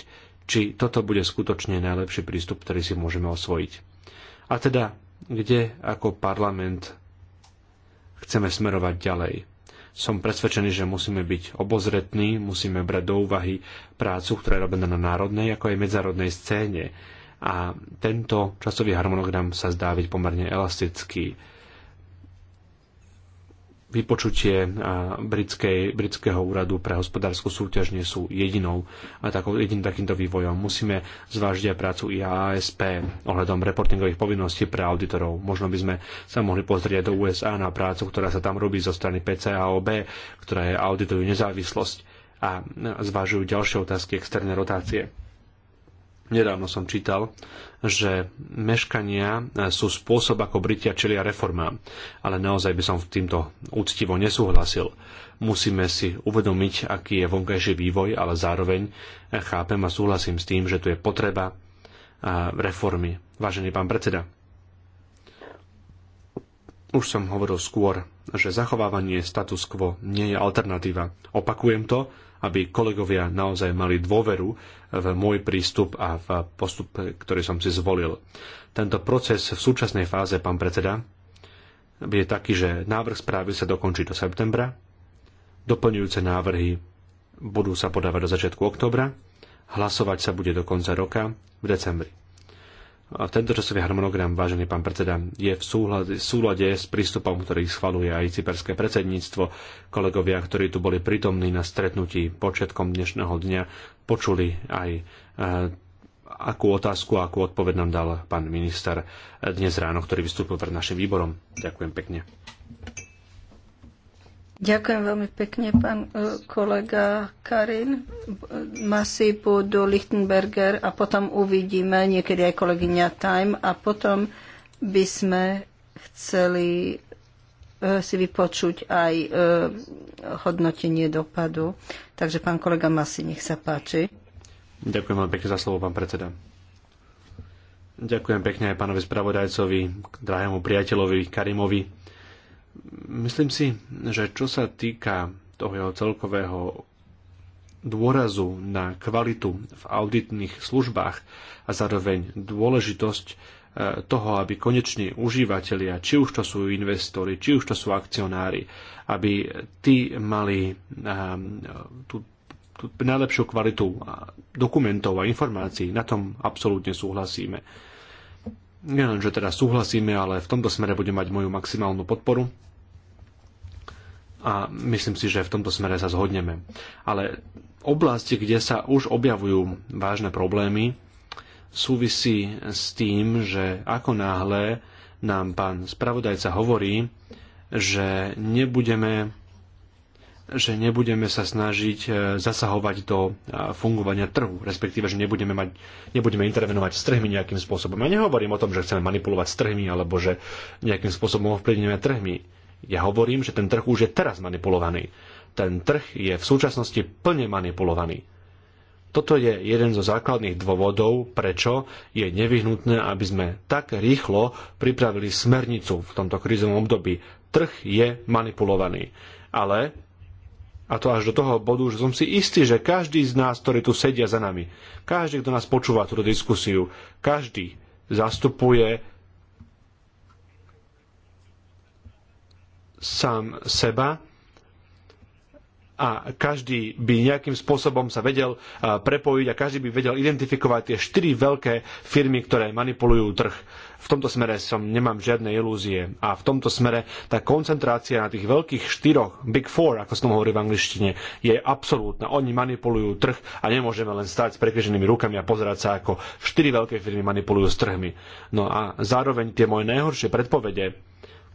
či toto bude skutočne najlepší prístup, ktorý si môžeme osvojiť. A teda, kde ako parlament chceme smerovať ďalej. Som presvedčený, že musíme byť obozretní, musíme brať do úvahy prácu, ktorá je robená na národnej ako aj medzárodnej scéne. A tento časový harmonogram sa zdá byť pomerne elastický vypočutie britskej, britského úradu pre hospodárskú súťaž nie sú jedinou takou, jediným takýmto vývojom. Musíme zvážiť aj prácu IASP ohľadom reportingových povinností pre auditorov. Možno by sme sa mohli pozrieť aj do USA na prácu, ktorá sa tam robí zo strany PCAOB, ktoré auditujú nezávislosť a zvážujú ďalšie otázky externé rotácie. Nedávno som čítal, že meškania e, sú spôsob, ako Britia čelia reformám. Ale naozaj by som v týmto úctivo nesúhlasil. Musíme si uvedomiť, aký je vonkajší vývoj, ale zároveň e, chápem a súhlasím s tým, že tu je potreba e, reformy. Vážený pán predseda, už som hovoril skôr, že zachovávanie status quo nie je alternatíva. Opakujem to, aby kolegovia naozaj mali dôveru v môj prístup a v postup, ktorý som si zvolil. Tento proces v súčasnej fáze, pán predseda, je taký, že návrh správy sa dokončí do septembra, doplňujúce návrhy budú sa podávať do začiatku oktobra, hlasovať sa bude do konca roka v decembri. Tento časový harmonogram, vážený pán predseda, je v súhľade, súlade s prístupom, ktorý schvaluje aj cyperské predsedníctvo. Kolegovia, ktorí tu boli prítomní na stretnutí počiatkom dnešného dňa, počuli aj e, akú otázku a akú odpoveď nám dal pán minister eh, dnes ráno, ktorý vystúpil pred našim výborom. Ďakujem pekne. Ďakujem veľmi pekne, pán e, kolega Karin. Masy budú Lichtenberger a potom uvidíme niekedy aj kolegyňa Time a potom by sme chceli e, si vypočuť aj e, hodnotenie dopadu. Takže pán kolega Masy, nech sa páči. Ďakujem veľmi pekne za slovo, pán predseda. Ďakujem pekne aj pánovi spravodajcovi, drahému priateľovi Karimovi Myslím si, že čo sa týka toho jeho celkového dôrazu na kvalitu v auditných službách a zároveň dôležitosť e, toho, aby koneční užívateľia, či už to sú investori, či už to sú akcionári, aby tí mali e, tú, tú najlepšiu kvalitu dokumentov a informácií. Na tom absolútne súhlasíme. len, že teda súhlasíme, ale v tomto smere bude mať moju maximálnu podporu a myslím si, že v tomto smere sa zhodneme. Ale oblasti, kde sa už objavujú vážne problémy, súvisí s tým, že ako náhle nám pán spravodajca hovorí, že nebudeme že nebudeme sa snažiť e, zasahovať do e, fungovania trhu, respektíve, že nebudeme, mať, nebudeme intervenovať s trhmi nejakým spôsobom. Ja nehovorím o tom, že chceme manipulovať s trhmi alebo že nejakým spôsobom ovplyvňujeme trhmi. Ja hovorím, že ten trh už je teraz manipulovaný. Ten trh je v súčasnosti plne manipulovaný. Toto je jeden zo základných dôvodov, prečo je nevyhnutné, aby sme tak rýchlo pripravili smernicu v tomto krízovom období. Trh je manipulovaný. Ale a to až do toho bodu, že som si istý, že každý z nás, ktorí tu sedia za nami, každý, kto nás počúva túto diskusiu, každý zastupuje sám seba a každý by nejakým spôsobom sa vedel eh, prepojiť a každý by vedel identifikovať tie štyri veľké firmy, ktoré manipulujú trh. V tomto smere som nemám žiadne ilúzie a v tomto smere tá koncentrácia na tých veľkých štyroch, Big Four, ako som hovorí v angličtine, je absolútna. Oni manipulujú trh a nemôžeme len stať s prekriženými rukami a pozerať sa, ako štyri veľké firmy manipulujú s trhmi. No a zároveň tie moje najhoršie predpovede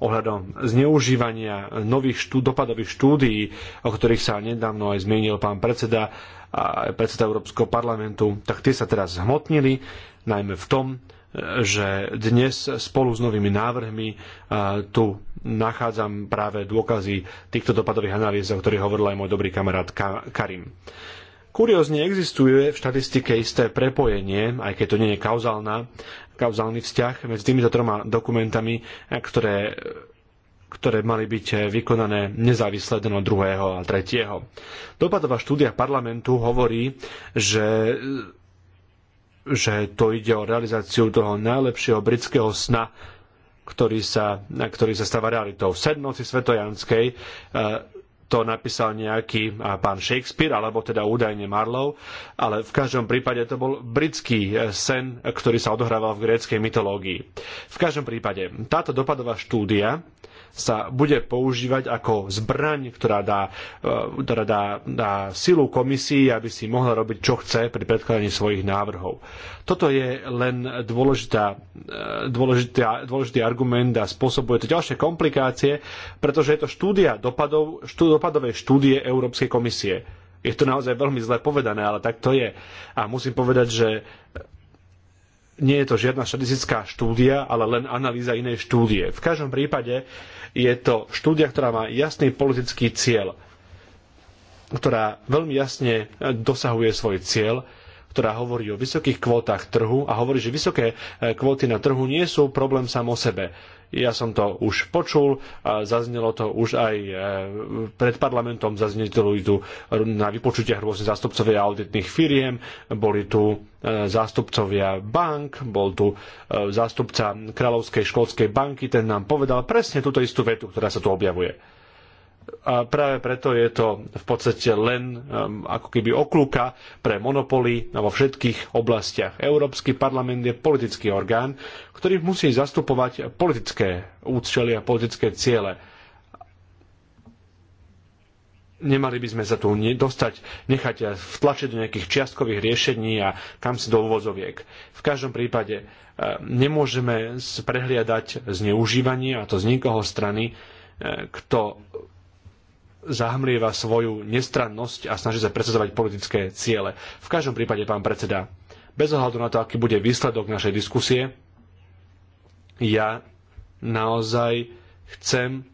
ohľadom zneužívania nových štú, dopadových štúdií, o ktorých sa nedávno aj zmienil pán predseda a predseda Európskeho parlamentu, tak tie sa teraz zhmotnili, najmä v tom, že dnes spolu s novými návrhmi tu nachádzam práve dôkazy týchto dopadových analýz, o ktorých hovoril aj môj dobrý kamarát Karim. Kuriózne existuje v štatistike isté prepojenie, aj keď to nie je kauzálna, kauzálny vzťah medzi týmito troma dokumentami, ktoré ktoré mali byť vykonané nezávisle jeden od druhého a tretieho. Dopadová štúdia parlamentu hovorí, že že to ide o realizáciu toho najlepšieho britského sna, ktorý sa, ktorý sa stáva realitou. V sednoci svetojanskej eh, to napísal nejaký pán Shakespeare, alebo teda údajne Marlowe, ale v každom prípade to bol britský eh, sen, ktorý sa odohrával v gréckej mytológii. V každom prípade táto dopadová štúdia sa bude používať ako zbraň, ktorá dá, e, ktorá dá, dá silu komisii, aby si mohla robiť, čo chce pri predkladaní svojich návrhov. Toto je len e, dôležitá, dôležitý argument a spôsobuje to ďalšie komplikácie, pretože je to štúdia dopadov, štú, dopadovej štúdie Európskej komisie. Je to naozaj veľmi zle povedané, ale tak to je. A musím povedať, že nie je to žiadna štatistická štúdia, ale len analýza inej štúdie. V každom prípade je to štúdia, ktorá má jasný politický cieľ, ktorá veľmi jasne e, dosahuje svoj cieľ, ktorá hovorí o vysokých kvótach trhu a hovorí, že vysoké e, kvóty na trhu nie sú problém sám o sebe. Ja som to už počul, zaznelo to už aj e, pred parlamentom, zaznelo tu na vypočutiach rôznych zástupcovia auditných firiem, boli tu e, zástupcovia bank, bol tu e, zástupca Kráľovskej školskej banky, ten nám povedal presne túto istú vetu, ktorá sa tu objavuje a práve preto je to v podstate len um, ako keby oklúka pre monopoly vo všetkých oblastiach. Európsky parlament je politický orgán, ktorý musí zastupovať politické účely a politické ciele. Nemali by sme sa tu dostať, nechať vtlačiť do nejakých čiastkových riešení a kam si do úvozoviek. V každom prípade um, nemôžeme prehliadať zneužívanie, a to z nikoho strany, um, kto zahmlieva svoju nestrannosť a snaží sa presadzovať politické ciele. V každom prípade, pán predseda, bez ohľadu na to, aký bude výsledok našej diskusie, ja naozaj chcem,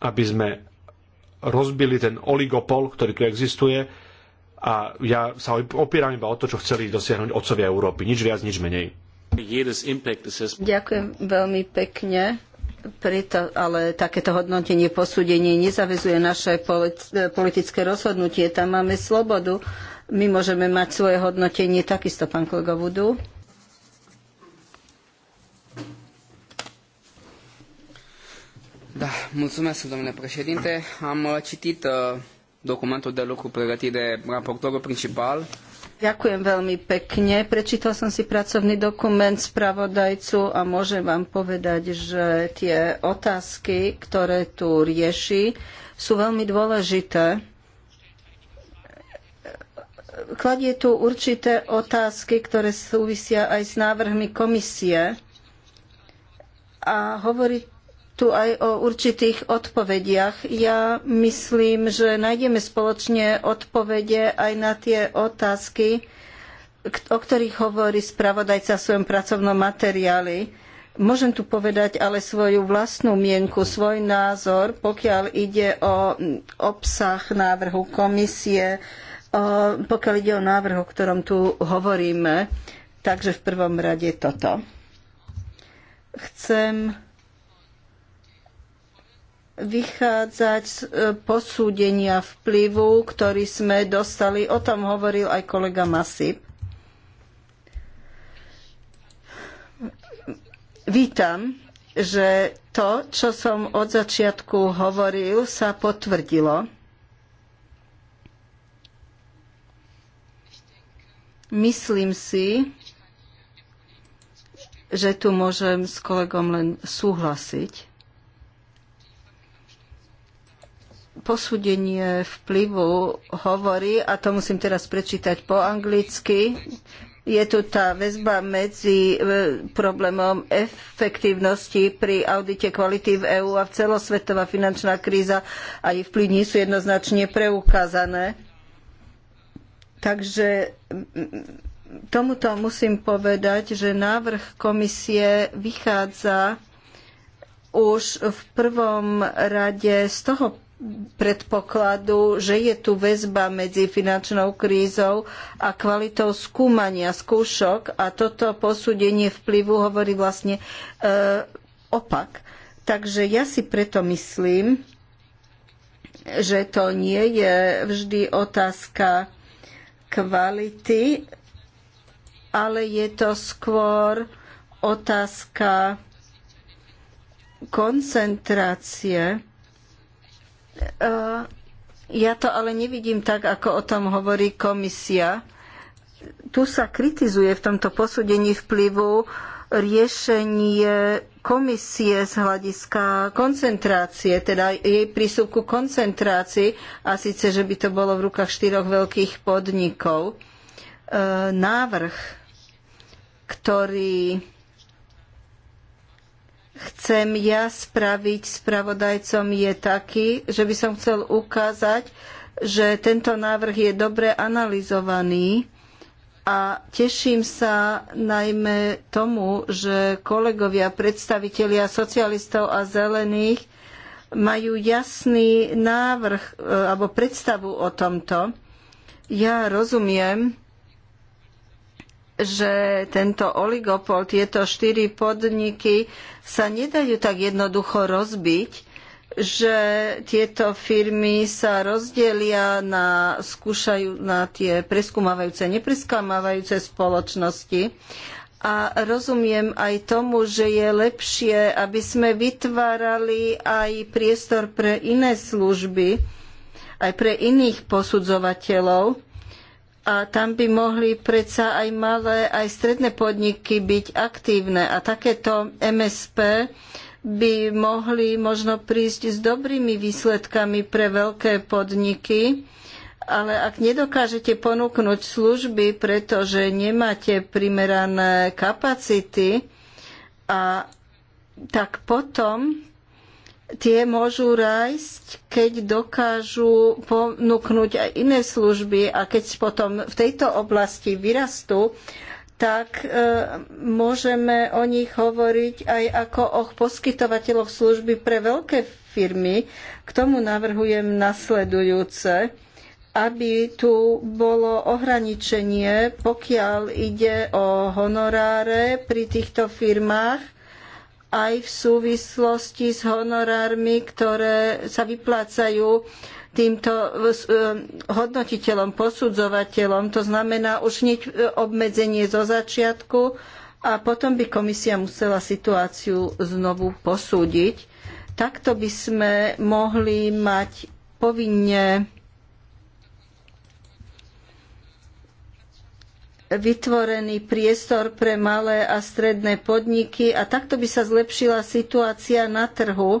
aby sme rozbili ten oligopol, ktorý tu existuje a ja sa opieram iba o to, čo chceli dosiahnuť otcovia Európy. Nič viac, nič menej. Ďakujem veľmi pekne preto ale takéto hodnotenie, posúdenie nezavezuje naše politické rozhodnutie. Tam máme slobodu. My môžeme mať svoje hodnotenie takisto, pán kolega Vudu. Da, mulțumesc, domnule președinte. Am citit uh, documentul de lucru pregătit de raportorul principal. Uh, Ďakujem veľmi pekne. Prečítal som si pracovný dokument spravodajcu a môžem vám povedať, že tie otázky, ktoré tu rieši, sú veľmi dôležité. Kladie tu určité otázky, ktoré súvisia aj s návrhmi komisie a hovorí tu aj o určitých odpovediach. Ja myslím, že nájdeme spoločne odpovede aj na tie otázky, o ktorých hovorí spravodajca v svojom pracovnom materiáli. Môžem tu povedať ale svoju vlastnú mienku, svoj názor, pokiaľ ide o obsah návrhu komisie, pokiaľ ide o návrh, o ktorom tu hovoríme. Takže v prvom rade toto. Chcem vychádzať z e, posúdenia vplyvu, ktorý sme dostali. O tom hovoril aj kolega Masip. Vítam, že to, čo som od začiatku hovoril, sa potvrdilo. Myslím si, že tu môžem s kolegom len súhlasiť. posúdenie vplyvu hovorí, a to musím teraz prečítať po anglicky, je tu tá väzba medzi e, problémom efektívnosti pri audite kvality v EÚ a v celosvetová finančná kríza a jej vplyv nie sú jednoznačne preukázané. Takže tomuto musím povedať, že návrh komisie vychádza už v prvom rade z toho predpokladu, že je tu väzba medzi finančnou krízou a kvalitou skúmania skúšok a toto posúdenie vplyvu hovorí vlastne e, opak. Takže ja si preto myslím, že to nie je vždy otázka kvality, ale je to skôr otázka koncentrácie E, ja to ale nevidím tak, ako o tom hovorí komisia. Tu sa kritizuje v tomto posúdení vplyvu riešenie komisie z hľadiska koncentrácie, teda jej prísuvku koncentrácii, a síce, že by to bolo v rukách štyroch veľkých podnikov. E, návrh, ktorý chcem ja spraviť spravodajcom je taký, že by som chcel ukázať, že tento návrh je dobre analyzovaný a teším sa najmä tomu, že kolegovia, predstavitelia socialistov a zelených majú jasný návrh e, alebo predstavu o tomto. Ja rozumiem, že tento oligopol, tieto štyri podniky sa nedajú tak jednoducho rozbiť, že tieto firmy sa rozdelia na, skúšajú, na tie preskúmavajúce, nepreskúmavajúce spoločnosti. A rozumiem aj tomu, že je lepšie, aby sme vytvárali aj priestor pre iné služby, aj pre iných posudzovateľov, a tam by mohli predsa aj malé, aj stredné podniky byť aktívne a takéto MSP by mohli možno prísť s dobrými výsledkami pre veľké podniky, ale ak nedokážete ponúknuť služby, pretože nemáte primerané kapacity, a tak potom tie môžu rásť, keď dokážu ponúknuť aj iné služby a keď potom v tejto oblasti vyrastú, tak e, môžeme o nich hovoriť aj ako o poskytovateľoch služby pre veľké firmy. K tomu navrhujem nasledujúce, aby tu bolo ohraničenie, pokiaľ ide o honoráre pri týchto firmách aj v súvislosti s honorármi, ktoré sa vyplácajú týmto e, hodnotiteľom, posudzovateľom. To znamená už hneď e, obmedzenie zo začiatku a potom by komisia musela situáciu znovu posúdiť. Takto by sme mohli mať povinne vytvorený priestor pre malé a stredné podniky a takto by sa zlepšila situácia na trhu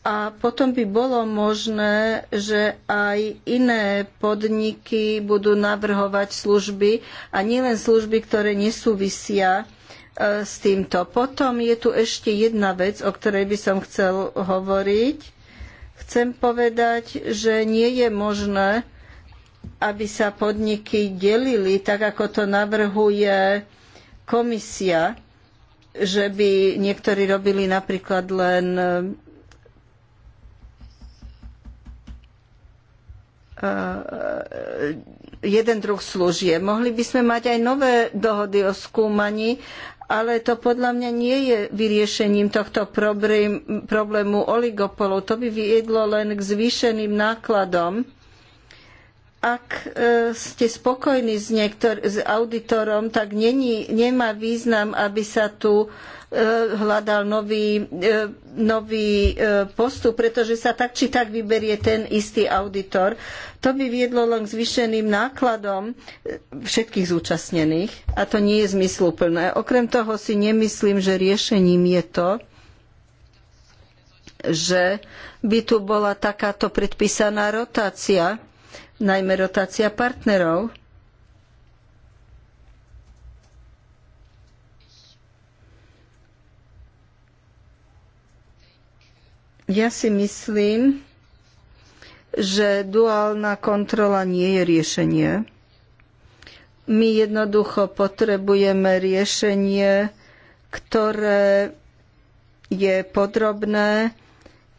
a potom by bolo možné, že aj iné podniky budú navrhovať služby a nielen služby, ktoré nesúvisia e, s týmto. Potom je tu ešte jedna vec, o ktorej by som chcel hovoriť. Chcem povedať, že nie je možné, aby sa podniky delili, tak ako to navrhuje komisia, že by niektorí robili napríklad len e, e, jeden druh služieb. Mohli by sme mať aj nové dohody o skúmaní, ale to podľa mňa nie je vyriešením tohto problému oligopolu. To by viedlo len k zvýšeným nákladom ak e, ste spokojní s, niektor- s auditorom, tak není, nemá význam, aby sa tu e, hľadal nový, e, nový postup, pretože sa tak či tak vyberie ten istý auditor. To by viedlo len k zvýšeným nákladom všetkých zúčastnených a to nie je zmysluplné. Okrem toho si nemyslím, že riešením je to, že by tu bola takáto predpísaná rotácia najmä rotácia partnerov. Ja si myslím, že duálna kontrola nie je riešenie. My jednoducho potrebujeme riešenie, ktoré je podrobné,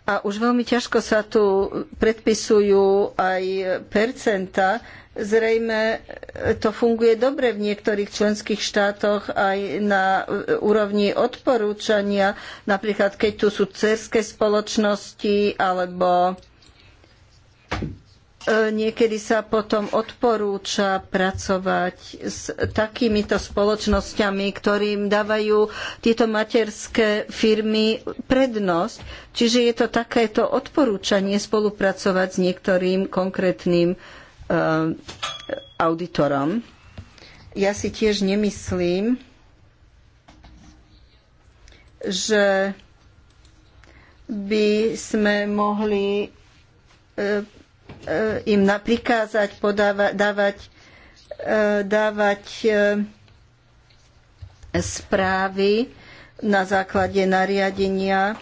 a už veľmi ťažko sa tu predpisujú aj percenta. Zrejme to funguje dobre v niektorých členských štátoch aj na úrovni odporúčania, napríklad keď tu sú cerské spoločnosti alebo E, niekedy sa potom odporúča pracovať s takýmito spoločnosťami, ktorým dávajú tieto materské firmy prednosť. Čiže je to takéto odporúčanie spolupracovať s niektorým konkrétnym e, auditorom. Ja si tiež nemyslím, že by sme mohli e, E, im naprikázať, podáva, dávať, e, dávať e, správy na základe nariadenia.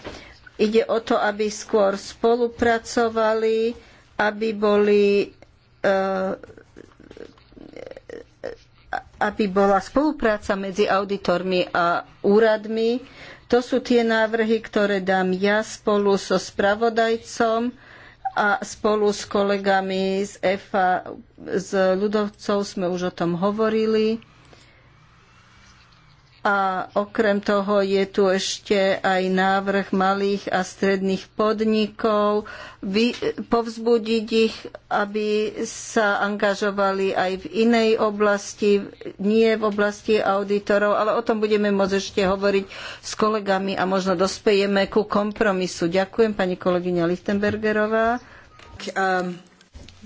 Ide o to, aby skôr spolupracovali, aby boli aby bola spolupráca medzi auditormi a úradmi. To sú tie návrhy, ktoré dám ja spolu so spravodajcom a spolu s kolegami z EFA, z ľudovcov sme už o tom hovorili. A okrem toho je tu ešte aj návrh malých a stredných podnikov, vy, povzbudiť ich, aby sa angažovali aj v inej oblasti, nie v oblasti auditorov, ale o tom budeme môcť ešte hovoriť s kolegami a možno dospejeme ku kompromisu. Ďakujem pani kolegyňa Lichtenbergerová.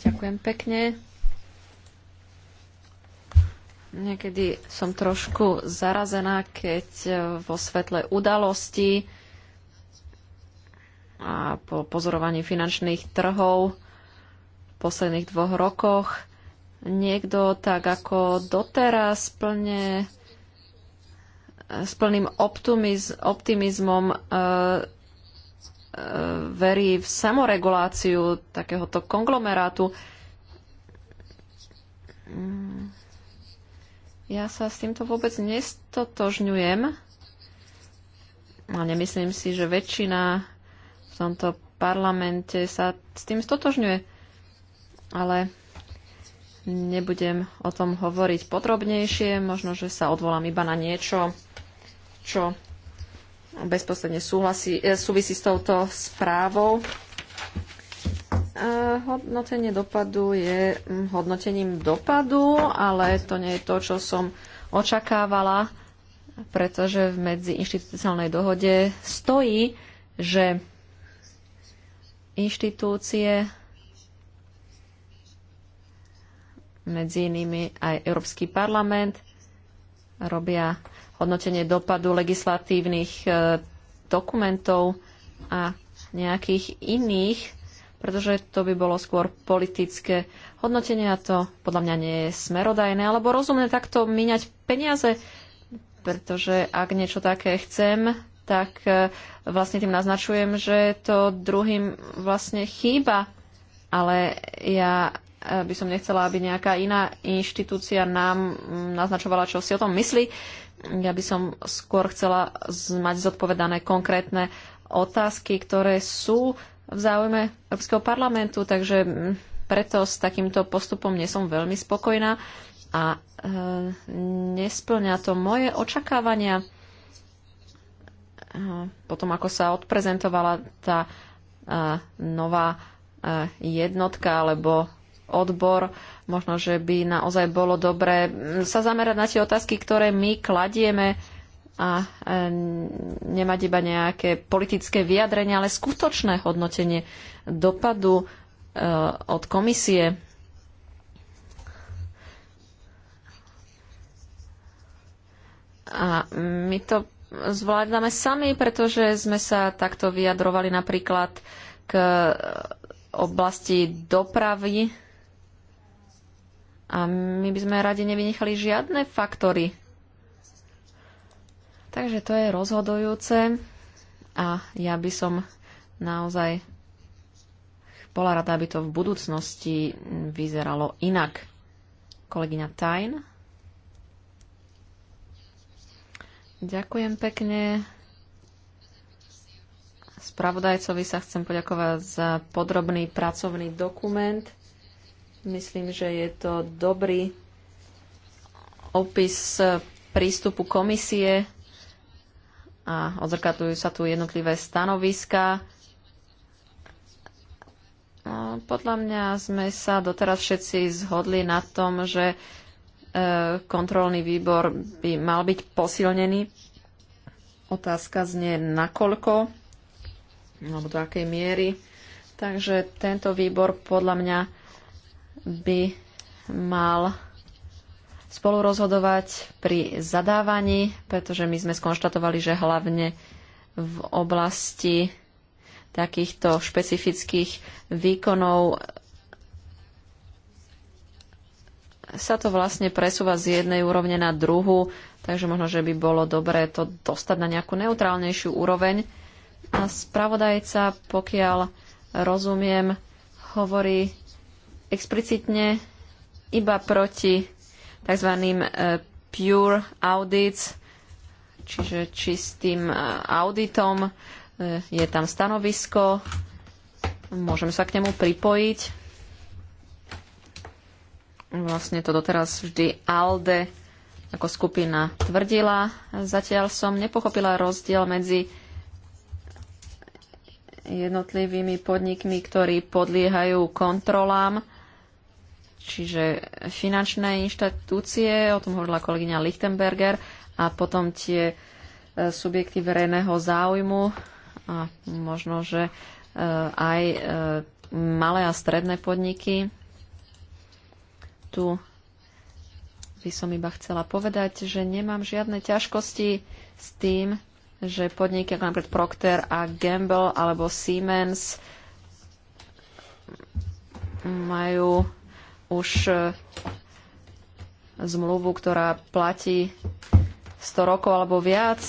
Ďakujem pekne. Niekedy som trošku zarazená, keď e, vo svetle udalosti a po pozorovaní finančných trhov v posledných dvoch rokoch niekto tak ako doteraz plne e, s plným optimiz, optimizmom e, e, verí v samoreguláciu takéhoto konglomerátu. Mm ja sa s týmto vôbec nestotožňujem. A nemyslím si, že väčšina v tomto parlamente sa s tým stotožňuje. Ale nebudem o tom hovoriť podrobnejšie. Možno, že sa odvolám iba na niečo, čo bezposledne súhlasí, e, súvisí s touto správou hodnotenie dopadu je mm, hodnotením dopadu, ale to nie je to, čo som očakávala, pretože v medziinstitucionálnej dohode stojí, že inštitúcie medzi inými aj Európsky parlament robia hodnotenie dopadu legislatívnych e, dokumentov a nejakých iných pretože to by bolo skôr politické hodnotenie a to podľa mňa nie je smerodajné alebo rozumné takto míňať peniaze, pretože ak niečo také chcem, tak e, vlastne tým naznačujem, že to druhým vlastne chýba. Ale ja e, by som nechcela, aby nejaká iná inštitúcia nám naznačovala, čo si o tom myslí. Ja by som skôr chcela mať zodpovedané konkrétne otázky, ktoré sú v záujme Európskeho parlamentu, takže mm, preto s takýmto postupom nie som veľmi spokojná a e, nesplňa to moje očakávania. E, potom, ako sa odprezentovala tá e, nová e, jednotka alebo odbor, možno, že by naozaj bolo dobré mm, sa zamerať na tie otázky, ktoré my kladieme a nemať iba nejaké politické vyjadrenia, ale skutočné hodnotenie dopadu e, od komisie. A my to zvládame sami, pretože sme sa takto vyjadrovali napríklad k oblasti dopravy a my by sme radi nevynechali žiadne faktory Takže to je rozhodujúce a ja by som naozaj bola rada, aby to v budúcnosti vyzeralo inak. Kolegyňa Tajn. Ďakujem pekne. Spravodajcovi sa chcem poďakovať za podrobný pracovný dokument. Myslím, že je to dobrý opis prístupu komisie a odzrkadľujú sa tu jednotlivé stanoviska. Podľa mňa sme sa doteraz všetci zhodli na tom, že e, kontrolný výbor by mal byť posilnený. Otázka znie nakoľko, alebo do akej miery. Takže tento výbor podľa mňa by mal spolurozhodovať pri zadávaní, pretože my sme skonštatovali, že hlavne v oblasti takýchto špecifických výkonov sa to vlastne presúva z jednej úrovne na druhú, takže možno, že by bolo dobré to dostať na nejakú neutrálnejšiu úroveň. A spravodajca, pokiaľ rozumiem, hovorí explicitne iba proti tzv. E, pure audits, čiže čistým e, auditom. E, je tam stanovisko, môžeme sa k nemu pripojiť. Vlastne to doteraz vždy ALDE ako skupina tvrdila. Zatiaľ som nepochopila rozdiel medzi jednotlivými podnikmi, ktorí podliehajú kontrolám Čiže finančné inštitúcie, o tom hovorila kolegyňa Lichtenberger, a potom tie e, subjekty verejného záujmu a možno, že e, aj e, malé a stredné podniky. Tu by som iba chcela povedať, že nemám žiadne ťažkosti s tým, že podniky ako napríklad Procter a Gamble alebo Siemens majú už e, zmluvu, ktorá platí 100 rokov alebo viac.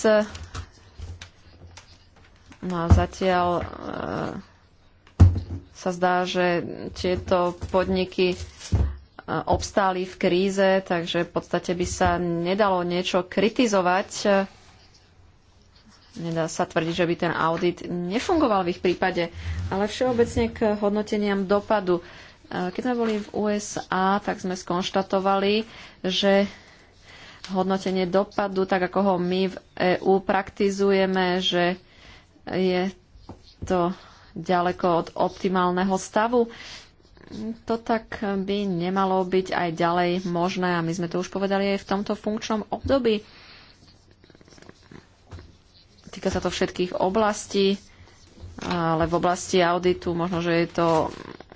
No a zatiaľ e, sa zdá, že tieto podniky e, obstáli v kríze, takže v podstate by sa nedalo niečo kritizovať. Nedá sa tvrdiť, že by ten audit nefungoval v ich prípade, ale všeobecne k hodnoteniam dopadu. Eh, keď sme boli v USA, tak sme skonštatovali, že hodnotenie dopadu, tak ako ho my v EÚ praktizujeme, že je to ďaleko od optimálneho stavu. To tak by nemalo byť aj ďalej možné a my sme to už povedali aj v tomto funkčnom období. Týka sa to všetkých oblastí, ale v oblasti auditu možno, že je to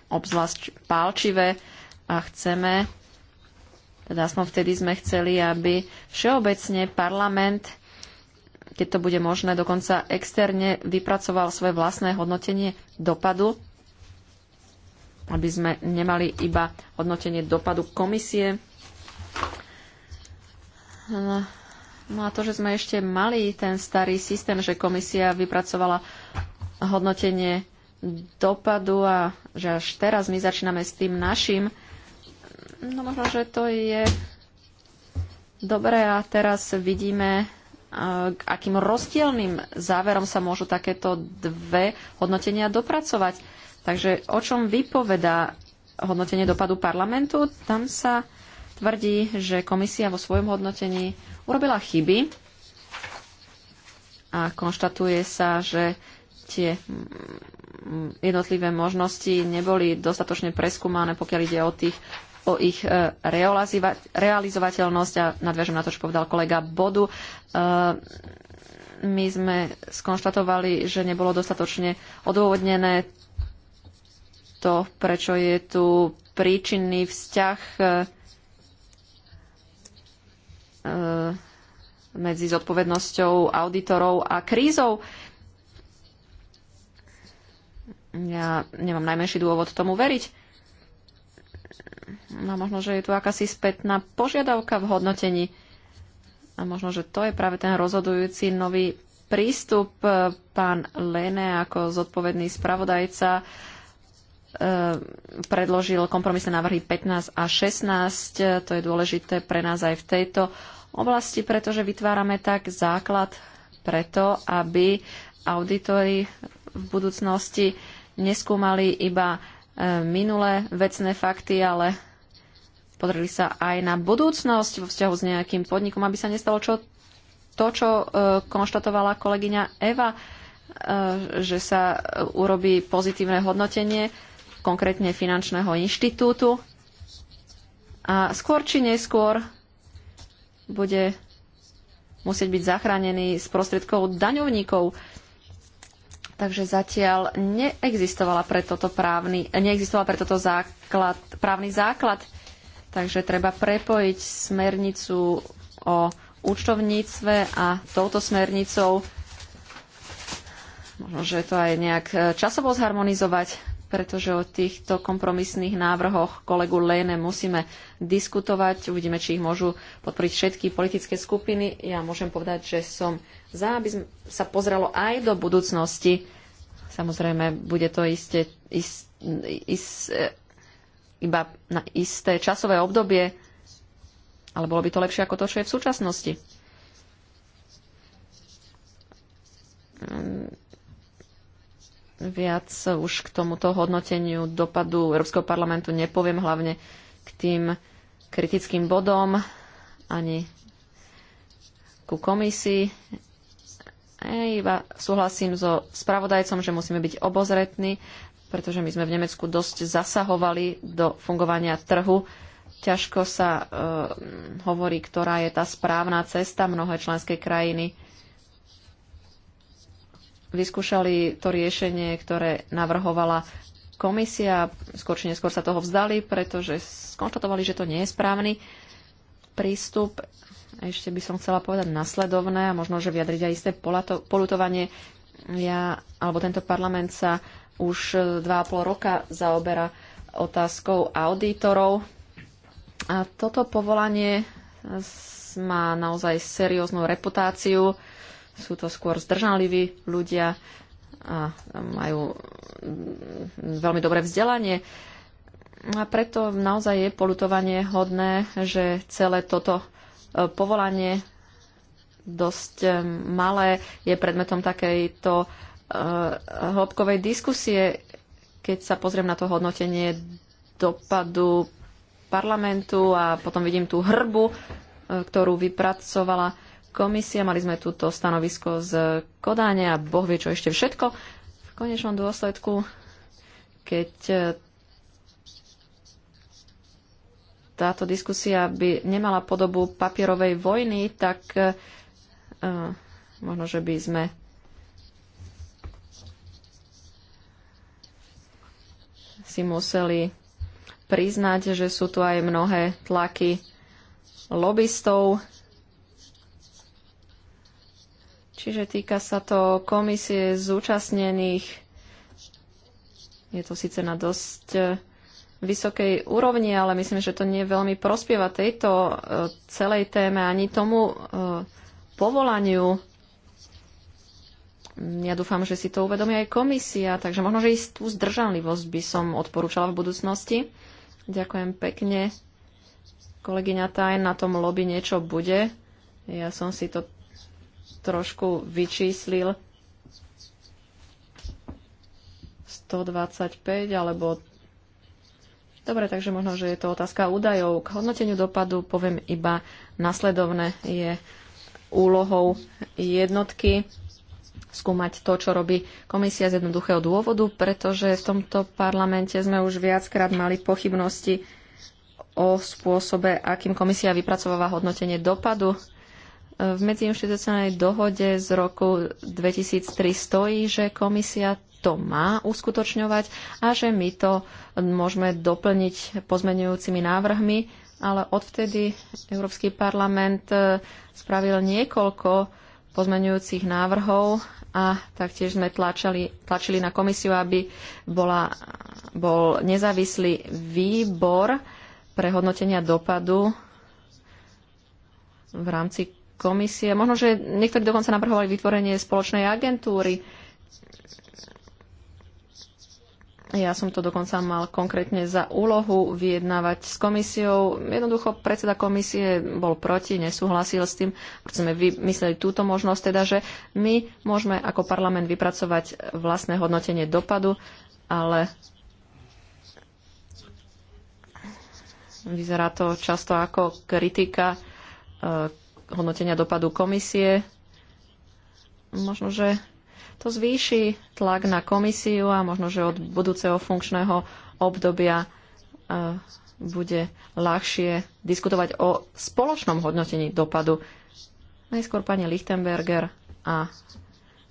obzvlášť pálčivé a chceme, teda aspoň vtedy sme chceli, aby všeobecne parlament, keď to bude možné, dokonca externe vypracoval svoje vlastné hodnotenie dopadu, aby sme nemali iba hodnotenie dopadu komisie. No a to, že sme ešte mali ten starý systém, že komisia vypracovala hodnotenie dopadu a že až teraz my začíname s tým našim, no možno, že to je dobré a teraz vidíme, e, k akým rozdielným záverom sa môžu takéto dve hodnotenia dopracovať. Takže o čom vypovedá hodnotenie dopadu parlamentu? Tam sa tvrdí, že komisia vo svojom hodnotení urobila chyby a konštatuje sa, že tie Mm, jednotlivé možnosti neboli dostatočne preskúmané, pokiaľ ide o tých o ich e, realizovateľnosť a nadviažem na to, čo povedal kolega Bodu. E, my sme skonštatovali, že nebolo dostatočne odôvodnené to, prečo je tu príčinný vzťah e, medzi zodpovednosťou auditorov a krízou. Ja nemám najmenší dôvod tomu veriť. No možno, že je tu akási spätná požiadavka v hodnotení. A možno, že to je práve ten rozhodujúci nový prístup. Pán Lene ako zodpovedný spravodajca e, predložil kompromisné návrhy 15 a 16. E, to je dôležité pre nás aj v tejto oblasti, pretože vytvárame tak základ preto, aby auditory v budúcnosti neskúmali iba e, minulé vecné fakty, ale podreli sa aj na budúcnosť vo vzťahu s nejakým podnikom, aby sa nestalo čo, to, čo e, konštatovala kolegyňa Eva, e, že sa urobí pozitívne hodnotenie konkrétne finančného inštitútu a skôr či neskôr bude musieť byť zachránený z prostriedkov daňovníkov. Takže zatiaľ neexistovala pre toto právny, neexistoval pre toto základ, právny základ. Takže treba prepojiť smernicu o účtovníctve a touto smernicou možno, že to aj nejak časovo zharmonizovať pretože o týchto kompromisných návrhoch kolegu Léne musíme diskutovať. Uvidíme, či ich môžu podporiť všetky politické skupiny. Ja môžem povedať, že som za, aby sa pozrelo aj do budúcnosti. Samozrejme, bude to iste, ist, ist, eh, iba na isté časové obdobie, ale bolo by to lepšie ako to, čo je v súčasnosti mm, Viac už k tomuto hodnoteniu dopadu Európskeho parlamentu nepoviem, hlavne k tým kritickým bodom ani ku komisii. Ej, iba súhlasím so spravodajcom, že musíme byť obozretní, pretože my sme v Nemecku dosť zasahovali do fungovania trhu. Ťažko sa e, hovorí, ktorá je tá správna cesta. Mnohé členské krajiny vyskúšali to riešenie, ktoré navrhovala komisia. Skôr či neskôr sa toho vzdali, pretože skonštatovali, že to nie je správny prístup. Ešte by som chcela povedať nasledovné a možno, že vyjadriť aj isté polutovanie. Ja, alebo tento parlament sa už 2,5 roka zaoberá otázkou auditorov. A toto povolanie má naozaj serióznu reputáciu sú to skôr zdržanliví ľudia a majú veľmi dobré vzdelanie. A preto naozaj je polutovanie hodné, že celé toto e, povolanie dosť e, malé je predmetom takejto e, hĺbkovej diskusie, keď sa pozriem na to hodnotenie dopadu parlamentu a potom vidím tú hrbu, ktorú vypracovala komisia, mali sme túto stanovisko z Kodáne a Boh vie čo ešte všetko. V konečnom dôsledku, keď e, táto diskusia by nemala podobu papierovej vojny, tak uh, možno, že by sme si museli priznať, že sú tu aj mnohé tlaky lobbystov, Čiže týka sa to komisie zúčastnených. Je to síce na dosť e, vysokej úrovni, ale myslím, že to nie veľmi prospieva tejto e, celej téme ani tomu e, povolaniu. Ja dúfam, že si to uvedomí aj komisia, takže možno, že istú zdržanlivosť by som odporúčala v budúcnosti. Ďakujem pekne. Kolegyňa Tajn na tom lobby niečo bude. Ja som si to trošku vyčíslil 125 alebo Dobre, takže možno, že je to otázka údajov. K hodnoteniu dopadu poviem iba nasledovné je úlohou jednotky skúmať to, čo robí komisia z jednoduchého dôvodu, pretože v tomto parlamente sme už viackrát mali pochybnosti o spôsobe, akým komisia vypracováva hodnotenie dopadu v medziinštitucionálnej dohode z roku 2003 stojí, že komisia to má uskutočňovať a že my to môžeme doplniť pozmenujúcimi návrhmi, ale odvtedy Európsky parlament e, spravil niekoľko pozmenujúcich návrhov a taktiež sme tlačili, tlačili na komisiu, aby bola, bol nezávislý výbor pre hodnotenia dopadu v rámci komisie. Možno, že niektorí dokonca navrhovali vytvorenie spoločnej agentúry. Ja som to dokonca mal konkrétne za úlohu vyjednávať s komisiou. Jednoducho predseda komisie bol proti, nesúhlasil s tým, preto sme vymysleli túto možnosť, teda, že my môžeme ako parlament vypracovať vlastné hodnotenie dopadu, ale vyzerá to často ako kritika e, hodnotenia dopadu komisie. Možno, že to zvýši tlak na komisiu a možno, že od budúceho funkčného obdobia e, bude ľahšie diskutovať o spoločnom hodnotení dopadu. Najskôr pani Lichtenberger, a,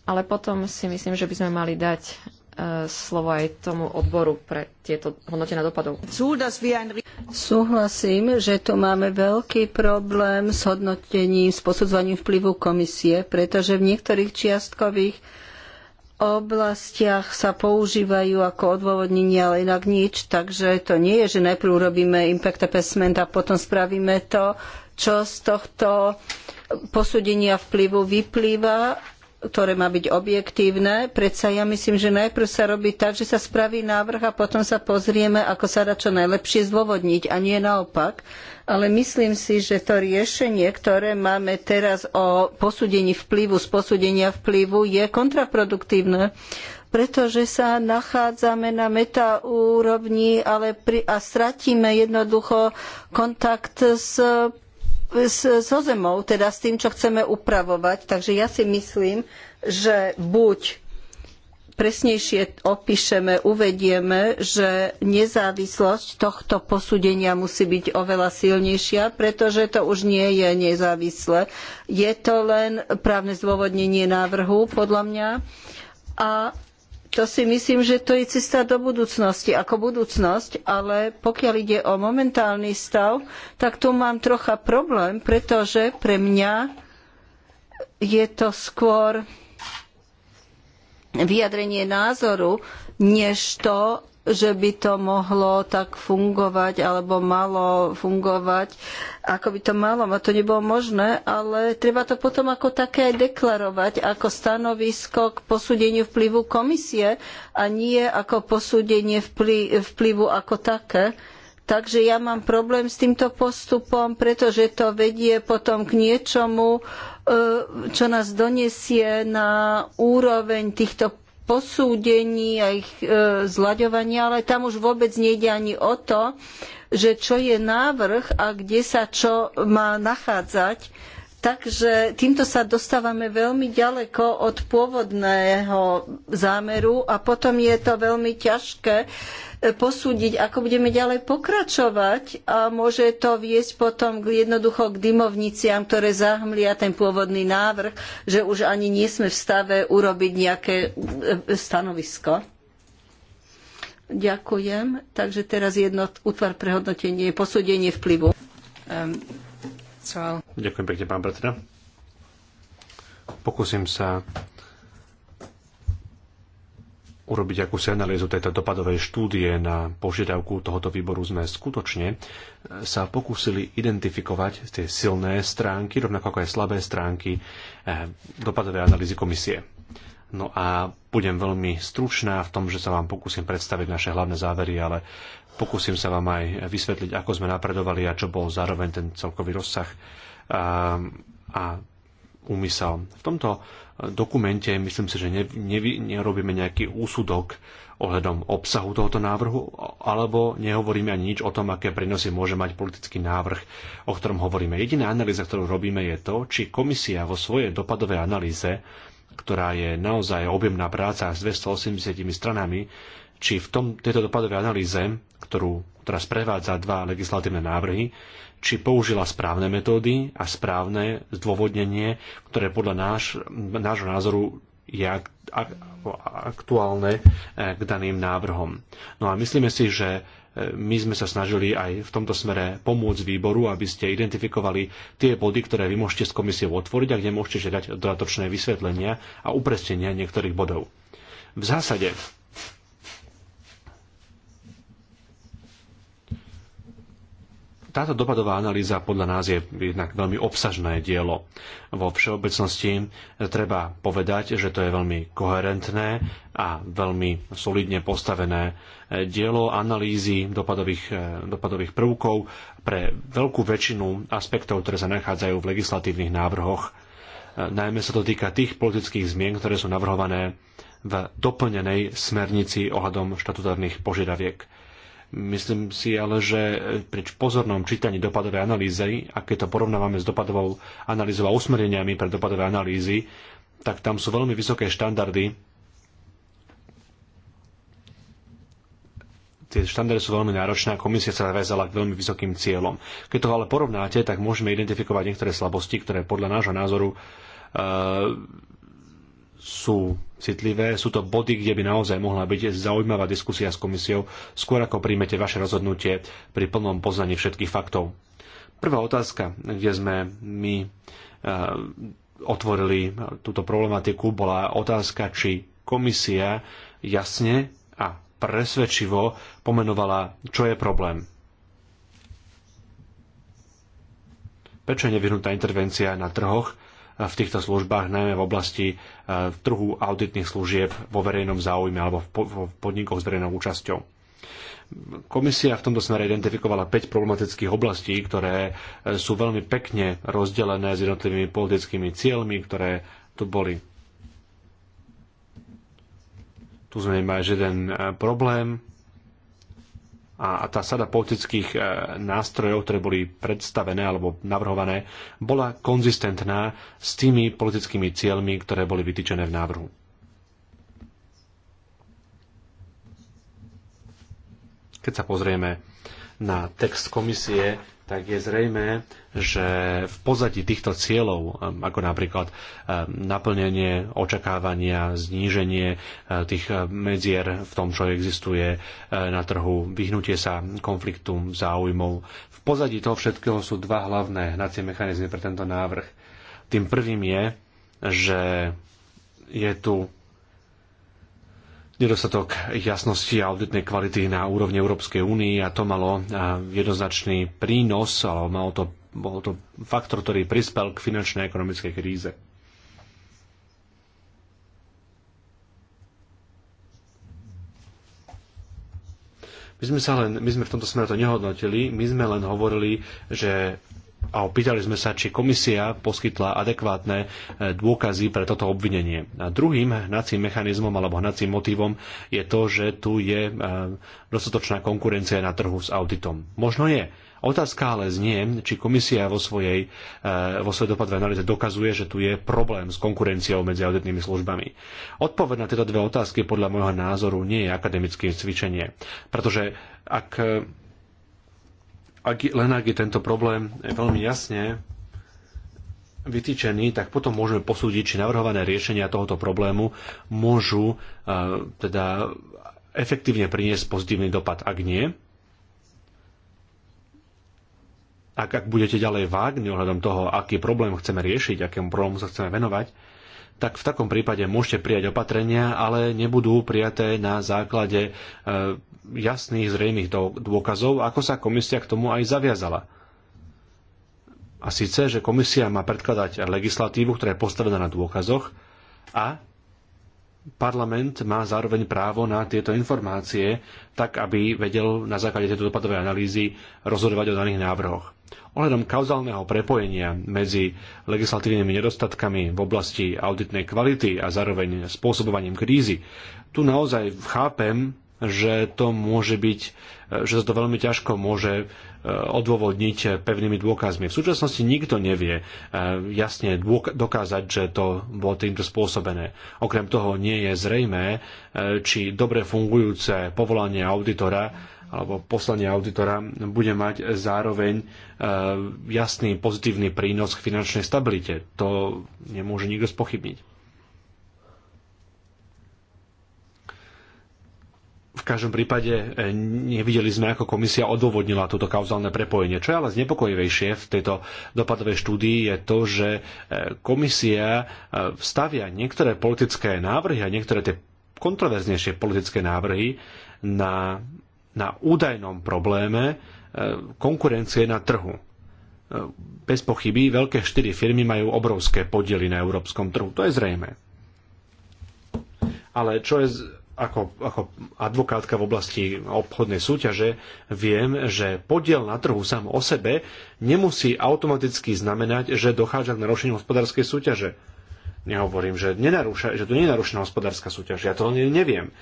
ale potom si myslím, že by sme mali dať E, slovo aj tomu odboru pre tieto hodnotenia dopadov. Súhlasím, že tu máme veľký problém s hodnotením, s posudzovaním vplyvu komisie, pretože v niektorých čiastkových oblastiach sa používajú ako odôvodnenie, ale inak nič. Takže to nie je, že najprv urobíme impact assessment a potom spravíme to, čo z tohto posúdenia vplyvu vyplýva ktoré má byť objektívne. Predsa ja myslím, že najprv sa robí tak, že sa spraví návrh a potom sa pozrieme, ako sa dá čo najlepšie zdôvodniť a nie naopak. Ale myslím si, že to riešenie, ktoré máme teraz o posúdení vplyvu, z posúdenia vplyvu, je kontraproduktívne, pretože sa nachádzame na metaúrovni ale pri, a stratíme jednoducho kontakt s so zemou, teda s tým, čo chceme upravovať. Takže ja si myslím, že buď presnejšie opíšeme, uvedieme, že nezávislosť tohto posúdenia musí byť oveľa silnejšia, pretože to už nie je nezávislé. Je to len právne zdôvodnenie návrhu, podľa mňa. A to si myslím, že to je cesta do budúcnosti, ako budúcnosť, ale pokiaľ ide o momentálny stav, tak tu mám trocha problém, pretože pre mňa je to skôr vyjadrenie názoru, než to, že by to mohlo tak fungovať alebo malo fungovať, ako by to malo. A to nebolo možné, ale treba to potom ako také aj deklarovať, ako stanovisko k posúdeniu vplyvu komisie a nie ako posúdenie vplyvu ako také. Takže ja mám problém s týmto postupom, pretože to vedie potom k niečomu, e, čo nás donesie na úroveň týchto posúdení a ich e, zlaďovania, ale tam už vôbec nejde ani o to, že čo je návrh a kde sa čo má nachádzať. Takže týmto sa dostávame veľmi ďaleko od pôvodného zámeru a potom je to veľmi ťažké E, posúdiť, ako budeme ďalej pokračovať a môže to viesť potom k, jednoducho k dymovniciam, ktoré zahmlia ten pôvodný návrh, že už ani nie sme v stave urobiť nejaké e, stanovisko. Ďakujem. Takže teraz jednot, útvar pre hodnotenie, posúdenie vplyvu. Um, so... Ďakujem pekne, pán predseda. Pokúsim sa urobiť akúsi analýzu tejto dopadovej štúdie na požiadavku tohoto výboru sme skutočne sa pokúsili identifikovať tie silné stránky, rovnako ako aj slabé stránky eh, dopadovej analýzy komisie. No a budem veľmi stručná v tom, že sa vám pokúsim predstaviť naše hlavné závery, ale pokúsim sa vám aj vysvetliť, ako sme napredovali a čo bol zároveň ten celkový rozsah a, eh, a úmysel. V tomto dokumente myslím si, že nerobíme nejaký úsudok ohľadom obsahu tohoto návrhu, alebo nehovoríme ani nič o tom, aké prínosy môže mať politický návrh, o ktorom hovoríme. Jediná analýza, ktorú robíme, je to, či komisia vo svojej dopadovej analýze, ktorá je naozaj objemná práca s 280 stranami, či v tom, tejto dopadovej analýze, ktorú, ktorá sprevádza dva legislatívne návrhy, či použila správne metódy a správne zdôvodnenie, ktoré podľa náš, nášho názoru je aktuálne eh, k daným návrhom. No a myslíme si, že eh, my sme sa snažili aj v tomto smere pomôcť výboru, aby ste identifikovali tie body, ktoré vy môžete s komisiou otvoriť a kde môžete žiadať dodatočné vysvetlenia a upresnenia niektorých bodov. V zásade táto dopadová analýza podľa nás je jednak veľmi obsažné dielo. Vo všeobecnosti treba povedať, že to je veľmi koherentné a veľmi solidne postavené dielo analýzy dopadových, eh, dopadových prvkov pre veľkú väčšinu aspektov, ktoré sa nachádzajú v legislatívnych návrhoch. Eh, najmä sa to týka tých politických zmien, ktoré sú navrhované v doplnenej smernici ohľadom štatutárnych požiadaviek. Myslím si ale, že pri pozornom čítaní dopadovej analýzy, a keď to porovnávame s dopadovou analýzou a usmereniami pre dopadové analýzy, tak tam sú veľmi vysoké štandardy. Tie štandardy sú veľmi náročné a komisia sa vezala k veľmi vysokým cieľom. Keď to ale porovnáte, tak môžeme identifikovať niektoré slabosti, ktoré podľa nášho názoru uh, sú citlivé, sú to body, kde by naozaj mohla byť zaujímavá diskusia s komisiou, skôr ako príjmete vaše rozhodnutie pri plnom poznaní všetkých faktov. Prvá otázka, kde sme my e, otvorili túto problematiku, bola otázka, či komisia jasne a presvedčivo pomenovala, čo je problém. Prečo je nevyhnutá intervencia na trhoch, v týchto službách, najmä v oblasti e, trhu auditných služieb vo verejnom záujme alebo v podnikoch s verejnou účasťou. Komisia v tomto smere identifikovala 5 problematických oblastí, ktoré e, sú veľmi pekne rozdelené s jednotlivými politickými cieľmi, ktoré tu boli. Tu sme mali jeden e, problém, a tá sada politických e, nástrojov, ktoré boli predstavené alebo navrhované, bola konzistentná s tými politickými cieľmi, ktoré boli vytýčené v návrhu. Keď sa pozrieme na text komisie, tak je zrejme, že v pozadí týchto cieľov, um, ako napríklad um, naplnenie očakávania, zníženie uh, tých uh, medzier v tom, čo existuje uh, na trhu, vyhnutie sa konfliktu záujmov, v pozadí toho všetkého sú dva hlavné hnacie mechanizmy pre tento návrh. Tým prvým je, že je tu nedostatok jasnosti a auditnej kvality na úrovni Európskej únie a to malo jednoznačný prínos, alebo malo to bol to faktor, ktorý prispel k finančnej a ekonomickej kríze. My sme, sa len, my sme v tomto smere to nehodnotili, my sme len hovorili, že a opýtali sme sa, či komisia poskytla adekvátne e, dôkazy pre toto obvinenie. A druhým hnacím mechanizmom alebo hnacím motivom je to, že tu je e, dostatočná konkurencia na trhu s auditom. Možno je, Otázka ale znie, či komisia vo svojej, eh, vo svojej dopadovej analýze dokazuje, že tu je problém s konkurenciou medzi auditnými službami. Odpoveď na tieto dve otázky podľa môjho názoru nie je akademické cvičenie, pretože ak, ak len ak je tento problém veľmi jasne vytýčený, tak potom môžeme posúdiť, či navrhované riešenia tohoto problému môžu eh, teda efektívne priniesť pozitívny dopad. Ak nie, ak, ak budete ďalej vágni ohľadom toho, aký problém chceme riešiť, akému problému sa chceme venovať, tak v takom prípade môžete prijať opatrenia, ale nebudú prijaté na základe e, jasných, zrejmých dôkazov, ako sa komisia k tomu aj zaviazala. A síce, že komisia má predkladať legislatívu, ktorá je postavená na dôkazoch a parlament má zároveň právo na tieto informácie, tak aby vedel na základe tejto dopadovej analýzy rozhodovať o daných návrhoch. Ohľadom kauzálneho prepojenia medzi legislatívnymi nedostatkami v oblasti auditnej kvality a zároveň spôsobovaním krízy, tu naozaj chápem že to môže byť, e, že sa to veľmi ťažko môže e, odôvodniť pevnými dôkazmi. V súčasnosti nikto nevie e, jasne dokázať, že to bolo týmto spôsobené. Okrem toho nie je zrejmé, či dobre fungujúce povolanie auditora alebo poslanie auditora bude mať zároveň jasný pozitívny prínos k finančnej stabilite. To nemôže nikto spochybniť. každom prípade e, nevideli sme, ako komisia odôvodnila toto kauzálne prepojenie. Čo je ale znepokojivejšie v tejto dopadovej štúdii je to, že e, komisia e, stavia niektoré politické návrhy a niektoré tie kontroverznejšie politické návrhy na, na údajnom probléme konkurencie na trhu bez pochyby veľké štyri firmy majú obrovské podiely na európskom trhu. To je zrejme. Ale čo je ako, ako advokátka v oblasti obchodnej súťaže viem, že podiel na trhu sám o sebe nemusí automaticky znamenať, že dochádza k narušeniu hospodárskej súťaže. Nehovorím, že, nenaruša, že tu nie je narušená hospodárska súťaž, ja to neviem.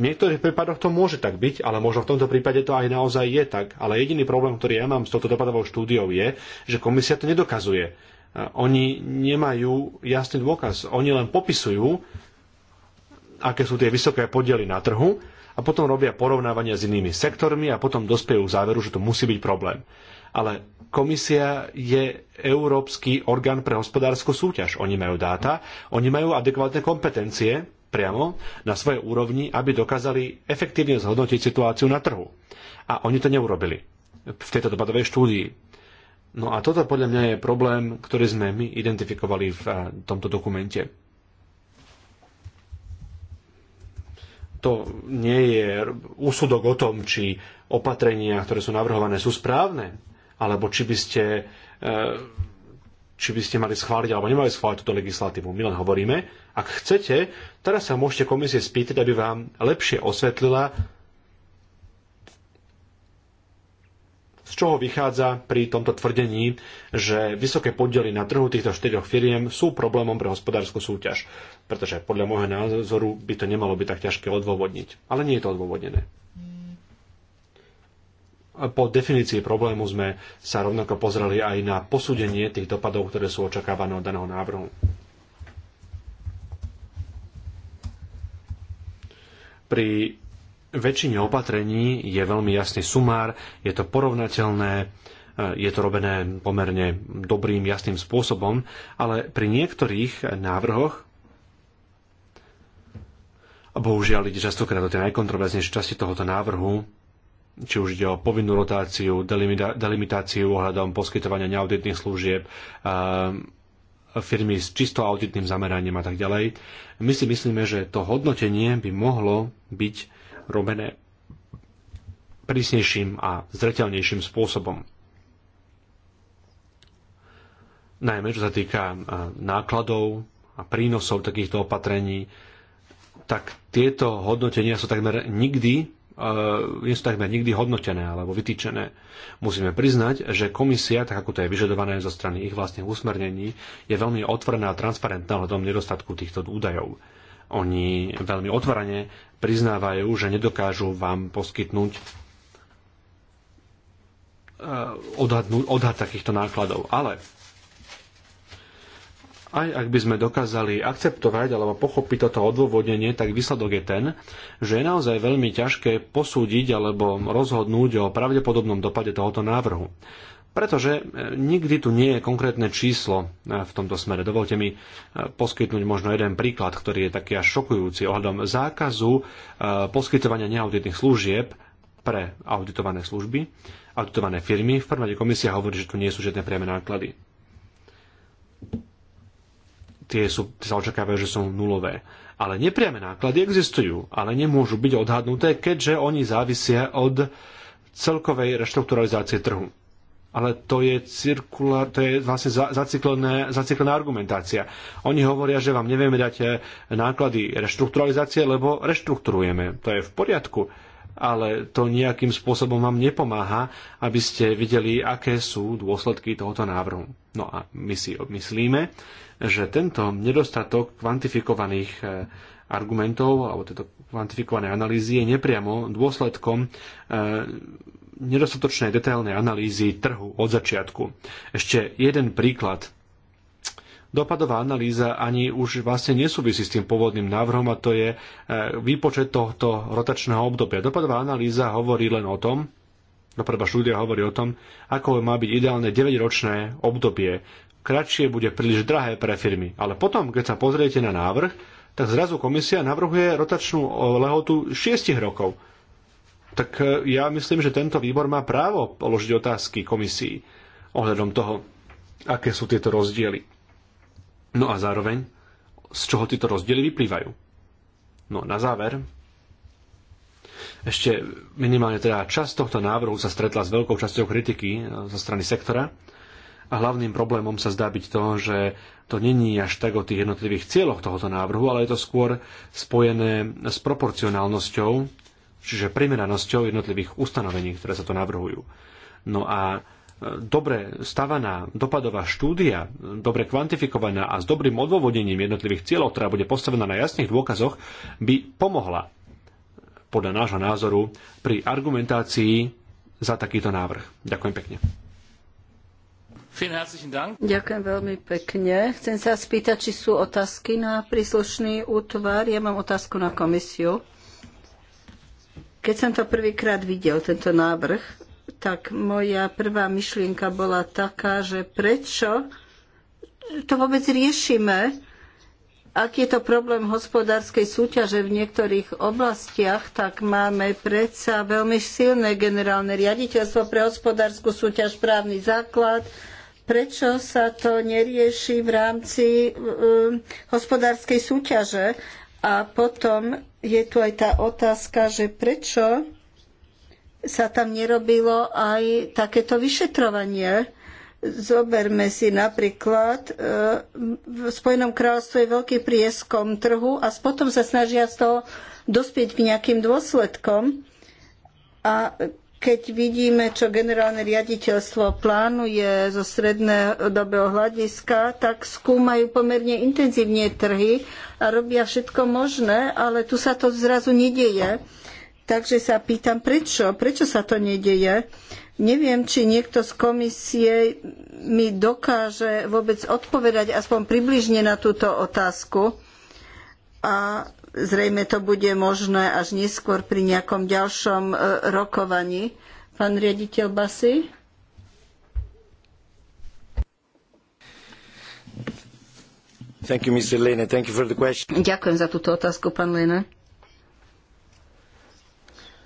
V niektorých prípadoch to môže tak byť, ale možno v tomto prípade to aj naozaj je tak. Ale jediný problém, ktorý ja mám s touto dopadovou štúdiou je, že komisia to nedokazuje. Oni nemajú jasný dôkaz, oni len popisujú, aké sú tie vysoké podiely na trhu a potom robia porovnávania s inými sektormi a potom dospejú k záveru, že to musí byť problém. Ale komisia je Európsky orgán pre hospodárskú súťaž. Oni majú dáta, oni majú adekvátne kompetencie priamo na svojej úrovni, aby dokázali efektívne zhodnotiť situáciu na trhu. A oni to neurobili v tejto dopadovej štúdii. No a toto podľa mňa je problém, ktorý sme my identifikovali v eh, tomto dokumente. to nie je úsudok o tom, či opatrenia, ktoré sú navrhované, sú správne, alebo či by ste, e, či by ste mali schváliť alebo nemali schváliť túto legislatívu. My len hovoríme, ak chcete, teraz sa môžete komisie spýtať, aby vám lepšie osvetlila, čoho vychádza pri tomto tvrdení, že vysoké podiely na trhu týchto štyroch firiem sú problémom pre hospodárskú súťaž. Pretože podľa môjho názoru by to nemalo byť tak ťažké odôvodniť. Ale nie je to odôvodnené. Po definícii problému sme sa rovnako pozreli aj na posúdenie tých dopadov, ktoré sú očakávané od daného návrhu. Pri väčšine opatrení je veľmi jasný sumár, je to porovnateľné, e, je to robené pomerne dobrým, jasným spôsobom, ale pri niektorých návrhoch a bohužiaľ ide častokrát o tie najkontroverznejšie časti tohoto návrhu, či už ide o povinnú rotáciu, delimita- delimitáciu ohľadom poskytovania neauditných služieb, e, firmy s čisto auditným zameraním a tak ďalej. My si myslíme, že to hodnotenie by mohlo byť robené prísnejším a zreteľnejším spôsobom. Najmä čo sa týka nákladov a prínosov takýchto opatrení, tak tieto hodnotenia sú takmer nikdy nie sú takmer nikdy hodnotené alebo vytýčené. Musíme priznať, že komisia, tak ako to je vyžadované zo strany ich vlastných usmernení, je veľmi otvorená a transparentná hľadom nedostatku týchto údajov. Oni veľmi otvorene priznávajú, že nedokážu vám poskytnúť e, odhad, odhad takýchto nákladov. Ale aj ak by sme dokázali akceptovať alebo pochopiť toto odôvodnenie, tak výsledok je ten, že je naozaj veľmi ťažké posúdiť alebo rozhodnúť o pravdepodobnom dopade tohoto návrhu pretože e, nikdy tu nie je konkrétne číslo e, v tomto smere. Dovolte mi e, poskytnúť možno jeden príklad, ktorý je taký až šokujúci ohľadom zákazu poskytovania neauditných služieb pre auditované služby, auditované firmy. V prvom rade komisia hovorí, že tu nie sú žiadne priame náklady. Tie, sú, tie sa očakávajú, že sú nulové. Ale nepriame náklady existujú, ale nemôžu byť odhadnuté, keďže oni závisia od celkovej reštrukturalizácie trhu ale to je, cirkulár, to je vlastne zaciklená argumentácia. Oni hovoria, že vám nevieme dať e, náklady reštrukturalizácie, lebo reštrukturujeme. To je v poriadku, ale to nejakým spôsobom vám nepomáha, aby ste videli, aké sú dôsledky tohoto návrhu. No a my si myslíme, že tento nedostatok kvantifikovaných e, argumentov alebo tieto kvantifikované analýzy je nepriamo dôsledkom e, nedostatočnej detailnej analýzy trhu od začiatku. Ešte jeden príklad. Dopadová analýza ani už vlastne nesúvisí s tým pôvodným návrhom a to je e, výpočet tohto rotačného obdobia. Dopadová analýza hovorí len o tom, dopadová no, štúdia hovorí o tom, ako má byť ideálne 9-ročné obdobie. Kratšie bude príliš drahé pre firmy. Ale potom, keď sa pozriete na návrh, tak zrazu komisia navrhuje rotačnú e, lehotu 6 rokov tak e, ja myslím, že tento výbor má právo položiť otázky komisii ohľadom toho, aké sú tieto rozdiely. No a zároveň, z čoho tieto rozdiely vyplývajú. No a na záver, ešte minimálne teda časť tohto návrhu sa stretla s veľkou časťou kritiky e, zo strany sektora a hlavným problémom sa zdá byť to, že to není až tak o tých jednotlivých cieľoch tohoto návrhu, ale je to skôr spojené s proporcionálnosťou čiže primeranosťou jednotlivých ustanovení, ktoré sa to navrhujú. No a e, dobre stavaná dopadová štúdia, dobre kvantifikovaná a s dobrým odôvodením jednotlivých cieľov, ktorá bude postavená na jasných dôkazoch, by pomohla podľa nášho názoru pri argumentácii za takýto návrh. Ďakujem pekne. Ďakujem veľmi pekne. Chcem sa spýtať, či sú otázky na príslušný útvar. Ja mám otázku na komisiu. Keď som to prvýkrát videl, tento návrh, tak moja prvá myšlienka bola taká, že prečo to vôbec riešime, ak je to problém hospodárskej súťaže v niektorých oblastiach, tak máme predsa veľmi silné generálne riaditeľstvo pre hospodárskú súťaž, právny základ. Prečo sa to nerieši v rámci um, hospodárskej súťaže? A potom je tu aj tá otázka, že prečo sa tam nerobilo aj takéto vyšetrovanie. Zoberme si napríklad, e, v Spojenom kráľovstve je veľký prieskom trhu a potom sa snažia z toho dospieť k nejakým dôsledkom. A keď vidíme, čo generálne riaditeľstvo plánuje zo strednodobého hľadiska, tak skúmajú pomerne intenzívne trhy a robia všetko možné, ale tu sa to zrazu nedeje. Takže sa pýtam, prečo? Prečo sa to nedeje? Neviem, či niekto z komisie mi dokáže vôbec odpovedať aspoň približne na túto otázku. A Zrejme to bude možné až neskôr pri nejakom ďalšom e, rokovaní. Pán riaditeľ Basy? You, Ďakujem za túto otázku, pán Lene.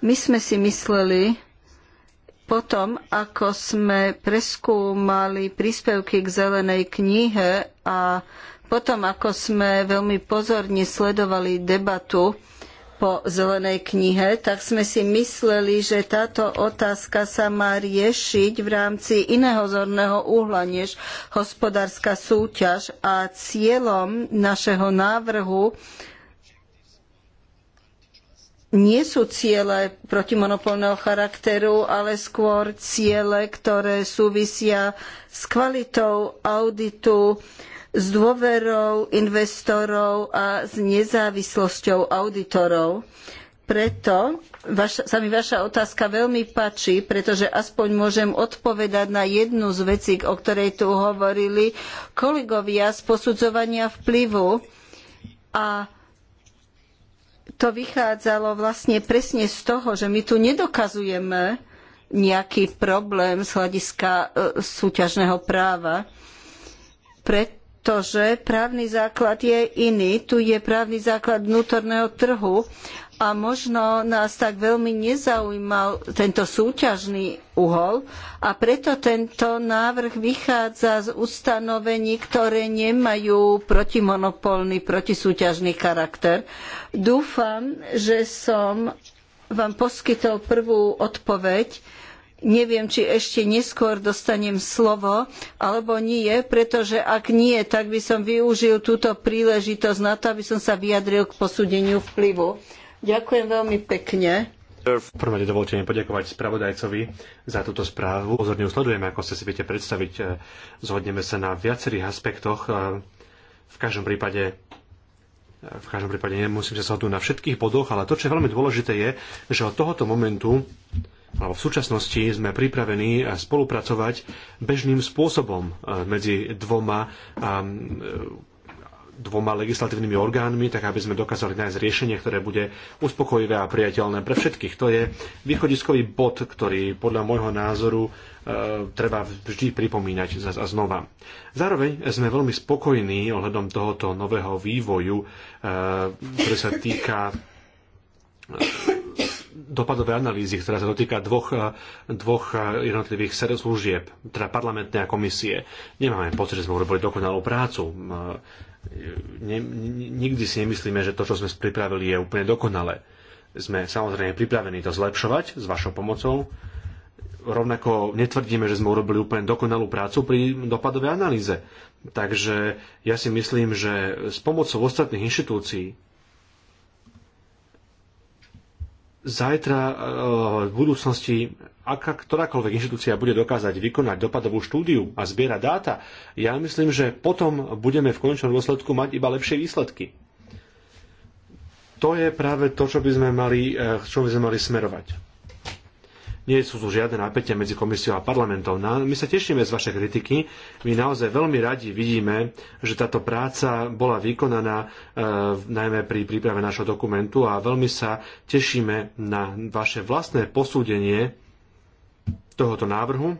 My sme si mysleli, potom ako sme preskúmali príspevky k zelenej knihe a potom, ako sme veľmi pozorne sledovali debatu po zelenej knihe, tak sme si mysleli, že táto otázka sa má riešiť v rámci iného zorného úhla než hospodárska súťaž a cieľom našeho návrhu nie sú ciele protimonopolného charakteru, ale skôr ciele, ktoré súvisia s kvalitou auditu, s dôverou investorov a s nezávislosťou auditorov. Preto sa mi vaša otázka veľmi páči, pretože aspoň môžem odpovedať na jednu z vecí, o ktorej tu hovorili kolegovia z posudzovania vplyvu. A to vychádzalo vlastne presne z toho, že my tu nedokazujeme nejaký problém z hľadiska e, súťažného práva. Preto pretože právny základ je iný. Tu je právny základ vnútorného trhu a možno nás tak veľmi nezaujímal tento súťažný uhol a preto tento návrh vychádza z ustanovení, ktoré nemajú protimonopolný, protisúťažný charakter. Dúfam, že som vám poskytol prvú odpoveď Neviem, či ešte neskôr dostanem slovo, alebo nie, pretože ak nie, tak by som využil túto príležitosť na to, aby som sa vyjadril k posúdeniu vplyvu. Ďakujem veľmi pekne. V prvom rade dovolte mi poďakovať spravodajcovi za túto správu. Pozorne ju sledujeme, ako ste si viete predstaviť. E, zhodneme sa na viacerých aspektoch. E, v každom prípade e, v každom prípade nemusím sa zhodnúť na všetkých bodoch, ale to, čo je veľmi dôležité, je, že od tohoto momentu alebo v súčasnosti sme pripravení spolupracovať bežným spôsobom e, medzi dvoma e, dvoma legislatívnymi orgánmi, tak aby sme dokázali nájsť riešenie, ktoré bude uspokojivé a priateľné pre všetkých. To je východiskový bod, ktorý podľa môjho názoru e, treba vždy pripomínať zas a znova. Zároveň sme veľmi spokojní ohľadom tohoto nového vývoju, e, ktorý sa týka e, dopadové analýzy, ktorá sa dotýka dvoch, eh, dvoch eh, jednotlivých služieb, teda parlamentnej a komisie. Nemáme pocit, že sme urobili dokonalú prácu. Eh, ne, nikdy si nemyslíme, že to, čo sme pripravili, je úplne dokonalé. Sme samozrejme pripravení to zlepšovať s vašou pomocou. Rovnako netvrdíme, že sme urobili úplne dokonalú prácu pri dopadovej analýze. Takže ja si myslím, že s pomocou ostatných inštitúcií, zajtra e, v budúcnosti aká, ktorákoľvek inštitúcia bude dokázať vykonať dopadovú štúdiu a zbierať dáta, ja myslím, že potom budeme v konečnom dôsledku mať iba lepšie výsledky. To je práve to, čo by sme mali, e, čo by sme mali smerovať nie sú tu žiadne napätia medzi komisiou a parlamentom. No my sa tešíme z vašej kritiky. My naozaj veľmi radi vidíme, že táto práca bola vykonaná e, najmä pri príprave našho dokumentu a veľmi sa tešíme na vaše vlastné posúdenie tohoto návrhu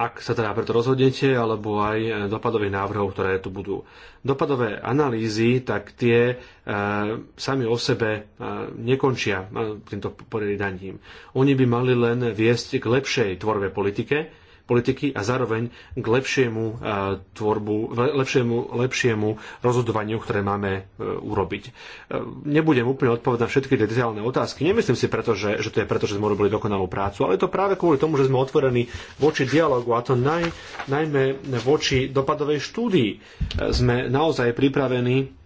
ak sa teda preto rozhodnete, alebo aj e, dopadových návrhov, ktoré tu budú. Dopadové analýzy, tak tie e, sami o sebe e, nekončia e, týmto poriadaním. Oni by mali len viesť k lepšej tvorbe politike, politiky a zároveň k lepšiemu e, tvorbu, lepšiemu, lepšiemu rozhodovaniu, ktoré máme e, urobiť. E, nebudem úplne odpovedať na všetky tie detailné otázky. Nemyslím si preto, že, že to je preto, že sme urobili dokonalú prácu, ale je to práve kvôli tomu, že sme otvorení voči dialogu a to naj, najmä voči dopadovej štúdii. Sme naozaj pripravení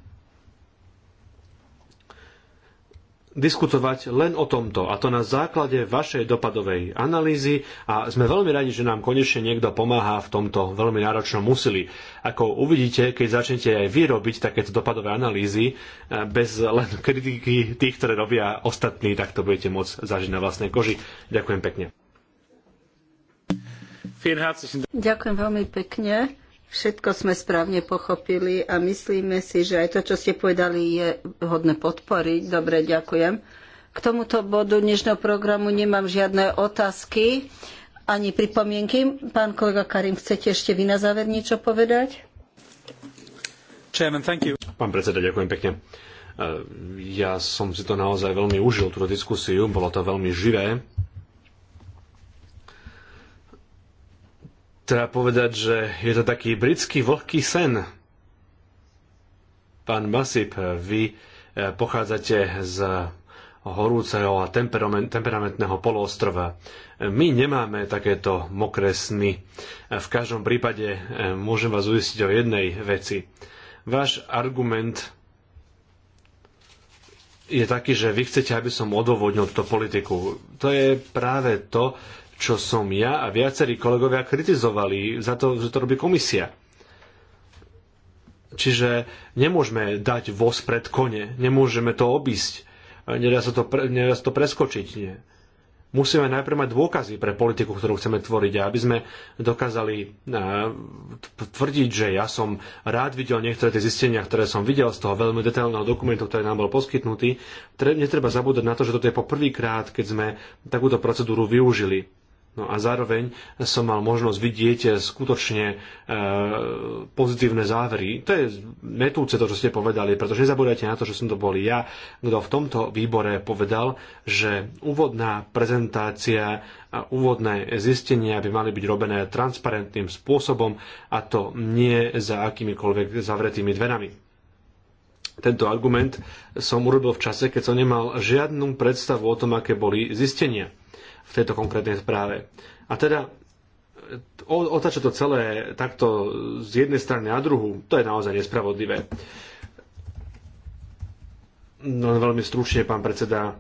diskutovať len o tomto, a to na základe vašej dopadovej analýzy a sme veľmi radi, že nám konečne niekto pomáha v tomto veľmi náročnom úsilí. Ako uvidíte, keď začnete aj vyrobiť takéto dopadové analýzy e, bez len kritiky tých, ktoré robia ostatní, tak to budete môcť zažiť na vlastnej koži. Ďakujem pekne. Ďakujem veľmi pekne. Všetko sme správne pochopili a myslíme si, že aj to, čo ste povedali, je hodné podporiť. Dobre, ďakujem. K tomuto bodu dnešného programu nemám žiadne otázky ani pripomienky. Pán kolega Karim, chcete ešte vy na záver niečo povedať? Chairman, thank you. Pán predseda, ďakujem pekne. E, ja som si to naozaj veľmi užil, túto diskusiu. Bolo to veľmi živé treba povedať, že je to taký britský vlhký sen. Pán Masip, vy eh, pochádzate z horúceho a temperament, temperamentného poloostrova. My nemáme takéto mokré sny. V každom prípade eh, môžem vás uistiť o jednej veci. Váš argument je taký, že vy chcete, aby som odovodnil túto politiku. To je práve to, čo som ja a viacerí kolegovia kritizovali za to, že to robí komisia. Čiže nemôžeme dať voz pred kone, nemôžeme to obísť, nedá sa to, pre, nedá sa to preskočiť. Nie. Musíme najprv mať dôkazy pre politiku, ktorú chceme tvoriť a aby sme dokázali tvrdiť, že ja som rád videl niektoré tie zistenia, ktoré som videl z toho veľmi detailného dokumentu, ktorý nám bol poskytnutý. Netreba zabúdať na to, že toto je poprvýkrát, keď sme takúto procedúru využili No a zároveň som mal možnosť vidieť eh, skutočne e, pozitívne závery. To je netúce to, čo ste povedali, pretože nezabúdajte na to, že som to bol ja, kto v tomto výbore povedal, že úvodná prezentácia a úvodné zistenia by mali byť robené transparentným spôsobom a to nie za akýmikoľvek zavretými dverami. Tento argument som urobil v čase, keď som nemal žiadnu predstavu o tom, aké boli zistenia v tejto konkrétnej správe. A teda otača to celé takto z jednej strany na druhu, to je naozaj nespravodlivé. No veľmi stručne, pán predseda,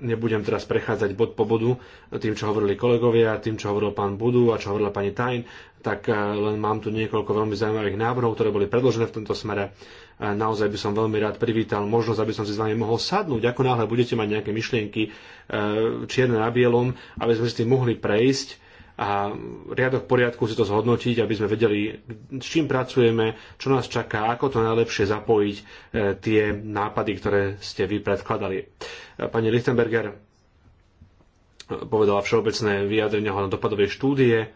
nebudem teraz prechádzať bod po bodu tým, čo hovorili kolegovia, tým, čo hovoril pán Budu a čo hovorila pani Tajn, tak eh, len mám tu niekoľko veľmi zaujímavých návrhov, ktoré boli predložené v tomto smere naozaj by som veľmi rád privítal možnosť, aby som si s vami mohol sadnúť. Ako náhle budete mať nejaké myšlienky e, čierne na bielom, aby sme si tým mohli prejsť a riadok poriadku si to zhodnotiť, aby sme vedeli, s čím pracujeme, čo nás čaká, ako to najlepšie zapojiť e, tie nápady, ktoré ste vy predkladali. E, pani Lichtenberger povedala všeobecné vyjadrenie hľadom dopadovej štúdie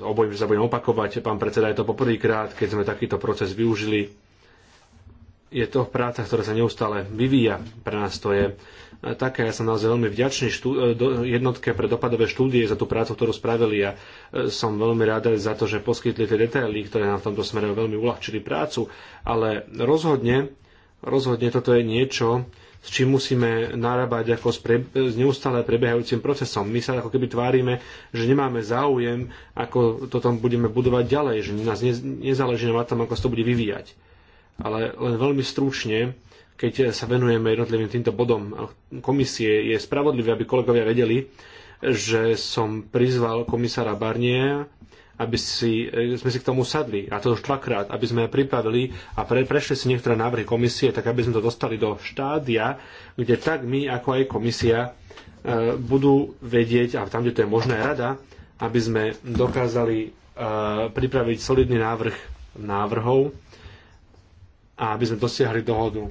obojím, že sa budem opakovať, pán predseda, je to poprvýkrát, keď sme takýto proces využili. Je to práca, ktorá sa neustále vyvíja. Pre nás to je také. Ja som naozaj veľmi vďačný e, jednotke pre dopadové štúdie za tú prácu, ktorú spravili a e, som veľmi rád za to, že poskytli tie detaily, ktoré nám v tomto smere veľmi uľahčili prácu. Ale rozhodne, rozhodne toto je niečo, s čím musíme narábať ako s, pre, s neustále prebiehajúcim procesom. My sa ako keby tvárime, že nemáme záujem, ako to tam budeme budovať ďalej, že nás ne, nezáleží na tom, ako sa to bude vyvíjať. Ale len veľmi stručne, keď sa venujeme jednotlivým týmto bodom komisie, je spravodlivé, aby kolegovia vedeli, že som prizval komisára Barniera aby si, e, sme si k tomu sadli, a to už dvakrát, aby sme pripravili a pre, prešli si niektoré návrhy komisie, tak aby sme to dostali do štádia, kde tak my, ako aj komisia, e, budú vedieť, a tam, kde to je možné, rada, aby sme dokázali e, pripraviť solidný návrh návrhov a aby sme dosiahli dohodu.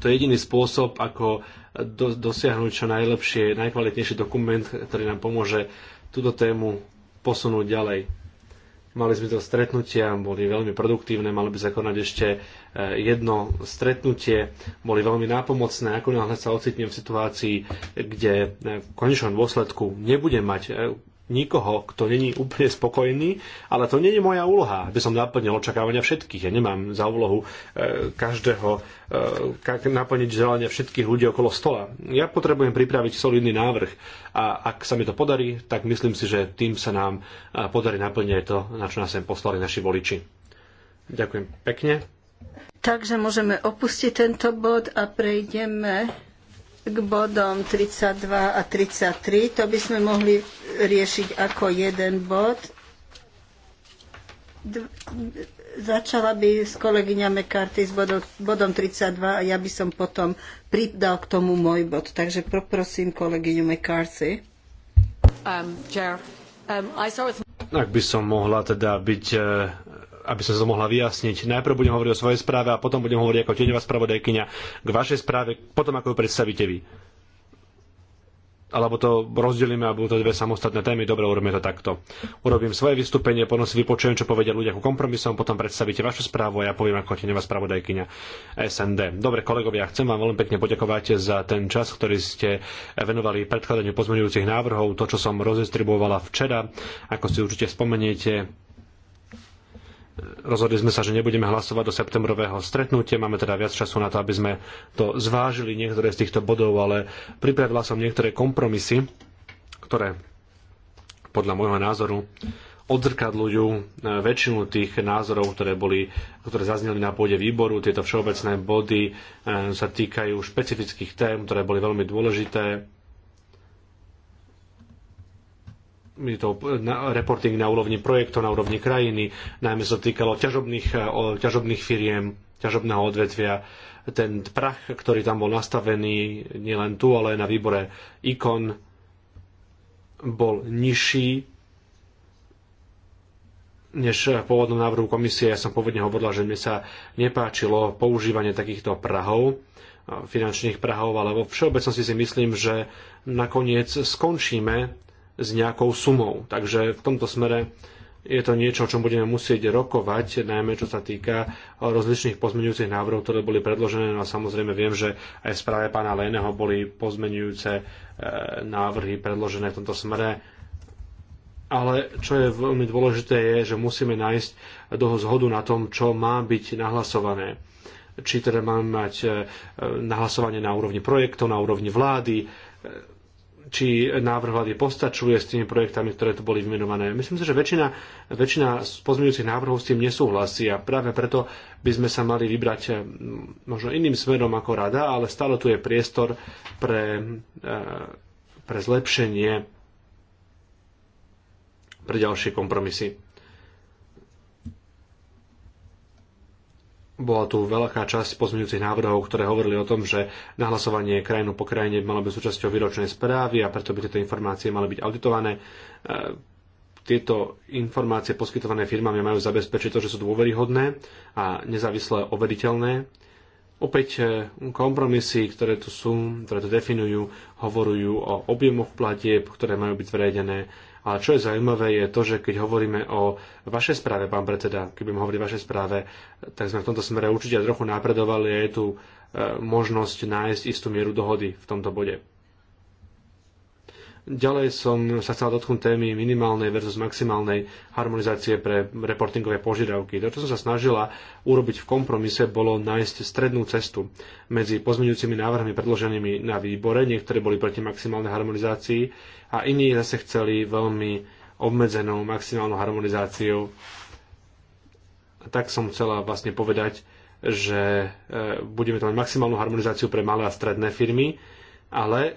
To je jediný spôsob, ako do, dosiahnuť čo najlepšie, najkvalitnejší dokument, ktorý nám pomôže túto tému posunúť ďalej. Mali sme to stretnutia, boli veľmi produktívne, mali by sa konať ešte e, jedno stretnutie, boli veľmi nápomocné, ako náhle sa ocitnem v situácii, kde e, v konečnom dôsledku nebudem mať e, nikoho, kto není úplne spokojný, ale to není moja úloha, aby som naplnil očakávania všetkých. Ja nemám za úlohu e, každého e, naplniť želania všetkých ľudí okolo stola. Ja potrebujem pripraviť solidný návrh a ak sa mi to podarí, tak myslím si, že tým sa nám e, podarí naplniť aj to, na čo nás sem poslali naši voliči. Ďakujem pekne. Takže môžeme opustiť tento bod a prejdeme k bodom 32 a 33. To by sme mohli riešiť ako jeden bod. D- začala by s kolegyňa McCarthy s bodom, bodom 32 a ja by som potom pridal k tomu môj bod. Takže poprosím kolegyňu McCarthy. Um, chair, um, I start with... Ak by som mohla teda byť eh, aby som sa to mohla vyjasniť. Najprv budem hovoriť o svojej správe a potom budem hovoriť ako tieňová spravodajkyňa k vašej správe, potom ako ju predstavíte vy. Alebo to rozdelíme a budú to dve samostatné témy. Dobre, urobíme to takto. Urobím svoje vystúpenie, potom si vypočujem, čo povedia ľudia ku kompromisom, potom predstavíte vašu správu a ja poviem ako tieňová spravodajkyňa SND. Dobre, kolegovia, chcem vám veľmi pekne poďakovať za ten čas, ktorý ste venovali predkladaniu pozmeňujúcich návrhov, to, čo som rozdistribuovala včera. Ako si určite spomeniete, rozhodli sme sa, že nebudeme hlasovať do septembrového stretnutia. Máme teda viac času na to, aby sme to zvážili, niektoré z týchto bodov, ale pripravila som niektoré kompromisy, ktoré podľa môjho názoru odzrkadľujú e, väčšinu tých názorov, ktoré, boli, ktoré zazneli na pôde výboru. Tieto všeobecné body e, sa týkajú špecifických tém, ktoré boli veľmi dôležité je to reporting na úrovni projektov, na úrovni krajiny, najmä sa týkalo ťažobných, eh, ťažobných firiem, ťažobného odvetvia. Ten prach, ktorý tam bol nastavený nielen tu, ale aj na výbore ikon, bol nižší než v pôvodnom návrhu komisie. Ja som pôvodne hovorila, že mne sa nepáčilo používanie takýchto prahov, eh, finančných prahov, ale vo všeobecnosti si myslím, že nakoniec skončíme s nejakou sumou. Takže v tomto smere je to niečo, o čom budeme musieť rokovať, najmä čo sa týka rozličných pozmeňujúcich návrhov, ktoré boli predložené. No a samozrejme viem, že aj v správe pána Leného boli pozmeňujúce e, návrhy predložené v tomto smere. Ale čo je veľmi dôležité, je, že musíme nájsť doho zhodu na tom, čo má byť nahlasované či teda máme mať e, e, nahlasovanie na úrovni projektov, na úrovni vlády, či návrh vlády postačuje s tými projektami, ktoré tu boli vymenované. Myslím si, že väčšina, väčšina pozmeňujúcich návrhov s tým nesúhlasí a práve preto by sme sa mali vybrať hm, možno iným smerom ako rada, ale stále tu je priestor pre, eh, pre zlepšenie pre ďalšie kompromisy. bola tu veľká časť pozmeňujúcich návrhov, ktoré hovorili o tom, že nahlasovanie krajinu po krajine malo byť súčasťou výročnej správy a preto by tieto informácie mali byť auditované. E, tieto informácie poskytované firmami majú zabezpečiť to, že sú dôveryhodné a nezávisle overiteľné. Opäť e, kompromisy, ktoré tu sú, ktoré to definujú, hovorujú o objemoch platieb, ktoré majú byť zverejnené ale čo je zaujímavé je to, že keď hovoríme o vašej správe, pán predseda, keď budeme hovoriť o vašej správe, tak sme v tomto smere určite trochu napredovali a je tu e, možnosť nájsť istú mieru dohody v tomto bode. Ďalej som sa chcel dotknúť témy minimálnej versus maximálnej harmonizácie pre reportingové požiadavky. To, čo som sa snažila urobiť v kompromise, bolo nájsť strednú cestu medzi pozmeňujúcimi návrhmi predloženými na výbore. Niektoré boli proti maximálnej harmonizácii a iní zase chceli veľmi obmedzenou maximálnou harmonizáciou. Tak som chcela vlastne povedať, že e, budeme to mať maximálnu harmonizáciu pre malé a stredné firmy, ale e,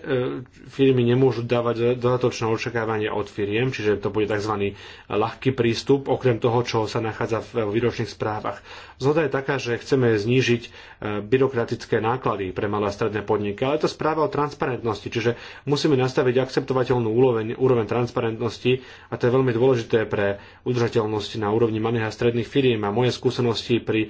firmy nemôžu dávať dodatočné očakávanie od firiem, čiže to bude tzv. ľahký prístup, okrem toho, čo sa nachádza v výročných správach. Zhoda je taká, že chceme znížiť e, byrokratické náklady pre malé a stredné podniky, ale je to správa o transparentnosti, čiže musíme nastaviť akceptovateľnú úroveň, úroveň transparentnosti a to je veľmi dôležité pre udržateľnosť na úrovni malých a stredných firiem a moje skúsenosti pri e,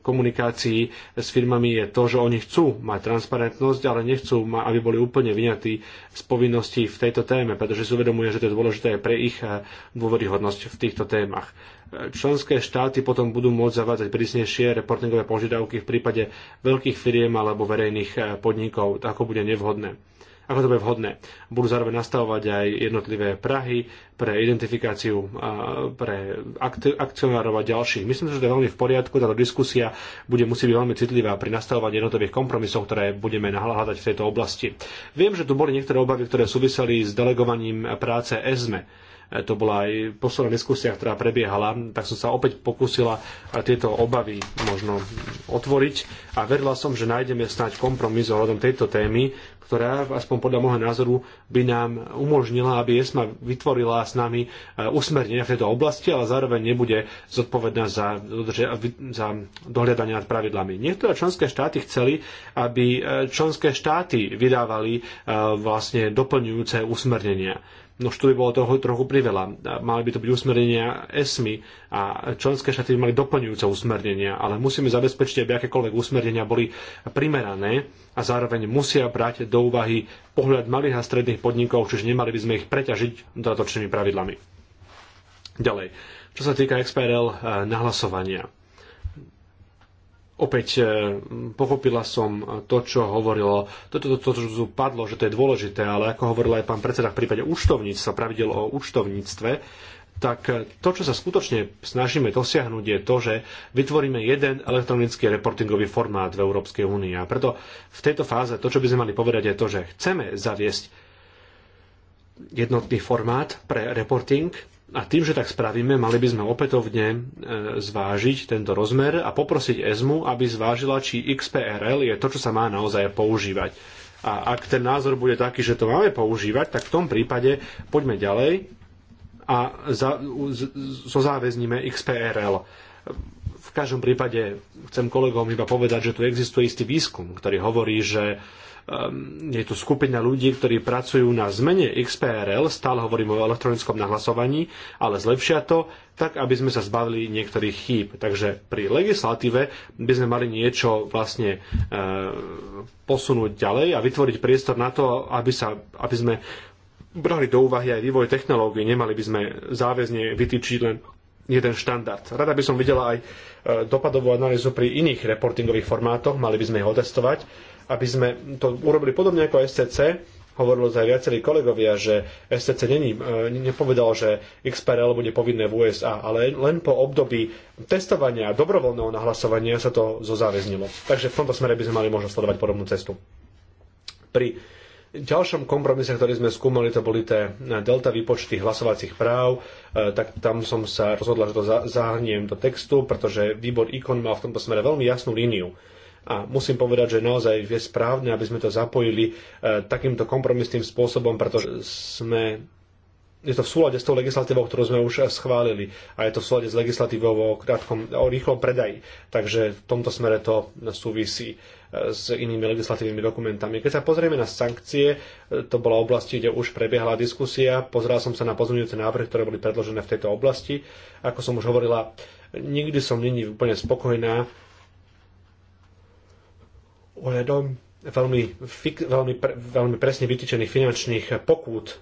komunikácii s firmami je to, že oni chcú mať transparentnosť, ale nechcú aby boli úplne vyňatí z povinností v tejto téme, pretože si uvedomuje, že to je dôležité aj pre ich eh, dôveryhodnosť v týchto témach. Eh, členské štáty potom budú môcť zavádzať prísnejšie reportingové požiadavky v prípade veľkých firiem alebo verejných eh, podnikov, ako bude nevhodné ako to bude vhodné. Budú zároveň nastavovať aj jednotlivé Prahy pre identifikáciu pre akcionárov a ďalších. Myslím si, že to je veľmi v poriadku. Táto diskusia bude musieť byť veľmi citlivá pri nastavovaní jednotlivých kompromisov, ktoré budeme nahľadať v tejto oblasti. Viem, že tu boli niektoré obavy, ktoré súviseli s delegovaním práce ESME E, to bola aj posledná diskusia, ktorá prebiehala, tak som sa opäť pokúsila e, tieto obavy možno otvoriť a verila som, že nájdeme snáď kompromis ohľadom tejto témy, ktorá, aspoň podľa môjho názoru, by nám umožnila, aby ESMA vytvorila s nami e, usmernenia v tejto oblasti, ale zároveň nebude zodpovedná za, za dohľadanie nad pravidlami. Niektoré členské štáty chceli, aby členské štáty vydávali vlastne doplňujúce usmernenia. No to by bolo toho trochu priveľa. Mali by to byť usmernenia ESMI a členské štáty by mali doplňujúce usmernenia, ale musíme zabezpečiť, aby akékoľvek usmernenia boli primerané a zároveň musia brať do úvahy pohľad malých a stredných podnikov, čiže nemali by sme ich preťažiť dodatočnými pravidlami. Ďalej, čo sa týka XPRL eh, nahlasovania opäť e, pochopila som e, to, čo hovorilo, to, to, to, to, čo padlo, že to je dôležité, ale ako hovoril aj pán predseda v prípade účtovníctva, pravidel o účtovníctve, tak e, to, čo sa skutočne snažíme dosiahnuť, je to, že vytvoríme jeden elektronický reportingový formát v Európskej únii. A preto v tejto fáze to, čo by sme mali povedať, je to, že chceme zaviesť jednotný formát pre reporting, a tým, že tak spravíme, mali by sme opätovne e, zvážiť tento rozmer a poprosiť ESMU, aby zvážila, či XPRL je to, čo sa má naozaj používať. A ak ten názor bude taký, že to máme používať, tak v tom prípade poďme ďalej a zozáväzníme XPRL. V každom prípade chcem kolegom iba povedať, že tu existuje istý výskum, ktorý hovorí, že Ehm, je tu skupina ľudí, ktorí pracujú na zmene XPRL, stále hovorím o elektronickom nahlasovaní, ale zlepšia to tak, aby sme sa zbavili niektorých chýb. Takže pri legislatíve by sme mali niečo vlastne e, posunúť ďalej a vytvoriť priestor na to, aby, sa, aby sme brali do úvahy aj vývoj technológií. Nemali by sme záväzne vytýčiť len jeden štandard. Rada by som videla aj ehm, dopadovú analýzu pri iných reportingových formátoch, mali by sme ich otestovať aby sme to urobili podobne ako SCC, hovorilo sa aj viacerí kolegovia, že SCC není, e, nepovedal, že XPRL bude povinné v USA, ale len po období testovania a dobrovoľného nahlasovania sa to zozáväznilo. Takže v tomto smere by sme mali možno sledovať podobnú cestu. Pri ďalšom kompromise, ktorý sme skúmali, to boli tie e, delta výpočty hlasovacích práv, e, tak tam som sa rozhodla, že to zahrniem do textu, pretože výbor IKON mal v tomto smere veľmi jasnú líniu a musím povedať, že naozaj je správne, aby sme to zapojili e, takýmto kompromisným spôsobom, pretože sme je to v súlade s tou legislatívou, ktorú sme už schválili a je to v súlade s legislatívou o, krátkom, o rýchlom predaji. Takže v tomto smere to súvisí e, s inými legislatívnymi dokumentami. Keď sa pozrieme na sankcie, e, to bola oblasti, kde už prebiehala diskusia. Pozeral som sa na pozmeňujúce návrhy, ktoré boli predložené v tejto oblasti. Ako som už hovorila, nikdy som není úplne spokojná ohľadom veľmi, veľmi, pre, veľmi presne vytýčených finančných pokút.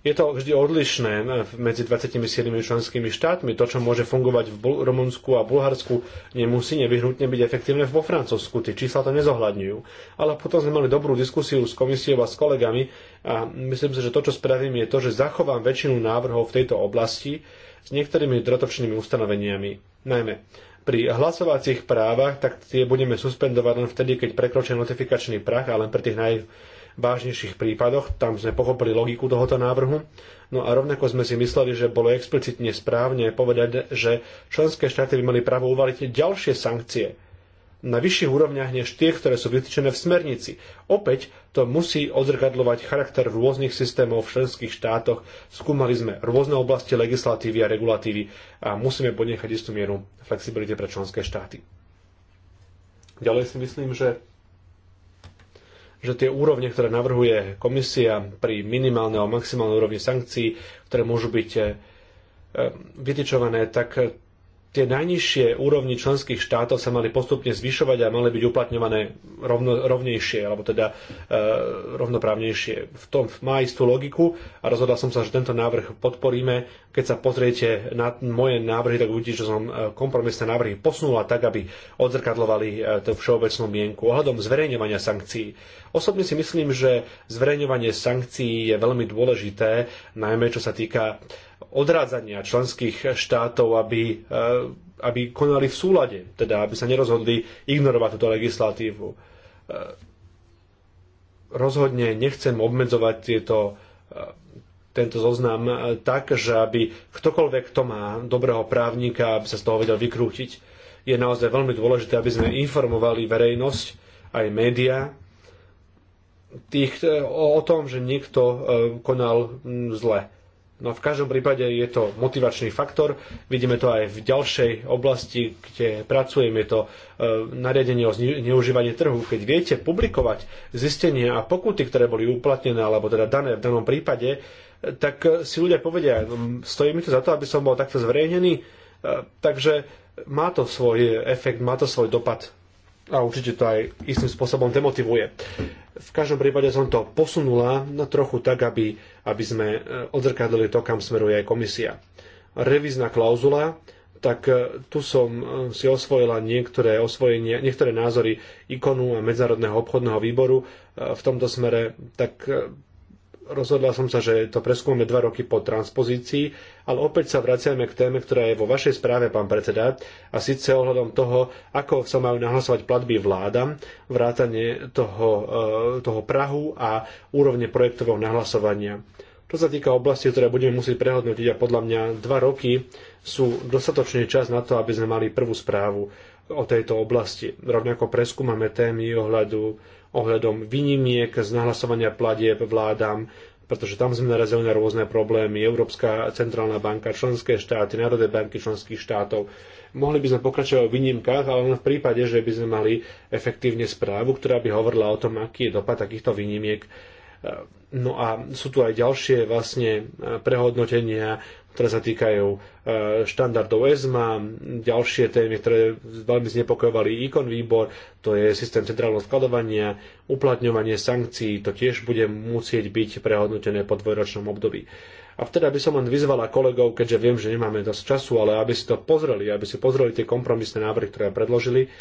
Je to vždy odlišné medzi 27 členskými štátmi. To, čo môže fungovať v Rumunsku a Bulharsku, nemusí nevyhnutne byť efektívne vo Francúzsku. Tie čísla to nezohľadňujú. Ale potom sme mali dobrú diskusiu s komisiou a s kolegami a myslím si, že to, čo spravím, je to, že zachovám väčšinu návrhov v tejto oblasti s niektorými dratočnými ustanoveniami. Najmä pri hlasovacích právach tak tie budeme suspendovať len vtedy, keď prekročí notifikačný prach ale len pri tých najvážnejších prípadoch. Tam sme pochopili logiku tohoto návrhu. No a rovnako sme si mysleli, že bolo explicitne správne povedať, že členské štáty by mali právo uvaliť ďalšie sankcie na vyšších úrovniach než tie, ktoré sú vytýčené v smernici. Opäť to musí odzrkadľovať charakter rôznych systémov v členských štátoch. Skúmali sme rôzne oblasti legislatívy a regulatívy a musíme podnechať istú mieru flexibilite pre členské štáty. Ďalej si myslím, že že tie úrovne, ktoré navrhuje komisia pri minimálnej a maximálnej úrovni sankcií, ktoré môžu byť eh, vytičované, tak tie najnižšie úrovni členských štátov sa mali postupne zvyšovať a mali byť uplatňované rovno, rovnejšie, alebo teda e, rovnoprávnejšie. V tom má istú logiku a rozhodol som sa, že tento návrh podporíme. Keď sa pozriete na moje návrhy, tak uvidíte, že som e, kompromisné návrhy posunula tak, aby odzrkadlovali e, tú všeobecnú mienku. Ohľadom zverejňovania sankcií. Osobne si myslím, že zverejňovanie sankcií je veľmi dôležité, najmä čo sa týka odrádzania členských štátov, aby, eh, aby konali v súlade, teda aby sa nerozhodli ignorovať túto legislatívu. Eh, rozhodne nechcem obmedzovať tieto eh, tento zoznam tak, že aby ktokoľvek, kto má dobrého právnika, aby sa z toho vedel vykrútiť. Je naozaj veľmi dôležité, aby sme informovali verejnosť, aj médiá, tých, o, o tom, že niekto konal hm, zle. No v každom prípade je to motivačný faktor. Vidíme to aj v ďalšej oblasti, kde pracujem. Je to e, nariadenie o zneužívanie trhu. Keď viete publikovať zistenia a pokuty, ktoré boli uplatnené alebo teda dané v danom prípade, e, tak e, si ľudia povedia, stojí mi to za to, aby som bol takto zverejnený. E, takže má to svoj efekt, má to svoj dopad a určite to aj istým spôsobom demotivuje. V každom prípade som to posunula na trochu tak, aby, aby sme e, odzrkadlili to, kam smeruje aj komisia. Revízna klauzula, tak e, tu som e, si osvojila niektoré, osvojenie, niektoré názory ikonu a Medzinárodného obchodného výboru v tomto smere, tak rozhodla som sa, že to preskúmame dva roky po transpozícii ale opäť sa vraciame k téme, ktorá je vo vašej správe, pán predseda, a síce ohľadom toho, ako sa majú nahlasovať platby vládam, vrátanie toho, e, toho Prahu a úrovne projektového nahlasovania. Čo sa týka oblasti, ktoré budeme musieť prehodnotiť a podľa mňa dva roky sú dostatočný čas na to, aby sme mali prvú správu o tejto oblasti. Rovnako preskúmame témy ohľadu, ohľadom výnimiek z nahlasovania platieb vládam, pretože tam sme narazili na rôzne problémy. Európska centrálna banka, členské štáty, národné banky členských štátov. Mohli by sme pokračovať o výnimkách, ale len v prípade, že by sme mali efektívne správu, ktorá by hovorila o tom, aký je dopad takýchto výnimiek No a sú tu aj ďalšie vlastne prehodnotenia ktoré sa týkajú e, štandardov ESMA, ďalšie témy, ktoré veľmi znepokojovali ikon výbor, to je systém centrálneho skladovania, uplatňovanie sankcií, to tiež bude musieť byť prehodnotené po dvojročnom období. A vtedy by som len vyzvala kolegov, keďže viem, že nemáme dosť času, ale aby si to pozreli, aby si pozreli tie kompromisné návrhy, ktoré predložili,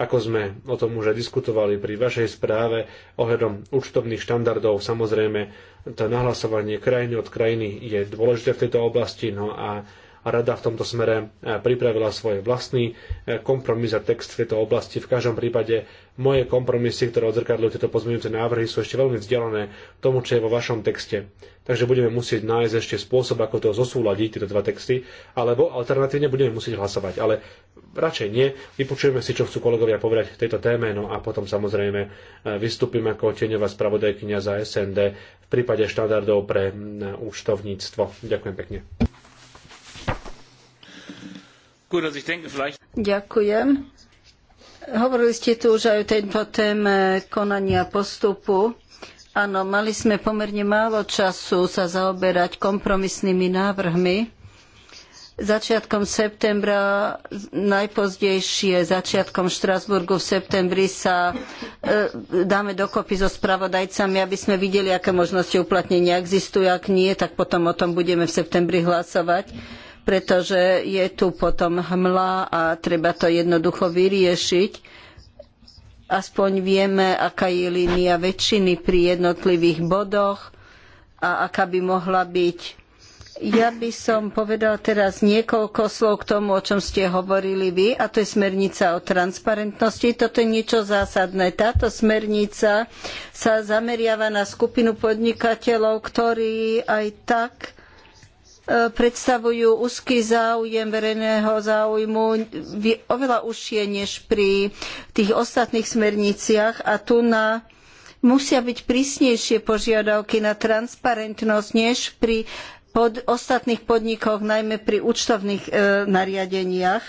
ako sme o tom už aj diskutovali pri vašej správe ohľadom účtovných štandardov, samozrejme to nahlasovanie krajiny od krajiny je dôležité v tejto oblasti, no a Rada v tomto smere e, pripravila svoj vlastný e, kompromis a text v tejto oblasti. V každom prípade moje kompromisy, ktoré odzrkadľujú tieto pozmeňujúce návrhy, sú ešte veľmi vzdialené tomu, čo je vo vašom texte. Takže budeme musieť nájsť ešte spôsob, ako to zosúľadiť, tieto dva texty, alebo alternatívne budeme musieť hlasovať. Ale radšej nie. Vypočujeme si, čo chcú kolegovia povedať v tejto téme, no a potom samozrejme e, vystúpim ako tieňová spravodajkynia za SND v prípade štandardov pre účtovníctvo. Ďakujem pekne. Ďakujem. Hovorili ste tu už aj o tejto téme konania postupu. Áno, mali sme pomerne málo času sa zaoberať kompromisnými návrhmi. Začiatkom septembra, najpozdejšie začiatkom Štrasburgu v septembri sa e, dáme dokopy so spravodajcami, aby sme videli, aké možnosti uplatnenia existujú. Ak nie, tak potom o tom budeme v septembri hlasovať pretože je tu potom hmla a treba to jednoducho vyriešiť. Aspoň vieme, aká je línia väčšiny pri jednotlivých bodoch a aká by mohla byť ja by som povedala teraz niekoľko slov k tomu, o čom ste hovorili vy, a to je smernica o transparentnosti. Toto je niečo zásadné. Táto smernica sa zameriava na skupinu podnikateľov, ktorí aj tak predstavujú úzky záujem verejného záujmu oveľa užšie než pri tých ostatných smerniciach a tu na musia byť prísnejšie požiadavky na transparentnosť než pri pod ostatných podnikoch, najmä pri účtovných e, nariadeniach.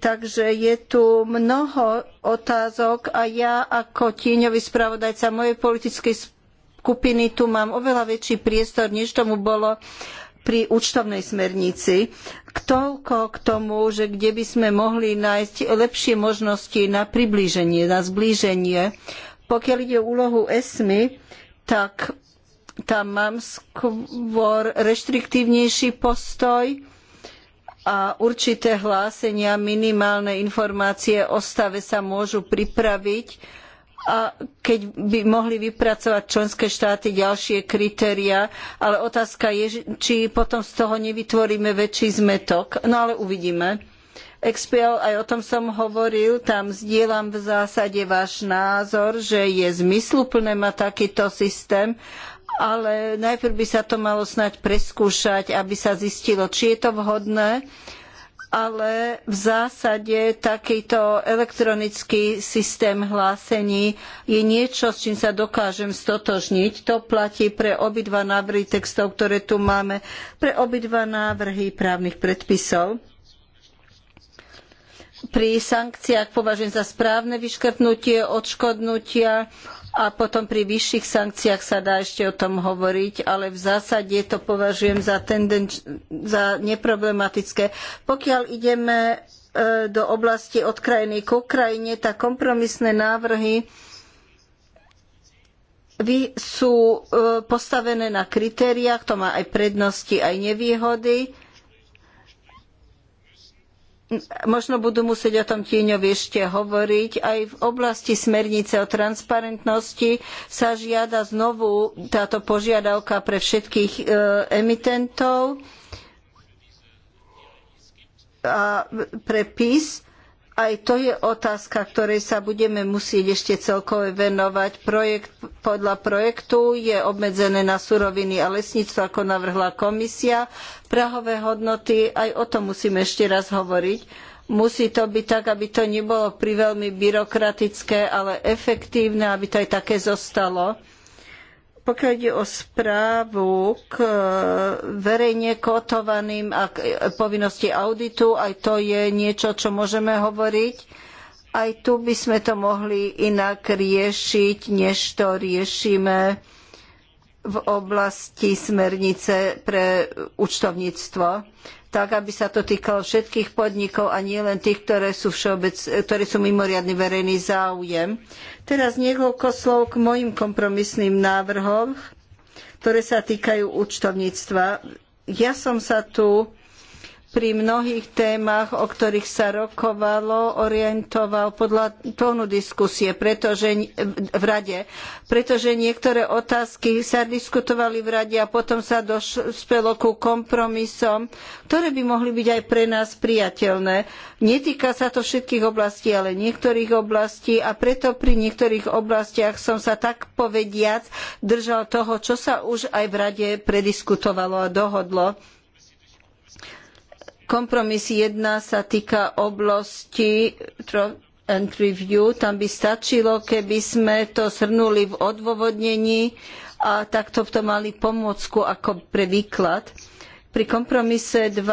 Takže je tu mnoho otázok a ja ako tieňový spravodajca mojej politickej skupiny tu mám oveľa väčší priestor, než tomu bolo pri účtovnej smernici. Toľko k tomu, že kde by sme mohli nájsť lepšie možnosti na priblíženie, na zblíženie. Pokiaľ ide o úlohu ESMI, tak tam mám skôr reštriktívnejší postoj a určité hlásenia, minimálne informácie o stave sa môžu pripraviť a keď by mohli vypracovať členské štáty ďalšie kritériá, ale otázka je, či potom z toho nevytvoríme väčší zmetok. No ale uvidíme. Expial, aj o tom som hovoril, tam zdieľam v zásade váš názor, že je zmysluplné mať takýto systém, ale najprv by sa to malo snať preskúšať, aby sa zistilo, či je to vhodné, ale v zásade takýto elektronický systém hlásení je niečo, s čím sa dokážem stotožniť. To platí pre obidva návrhy textov, ktoré tu máme, pre obidva návrhy právnych predpisov. Pri sankciách považujem za správne vyškrtnutie odškodnutia a potom pri vyšších sankciách sa dá ešte o tom hovoriť, ale v zásade to považujem za, tendenč- za neproblematické. Pokiaľ ideme e, do oblasti od krajiny k krajine, tak kompromisné návrhy sú e, postavené na kritériách, to má aj prednosti, aj nevýhody možno budú musieť o tom tieňovi ešte hovoriť. Aj v oblasti smernice o transparentnosti sa žiada znovu táto požiadavka pre všetkých e, emitentov a pre PIS aj to je otázka, ktorej sa budeme musieť ešte celkové venovať. Projekt, podľa projektu je obmedzené na suroviny a lesníctvo, ako navrhla komisia. Prahové hodnoty, aj o tom musíme ešte raz hovoriť. Musí to byť tak, aby to nebolo priveľmi byrokratické, ale efektívne, aby to aj také zostalo pokiaľ ide o správu k e, verejne kotovaným a e, povinnosti auditu, aj to je niečo, čo môžeme hovoriť. Aj tu by sme to mohli inak riešiť, než to riešime v oblasti smernice pre účtovníctvo, tak aby sa to týkalo všetkých podnikov a nielen tých, ktoré sú, všeobec, ktoré sú mimoriadny verejný záujem. Uh, Teraz niekoľko slov k mojim kompromisným návrhom, ktoré sa týkajú účtovníctva. Ja som sa tu pri mnohých témach, o ktorých sa rokovalo, orientoval podľa tónu diskusie pretože, v rade, pretože niektoré otázky sa diskutovali v rade a potom sa dospelo ku kompromisom, ktoré by mohli byť aj pre nás prijateľné. Netýka sa to všetkých oblastí, ale niektorých oblastí a preto pri niektorých oblastiach som sa tak povediac držal toho, čo sa už aj v rade prediskutovalo a dohodlo. Kompromis 1 sa týka oblasti and review. Tam by stačilo, keby sme to shrnuli v odôvodnení a takto to mali pomôcku ako pre výklad. Pri kompromise 2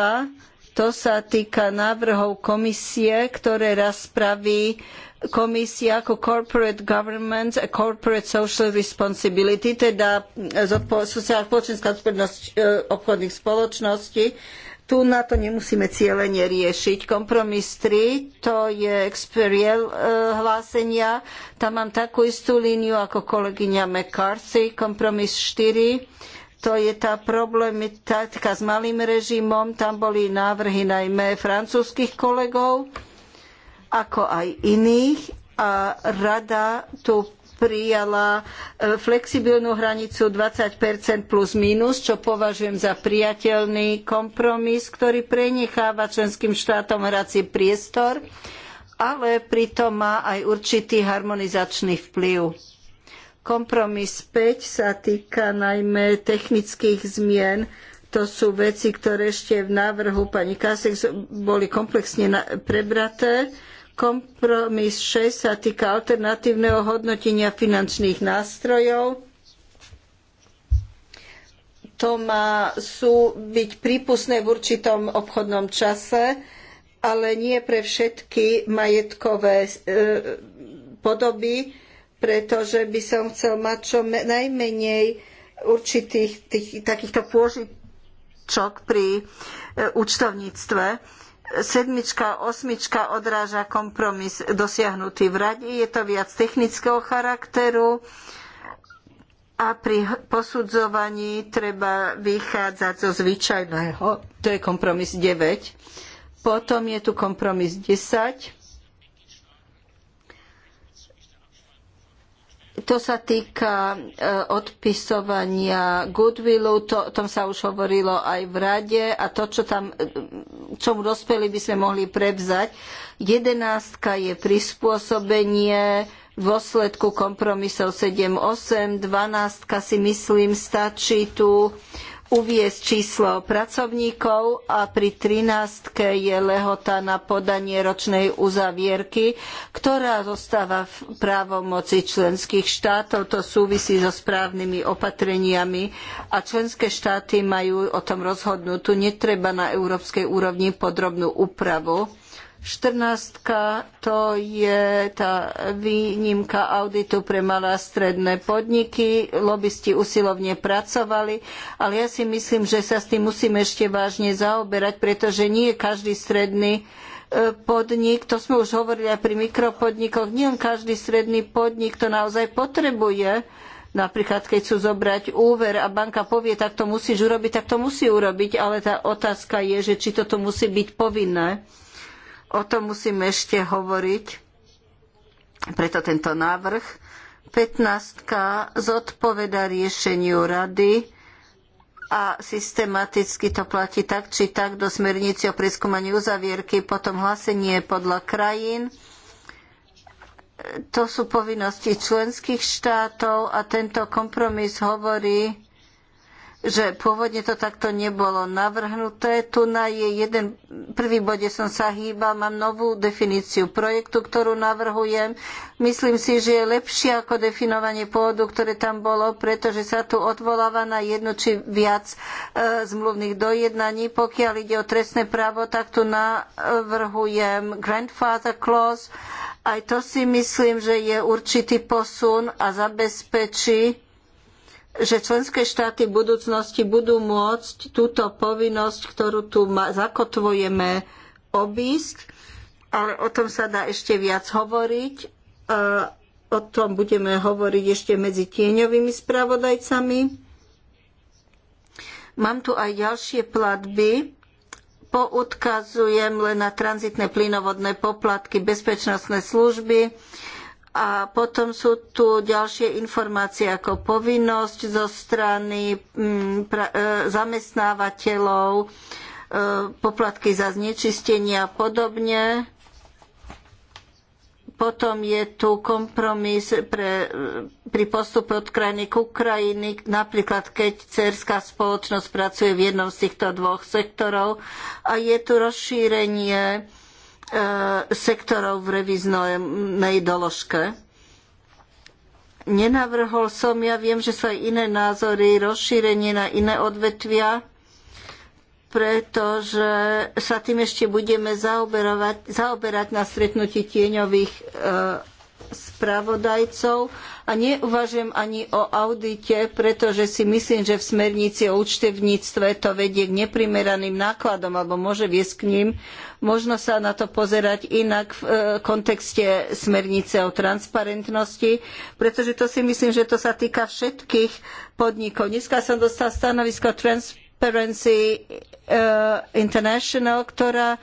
to sa týka návrhov komisie, ktoré raz spraví komisia ako corporate government a corporate social responsibility, teda spoločenská zodpovednosť e, obchodných spoločností tu na to nemusíme cieľene riešiť. Kompromis 3, to je experiel eh, hlásenia. Tam mám takú istú líniu ako kolegyňa McCarthy. Kompromis 4, to je tá problematika s malým režimom. Tam boli návrhy najmä francúzskych kolegov, ako aj iných. A rada tu prijala e, flexibilnú hranicu 20 plus minus, čo považujem za prijateľný kompromis, ktorý prenecháva členským štátom hrací priestor, ale pritom má aj určitý harmonizačný vplyv. Kompromis 5 sa týka najmä technických zmien. To sú veci, ktoré ešte v návrhu pani Kasek boli komplexne prebraté Kompromis 6 sa týka alternatívneho hodnotenia finančných nástrojov. To má sú byť prípustné v určitom obchodnom čase, ale nie pre všetky majetkové e, podoby, pretože by som chcel mať čo najmenej určitých tých, takýchto pôžičok pri e, účtovníctve sedmička, osmička odráža kompromis dosiahnutý v rade. Je to viac technického charakteru a pri posudzovaní treba vychádzať zo zvyčajného. To je kompromis 9. Potom je tu kompromis 10 To sa týka eh, odpisovania goodwillu, to, o tom sa už hovorilo aj v rade a to, čo tam, eh, čomu dospeli, by sme mohli prevzať. Jedenástka je prispôsobenie v dôsledku kompromisov 7-8, dvanástka si myslím stačí tu. E, uviesť číslo pracovníkov a pri 13. je lehota na podanie ročnej uzavierky, ktorá zostáva v právomoci členských štátov. To súvisí so správnymi opatreniami a členské štáty majú o tom rozhodnúť. Tu netreba na európskej úrovni podrobnú úpravu. 14 to je tá výnimka auditu pre malé a stredné podniky. Lobisti usilovne pracovali, ale ja si myslím, že sa s tým musíme ešte vážne zaoberať, pretože nie každý stredný e, podnik, to sme už hovorili aj pri mikropodnikoch, nielen každý stredný podnik to naozaj potrebuje. Napríklad, keď chcú zobrať úver a banka povie, tak to musíš urobiť, tak to musí urobiť, ale tá otázka je, že či toto musí byť povinné. O tom musíme ešte hovoriť, preto tento návrh. 15. zodpoveda riešeniu rady a systematicky to platí tak či tak do smernici o preskúmaní uzavierky, potom hlásenie podľa krajín. To sú povinnosti členských štátov a tento kompromis hovorí, že pôvodne to takto nebolo navrhnuté. Tu na je jeden, prvý bode som sa hýbal, mám novú definíciu projektu, ktorú navrhujem. Myslím si, že je lepšie ako definovanie pôvodu, ktoré tam bolo, pretože sa tu odvoláva na jednu či viac e, zmluvných dojednaní. Pokiaľ ide o trestné právo, tak tu navrhujem grandfather clause. Aj to si myslím, že je určitý posun a zabezpečí že členské štáty v budúcnosti budú môcť túto povinnosť, ktorú tu zakotvujeme, obísť, ale o tom sa dá ešte viac hovoriť. O tom budeme hovoriť ešte medzi tieňovými spravodajcami. Mám tu aj ďalšie platby. Poudkazujem len na tranzitné plynovodné poplatky, bezpečnostné služby, a potom sú tu ďalšie informácie ako povinnosť zo strany mm, e, zamestnávateľov, e, poplatky za znečistenie a podobne. Potom je tu kompromis pre, e, pri postupe od krajiny k Ukrajiny, napríklad keď cerská spoločnosť pracuje v jednom z týchto dvoch sektorov. A je tu rozšírenie E, sektorov v revíznej doložke. Nenavrhol som, ja viem, že sú aj iné názory, rozšírenie na iné odvetvia, pretože sa tým ešte budeme zaoberať, na stretnutí tieňových e, spravodajcov a neuvažujem ani o audite, pretože si myslím, že v smernici o účtevníctve to vedie k neprimeraným nákladom alebo môže viesť k ním. Možno sa na to pozerať inak v e, kontexte smernice o transparentnosti, pretože to si myslím, že to sa týka všetkých podnikov. Dneska som dostal stanovisko Transparency e, International, ktorá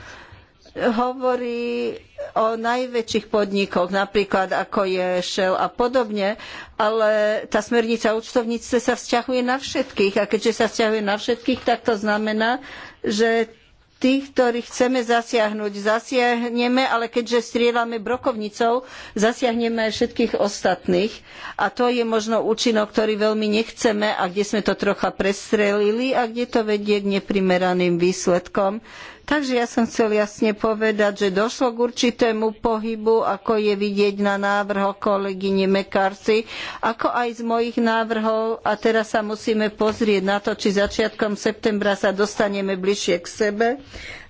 hovorí o najväčších podnikoch, napríklad ako je Shell a podobne, ale tá smernica o účtovníctve sa vzťahuje na všetkých a keďže sa vzťahuje na všetkých, tak to znamená, že tých, ktorých chceme zasiahnuť, zasiahneme, ale keďže strieľame brokovnicou, zasiahneme aj všetkých ostatných. A to je možno účinok, ktorý veľmi nechceme a kde sme to trocha prestrelili a kde to vedie k neprimeraným výsledkom, Takže ja som chcel jasne povedať, že došlo k určitému pohybu, ako je vidieť na návrhoch kolegyne McCarthy, ako aj z mojich návrhov a teraz sa musíme pozrieť na to, či začiatkom septembra sa dostaneme bližšie k sebe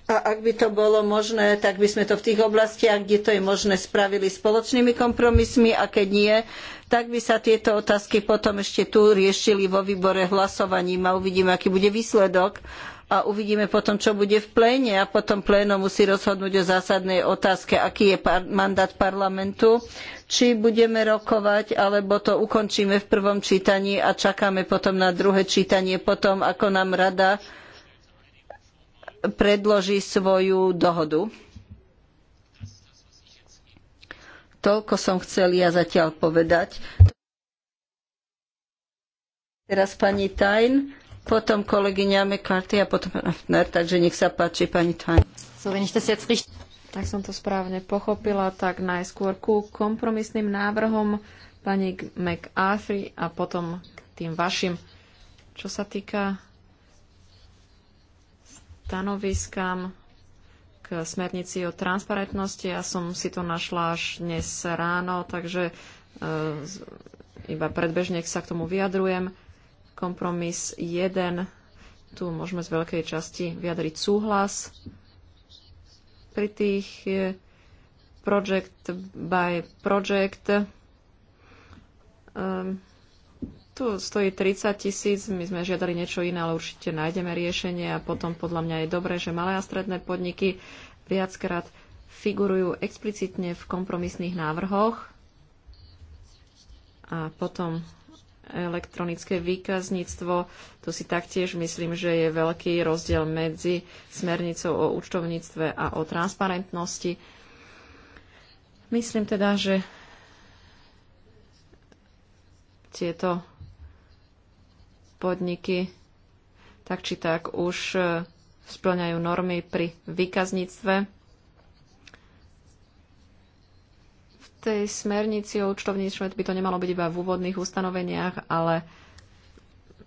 a ak by to bolo možné, tak by sme to v tých oblastiach, kde to je možné, spravili spoločnými kompromismi a keď nie, tak by sa tieto otázky potom ešte tu riešili vo výbore hlasovaním a uvidíme, aký bude výsledok a uvidíme potom, čo bude v pléne a potom pléno musí rozhodnúť o zásadnej otázke, aký je mandát parlamentu, či budeme rokovať, alebo to ukončíme v prvom čítaní a čakáme potom na druhé čítanie, potom ako nám rada predloží svoju dohodu. Toľko som chcel ja zatiaľ povedať. Teraz pani Tajn potom kolegyňa McCarthy a potom takže nech sa páči pani So, tak som to správne pochopila, tak najskôr ku kompromisným návrhom pani McArthur a potom k tým vašim. Čo sa týka stanoviskám k smernici o transparentnosti, ja som si to našla až dnes ráno, takže e, iba predbežne sa k tomu vyjadrujem. Kompromis 1. Tu môžeme z veľkej časti vyjadriť súhlas. Pri tých e, project by project um, tu stojí 30 tisíc, my sme žiadali niečo iné, ale určite nájdeme riešenie a potom podľa mňa je dobré, že malé a stredné podniky viackrát figurujú explicitne v kompromisných návrhoch a potom elektronické výkazníctvo. Tu si taktiež myslím, že je veľký rozdiel medzi smernicou o účtovníctve a o transparentnosti. Myslím teda, že tieto podniky tak či tak už eh, splňajú normy pri výkazníctve. tej smernici o účtovníctve by to nemalo byť iba v úvodných ustanoveniach, ale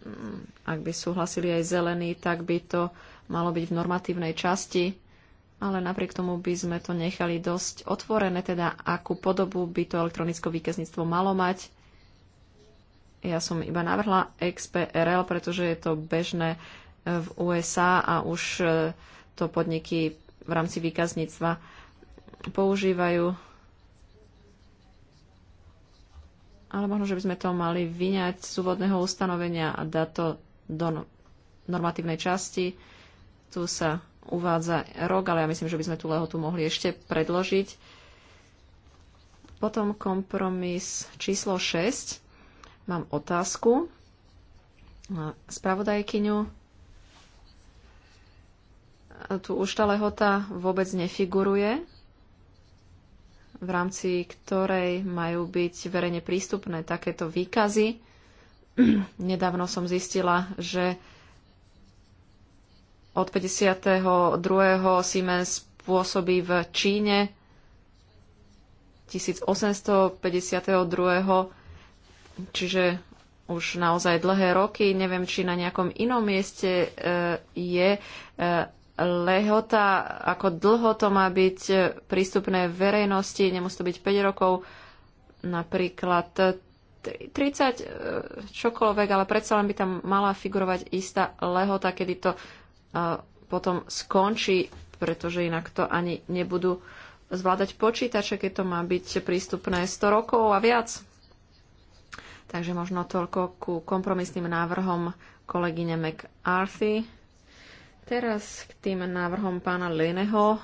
mm, ak by súhlasili aj zelení, tak by to malo byť v normatívnej časti, ale napriek tomu by sme to nechali dosť otvorené, teda akú podobu by to elektronické výkazníctvo malo mať. Ja som iba navrhla XPRL, pretože je to bežné v USA a už e, to podniky v rámci výkazníctva používajú ale možno, že by sme to mali vyňať z úvodného ustanovenia a dať to do no- normatívnej časti. Tu sa uvádza rok, ale ja myslím, že by sme tú lehotu mohli ešte predložiť. Potom kompromis číslo 6. Mám otázku na spravodajkyňu. Tu už tá lehota vôbec nefiguruje v rámci ktorej majú byť verejne prístupné takéto výkazy. Nedávno som zistila, že od 52. Siemens pôsobí v Číne, 1852. Čiže už naozaj dlhé roky. Neviem, či na nejakom inom mieste eh, je eh, lehota, ako dlho to má byť prístupné verejnosti, nemusí to byť 5 rokov, napríklad 30, e, čokoľvek, ale predsa len by tam mala figurovať istá lehota, kedy to e, potom skončí, pretože inak to ani nebudú zvládať počítače, keď to má byť prístupné 100 rokov a viac. Takže možno toľko ku kompromisným návrhom kolegyne McArthy. Teraz k tým návrhom pána Leneho.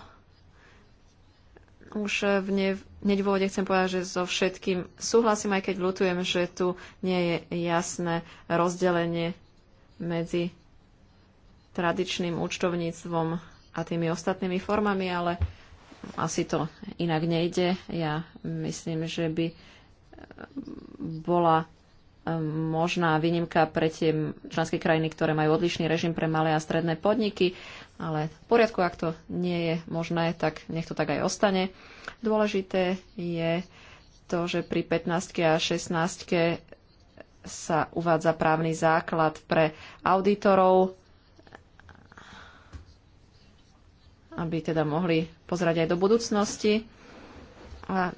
Už v nev- nedôvode chcem povedať, že so všetkým súhlasím, aj keď ľutujem, že tu nie je jasné rozdelenie medzi tradičným účtovníctvom a tými ostatnými formami, ale asi to inak nejde. Ja myslím, že by bola možná výnimka pre tie členské krajiny, ktoré majú odlišný režim pre malé a stredné podniky, ale v poriadku, ak to nie je možné, tak nech to tak aj ostane. Dôležité je to, že pri 15 a 16 sa uvádza právny základ pre auditorov, aby teda mohli pozerať aj do budúcnosti. A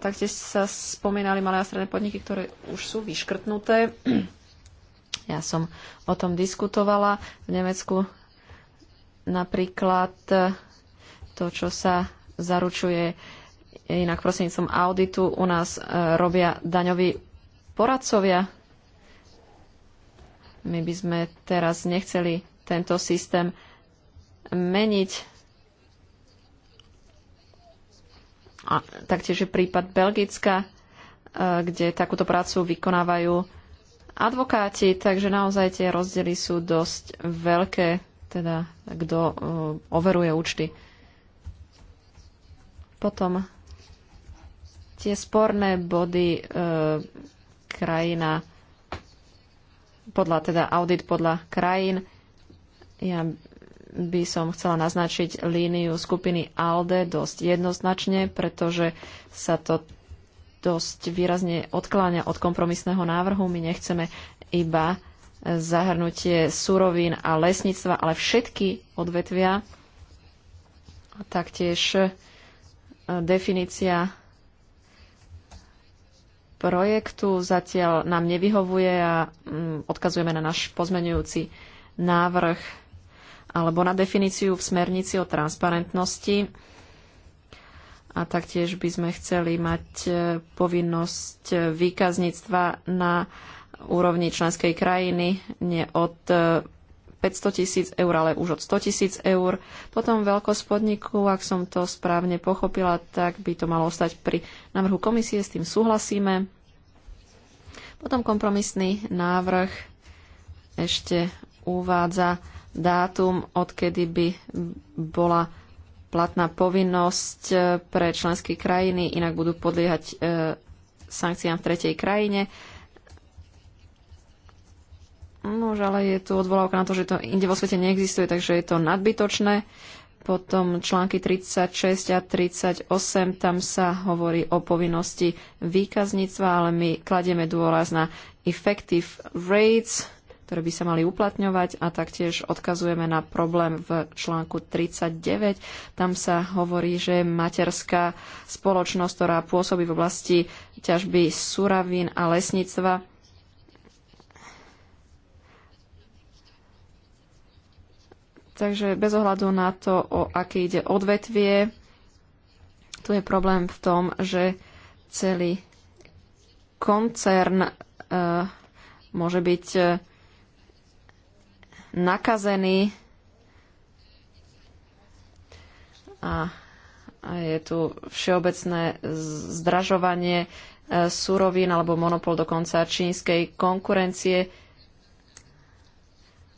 Taktiež sa spomínali malé a stredné podniky, ktoré už sú vyškrtnuté. Ja som o tom diskutovala v Nemecku. Napríklad eh, to, čo sa zaručuje inak prostredníctvom auditu, u nás eh, robia daňoví poradcovia. My by sme teraz nechceli tento systém meniť A taktiež je prípad Belgicka, e, kde takúto prácu vykonávajú advokáti, takže naozaj tie rozdiely sú dosť veľké, teda kto e, overuje účty. Potom tie sporné body e, krajina podľa teda audit podľa krajín. Ja by som chcela naznačiť líniu skupiny ALDE dosť jednoznačne, pretože sa to dosť výrazne odkláňa od kompromisného návrhu. My nechceme iba zahrnutie surovín a lesníctva, ale všetky odvetvia a taktiež e, definícia projektu zatiaľ nám nevyhovuje a mm, odkazujeme na náš pozmenujúci návrh alebo na definíciu v smernici o transparentnosti. A taktiež by sme chceli mať e, povinnosť e, výkazníctva na úrovni členskej krajiny, nie od 500 e, tisíc eur, ale už od 100 tisíc eur. Potom veľkosť podniku, ak som to správne pochopila, tak by to malo ostať pri návrhu komisie, s tým súhlasíme. Potom kompromisný návrh ešte uvádza dátum, odkedy by bola platná povinnosť e, pre členské krajiny, inak budú podliehať e, sankciám v tretej krajine. No, ale je tu odvolávka na to, že to inde vo svete neexistuje, takže je to nadbytočné. Potom články 36 a 38, tam sa hovorí o povinnosti výkazníctva, ale my kladieme dôraz na effective rates, ktoré by sa mali uplatňovať a taktiež odkazujeme na problém v článku 39. Tam sa hovorí, že materská spoločnosť, ktorá pôsobí v oblasti ťažby suravín a lesníctva, Takže bez ohľadu na to, o aké ide odvetvie, tu je problém v tom, že celý koncern uh, môže byť uh, nakazený. A je tu všeobecné zdražovanie e, surovín alebo monopol dokonca čínskej konkurencie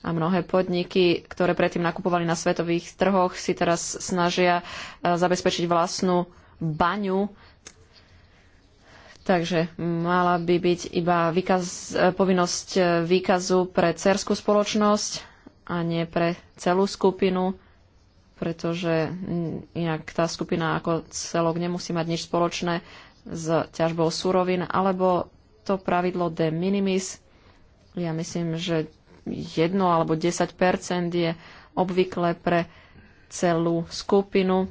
a mnohé podniky, ktoré predtým nakupovali na svetových trhoch, si teraz snažia e, zabezpečiť vlastnú baňu Takže mala by byť iba výkaz, e, povinnosť e, výkazu pre cerskú spoločnosť a nie pre celú skupinu, pretože inak tá skupina ako celok nemusí mať nič spoločné s ťažbou surovín, alebo to pravidlo de minimis, ja myslím, že 1 alebo 10 je obvykle pre celú skupinu,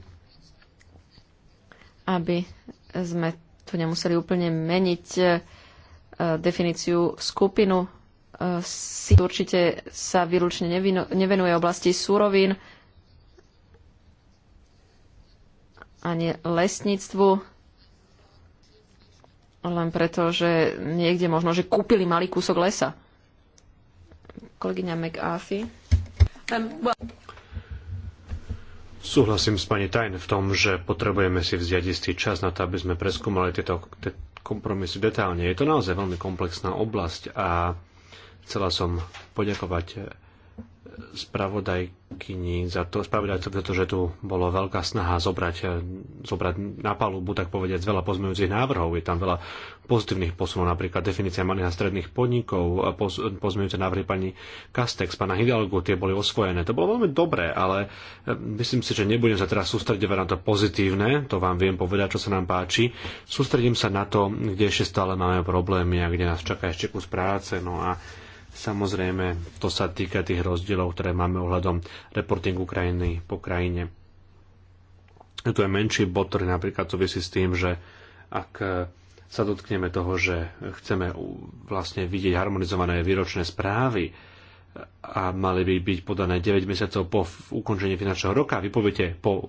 aby sme tu nemuseli úplne meniť e, definíciu skupinu. E, si určite sa výlučne nevenuje oblasti súrovín ani lesníctvu len preto, že niekde možno, že kúpili malý kúsok lesa. Kolegyňa McAfee. Um, well... Súhlasím s pani Tajn v tom, že potrebujeme si vziať istý čas na to, aby sme preskúmali tieto kompromisy detálne. Je to naozaj veľmi komplexná oblasť a chcela som poďakovať spravodajkyni za to, spravodajcu, pretože tu bolo veľká snaha zobrať, eh, zobrať na palubu, tak povediať, veľa pozmeňujúcich návrhov. Je tam veľa pozitívnych posunov, napríklad definícia malých a stredných podnikov, eh, poz, pozmeňujúce návrhy pani Kastex, pana Hidalgu, tie boli osvojené. To bolo veľmi dobré, ale eh, myslím si, že nebudem sa teraz sústredovať na to pozitívne, to vám viem povedať, čo sa nám páči. Sústredím sa na to, kde ešte stále máme problémy a kde nás čaká ešte kus práce. No a Samozrejme, to sa týka tých rozdielov, ktoré máme ohľadom reportingu krajiny po krajine. Tu je menší bod, ktorý napríklad súvisí s tým, že ak sa dotkneme toho, že chceme vlastne vidieť harmonizované výročné správy, a mali by byť podané 9 mesiacov po ukončení finančného roka, poviete po,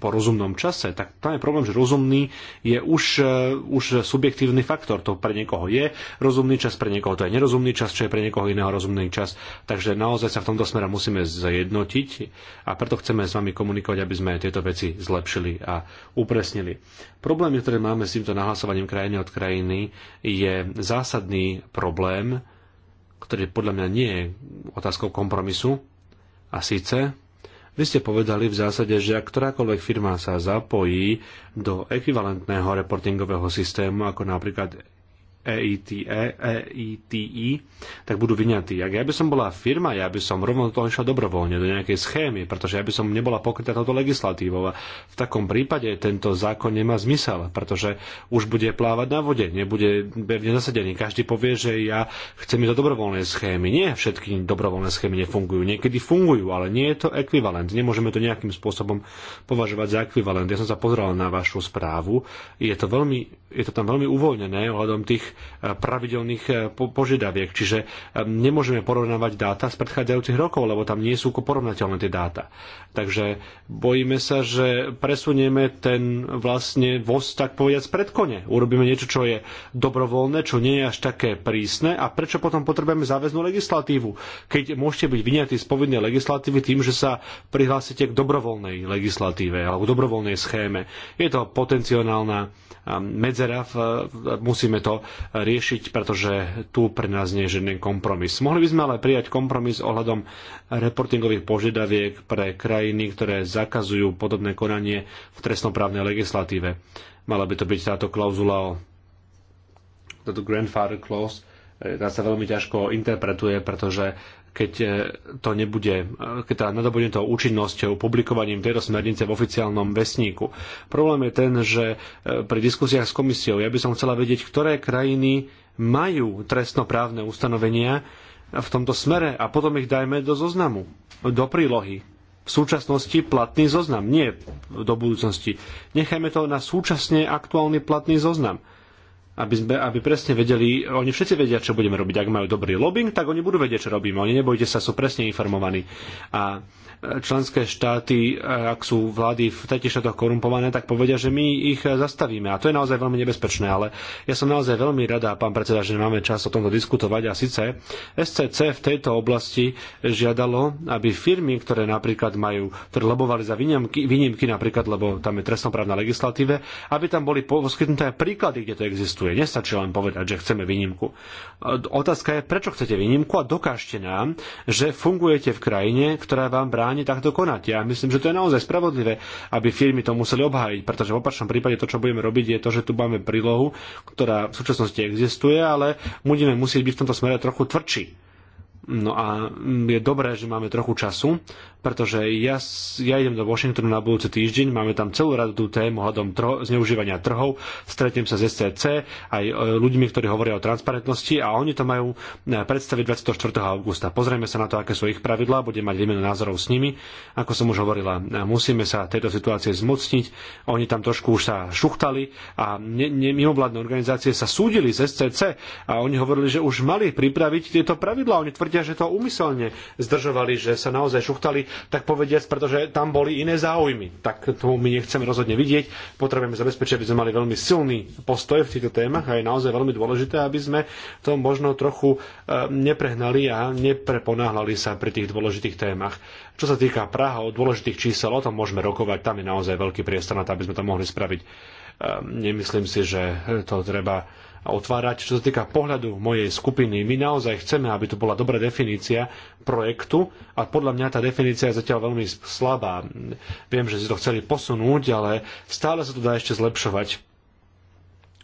po rozumnom čase, tak tam je problém, že rozumný je už, e, už subjektívny faktor. To pre niekoho je rozumný čas, pre niekoho to je nerozumný čas, čo je pre niekoho iného rozumný čas. Takže naozaj sa v tomto smere musíme zjednotiť a preto chceme s vami komunikovať, aby sme tieto veci zlepšili a upresnili. Problémy, ktoré máme s týmto nahlasovaním krajiny od krajiny, je zásadný problém, ktorý podľa mňa nie je otázkou kompromisu. A síce, vy ste povedali v zásade, že ak ktorákoľvek firma sa zapojí do ekvivalentného reportingového systému, ako napríklad EITE, EITI, tak budú vyňatí. Ak ja by som bola firma, ja by som rovno do toho išla dobrovoľne, do nejakej schémy, pretože ja by som nebola pokrytá touto legislatívou. A v takom prípade tento zákon nemá zmysel, pretože už bude plávať na vode, nebude pevne zasadený. Každý povie, že ja chcem ísť do dobrovoľnej schémy. Nie všetky dobrovoľné schémy nefungujú. Niekedy fungujú, ale nie je to ekvivalent. Nemôžeme to nejakým spôsobom považovať za ekvivalent. Ja som sa pozrel na vašu správu. Je to, veľmi, je to tam veľmi uvoľnené ohľadom tých Eh, pravidelných eh, požiadaviek. Čiže eh, nemôžeme porovnávať dáta z predchádzajúcich rokov, lebo tam nie sú porovnateľné tie dáta. Takže bojíme sa, že presunieme ten vlastne voz, tak povediať, pred kone. Urobíme niečo, čo je dobrovoľné, čo nie je až také prísne a prečo potom potrebujeme záväznú legislatívu, keď môžete byť vyňatí z povinnej legislatívy tým, že sa prihlásite k dobrovoľnej legislatíve alebo dobrovoľnej schéme. Je to potenciálna Ehm, medzera, musíme to riešiť, pretože tu pre nás nie je žiadny kompromis. Mohli by sme ale prijať kompromis ohľadom reportingových požiadaviek pre krajiny, ktoré zakazujú podobné konanie v trestnoprávnej legislatíve. Mala by to byť táto klauzula o táto grandfather clause, eh, tá sa veľmi ťažko interpretuje, pretože keď e, to nebude, e, keď teda nadobudne to účinnosťou, publikovaním tejto smernice v oficiálnom vesníku. Problém je ten, že e, pri diskusiách s komisiou ja by som chcela vedieť, ktoré krajiny majú trestnoprávne ustanovenia v tomto smere a potom ich dajme do zoznamu, do prílohy. V súčasnosti platný zoznam, nie do budúcnosti. Nechajme to na súčasne aktuálny platný zoznam aby, sme, aby presne vedeli, oni všetci vedia, čo budeme robiť. Ak majú dobrý lobbying, tak oni budú vedieť, čo robíme. Oni nebojte sa, sú presne informovaní. A e, členské štáty, e, ak sú vlády v tretich štátoch korumpované, tak povedia, že my ich zastavíme. A to je naozaj veľmi nebezpečné, ale ja som naozaj veľmi rada, pán predseda, že máme čas o tomto diskutovať. A síce SCC v tejto oblasti žiadalo, aby firmy, ktoré napríklad majú, ktoré lobovali za výnimky, výnimky napríklad, lebo tam je trestnoprávna legislatíve, aby tam boli poskytnuté príklady, kde to existuje funguje. Nestačí len povedať, že chceme výnimku. Otázka je, prečo chcete výnimku a dokážte nám, že fungujete v krajine, ktorá vám bráni takto konať. Ja myslím, že to je naozaj spravodlivé, aby firmy to museli obhájiť, pretože v opačnom prípade to, čo budeme robiť, je to, že tu máme prílohu, ktorá v súčasnosti existuje, ale budeme musieť byť v tomto smere trochu tvrdší No a je dobré, že máme trochu času, pretože ja, ja idem do Washingtonu na budúci týždeň, máme tam celú radu tú tému hľadom trho, zneužívania trhov, stretnem sa s SCC aj e, ľuďmi, ktorí hovoria o transparentnosti a oni to majú e, predstaviť 24. augusta. Pozrieme sa na to, aké sú ich pravidlá, budem mať výmenu názorov s nimi. Ako som už hovorila, e, musíme sa tejto situácie zmocniť. Oni tam trošku už sa šuchtali a ne, ne, mimovládne organizácie sa súdili z SCC a oni hovorili, že už mali pripraviť tieto pravidlá. Oni tvrdili, tvrdia, že to úmyselne zdržovali, že sa naozaj šuchtali, tak povediac, pretože tam boli iné záujmy. Tak tomu my nechceme rozhodne vidieť. Potrebujeme zabezpečiť, aby sme mali veľmi silný postoj v týchto témach a je naozaj veľmi dôležité, aby sme to možno trochu e, neprehnali a nepreponáhľali sa pri tých dôležitých témach. Čo sa týka Praha, o dôležitých čísel, o tom môžeme rokovať, tam je naozaj veľký priestor na to, aby sme to mohli spraviť. E, nemyslím si, že to treba otvárať. Čo sa týka pohľadu mojej skupiny, my naozaj chceme, aby tu bola dobrá definícia projektu a podľa mňa tá definícia je zatiaľ veľmi slabá. Viem, že si to chceli posunúť, ale stále sa to dá ešte zlepšovať.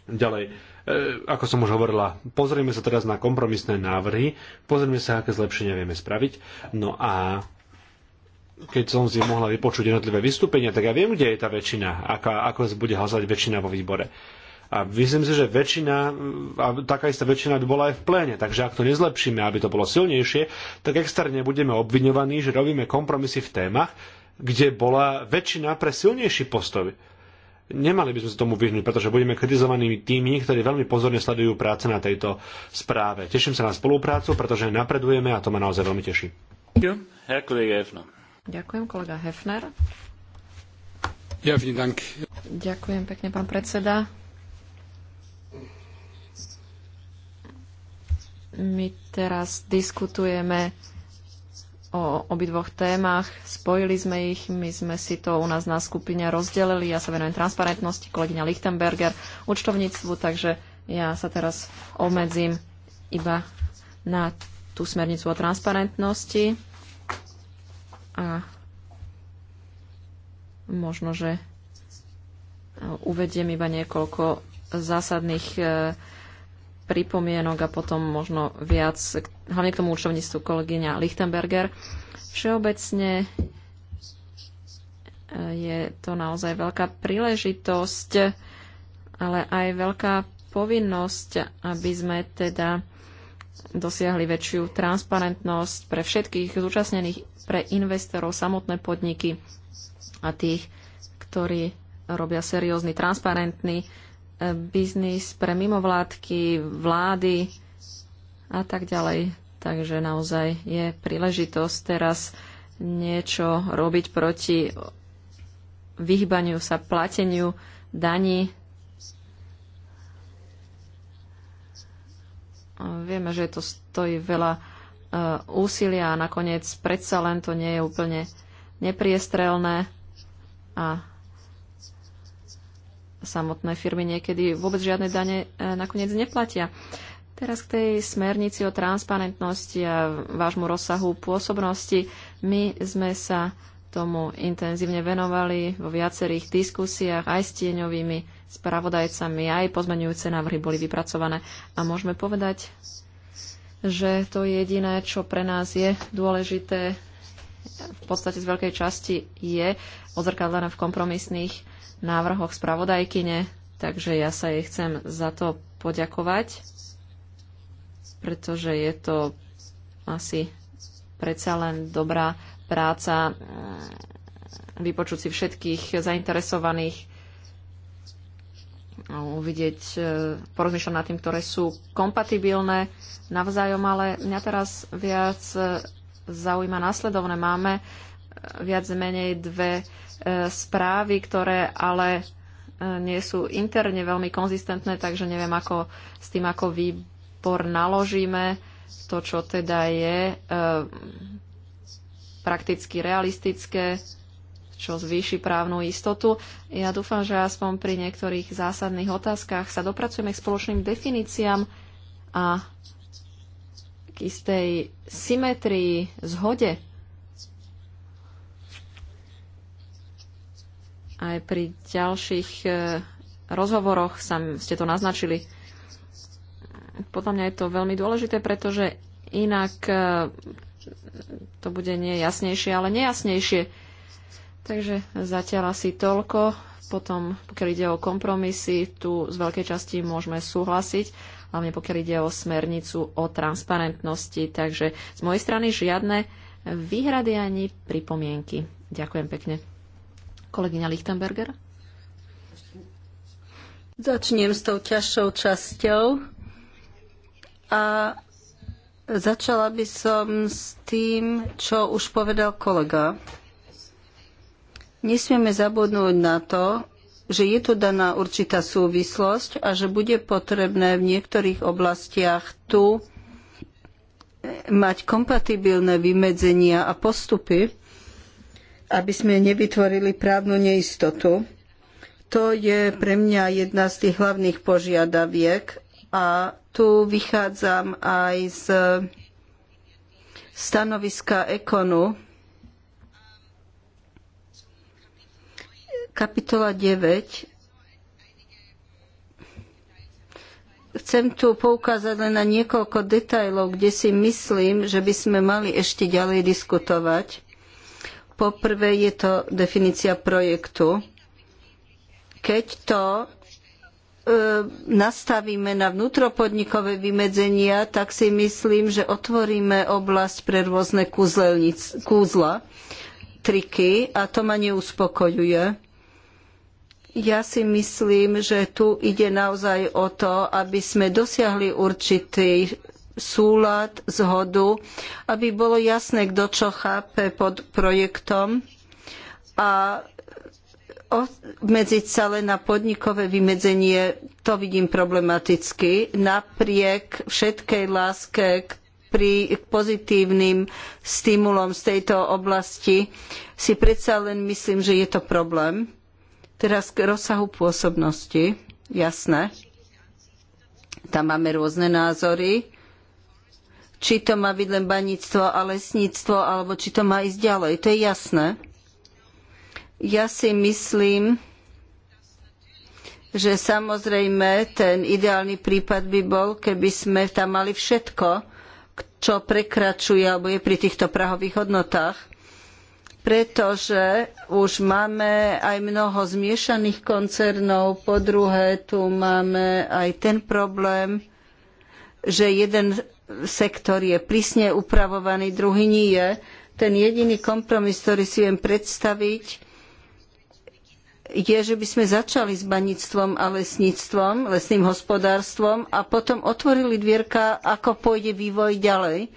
Ďalej, e, ako som už hovorila, pozrieme sa teraz na kompromisné návrhy, pozrieme sa, aké zlepšenia vieme spraviť. No a keď som si mohla vypočuť jednotlivé vystúpenia, tak ja viem, kde je tá väčšina, ako, ako bude hlasovať väčšina vo výbore. A myslím si, že väčšina, a taká istá väčšina by bola aj v pléne. Takže ak to nezlepšíme, aby to bolo silnejšie, tak externe budeme obviňovaní, že robíme kompromisy v témach, kde bola väčšina pre silnejší postoj. Nemali by sme sa tomu vyhnúť, pretože budeme kritizovaní tými, ktorí veľmi pozorne sledujú práce na tejto správe. Teším sa na spoluprácu, pretože napredujeme a to ma naozaj veľmi teší. Ďakujem, kolega Hefner. Ja Ďakujem pekne, pán predseda. My teraz diskutujeme o obidvoch témach. Spojili sme ich, my sme si to u nás na skupine rozdelili. Ja sa venujem transparentnosti, kolegyňa Lichtenberger, účtovníctvu, takže ja sa teraz obmedzím iba na tú smernicu o transparentnosti. A možno, že uvediem iba niekoľko zásadných e, pripomienok a potom možno viac, hlavne k tomu účtovníctvu kolegyňa Lichtenberger. Všeobecne e, je to naozaj veľká príležitosť, ale aj veľká povinnosť, aby sme teda dosiahli väčšiu transparentnosť pre všetkých zúčastnených, pre investorov, samotné podniky a tých, ktorí robia seriózny, transparentný biznis pre mimovládky, vlády a tak ďalej. Takže naozaj je príležitosť teraz niečo robiť proti vyhybaniu sa plateniu daní. Vieme, že to stojí veľa eh, úsilia a nakoniec predsa len to nie je úplne nepriestrelné a samotné firmy niekedy vôbec žiadne dane e, nakoniec neplatia. Teraz k tej smernici o transparentnosti a vášmu rozsahu pôsobnosti. My sme sa tomu intenzívne venovali vo viacerých diskusiách aj s tieňovými spravodajcami, aj pozmenujúce návrhy boli vypracované. A môžeme povedať, že to jediné, čo pre nás je dôležité, v podstate z veľkej časti je odzrkadlené v kompromisných návrhoch spravodajkyne, takže ja sa jej chcem za to poďakovať, pretože je to asi predsa len dobrá práca mm, vypočuť si všetkých zainteresovaných uvidieť, e, porozmýšľať nad tým, ktoré sú kompatibilné navzájom, ale mňa teraz viac e, zaujíma následovné. Máme e, viac menej dve E, správy, ktoré ale e, nie sú interne veľmi konzistentné, takže neviem, ako s tým, ako výbor naložíme to, čo teda je e, prakticky realistické, čo zvýši právnu istotu. Ja dúfam, že aspoň pri niektorých zásadných otázkach sa dopracujeme k spoločným definíciám a k istej symetrii, zhode Aj pri ďalších e, rozhovoroch sa ste to naznačili. Podľa mňa je to veľmi dôležité, pretože inak e, to bude nie jasnejšie, ale nejasnejšie. Takže zatiaľ asi toľko. Potom, pokiaľ ide o kompromisy, tu z veľkej časti môžeme súhlasiť, hlavne pokiaľ ide o smernicu o transparentnosti. Takže z mojej strany žiadne výhrady ani pripomienky. Ďakujem pekne. Kolegyňa Lichtenberger. Začnem s tou ťažšou časťou. A začala by som s tým, čo už povedal kolega. Nesmieme zabudnúť na to, že je tu daná určitá súvislosť a že bude potrebné v niektorých oblastiach tu mať kompatibilné vymedzenia a postupy aby sme nevytvorili právnu neistotu. To je pre mňa jedna z tých hlavných požiadaviek a tu vychádzam aj z stanoviska Ekonu. Kapitola 9 chcem tu poukázať len na niekoľko detailov, kde si myslím, že by sme mali ešte ďalej diskutovať. Poprvé je to definícia projektu. Keď to e, nastavíme na vnútropodnikové vymedzenia, tak si myslím, že otvoríme oblasť pre rôzne kúzla, triky a to ma neuspokojuje. Ja si myslím, že tu ide naozaj o to, aby sme dosiahli určitý súlad, zhodu, aby bolo jasné, kto čo chápe pod projektom a obmedziť sa len na podnikové vymedzenie, to vidím problematicky. Napriek všetkej láske k pri pozitívnym stimulom z tejto oblasti si predsa len myslím, že je to problém. Teraz k rozsahu pôsobnosti. Jasné. Tam máme rôzne názory či to má byť len baníctvo a lesníctvo, alebo či to má ísť ďalej. To je jasné. Ja si myslím, že samozrejme ten ideálny prípad by bol, keby sme tam mali všetko, čo prekračuje alebo je pri týchto prahových hodnotách, pretože už máme aj mnoho zmiešaných koncernov, po druhé tu máme aj ten problém, že jeden sektor je prísne upravovaný, druhý nie je. Ten jediný kompromis, ktorý si viem predstaviť, je, že by sme začali s baníctvom a lesníctvom, lesným hospodárstvom a potom otvorili dvierka, ako pôjde vývoj ďalej.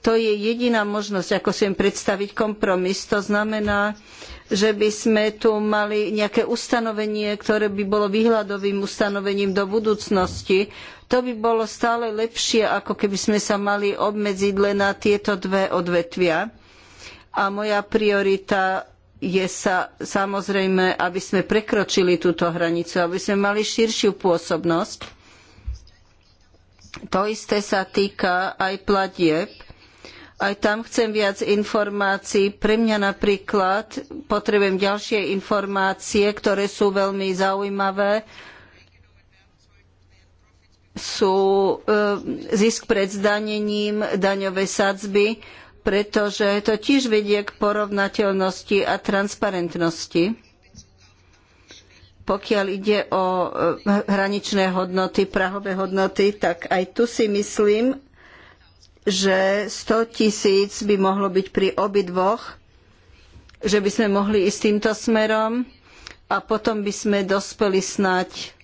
To je jediná možnosť, ako si viem predstaviť kompromis. To znamená, že by sme tu mali nejaké ustanovenie, ktoré by bolo výhľadovým ustanovením do budúcnosti, to by bolo stále lepšie, ako keby sme sa mali obmedziť len na tieto dve odvetvia. A moja priorita je sa, samozrejme, aby sme prekročili túto hranicu, aby sme mali širšiu pôsobnosť. To isté sa týka aj platieb. Aj tam chcem viac informácií. Pre mňa napríklad potrebujem ďalšie informácie, ktoré sú veľmi zaujímavé sú e, zisk pred zdanením daňové sadzby, pretože to tiež vedie k porovnateľnosti a transparentnosti. Pokiaľ ide o e, hraničné hodnoty, prahové hodnoty, tak aj tu si myslím, že 100 tisíc by mohlo byť pri obidvoch, že by sme mohli ísť týmto smerom a potom by sme dospeli snať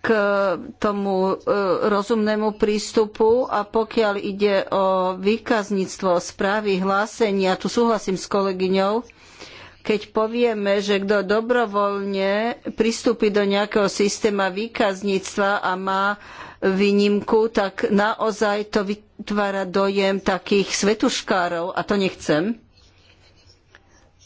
k tomu e, rozumnému prístupu a pokiaľ ide o výkazníctvo, správy, hlásenia, tu súhlasím s kolegyňou, keď povieme, že kto dobrovoľne pristúpi do nejakého systéma výkazníctva a má výnimku, tak naozaj to vytvára dojem takých svetuškárov a to nechcem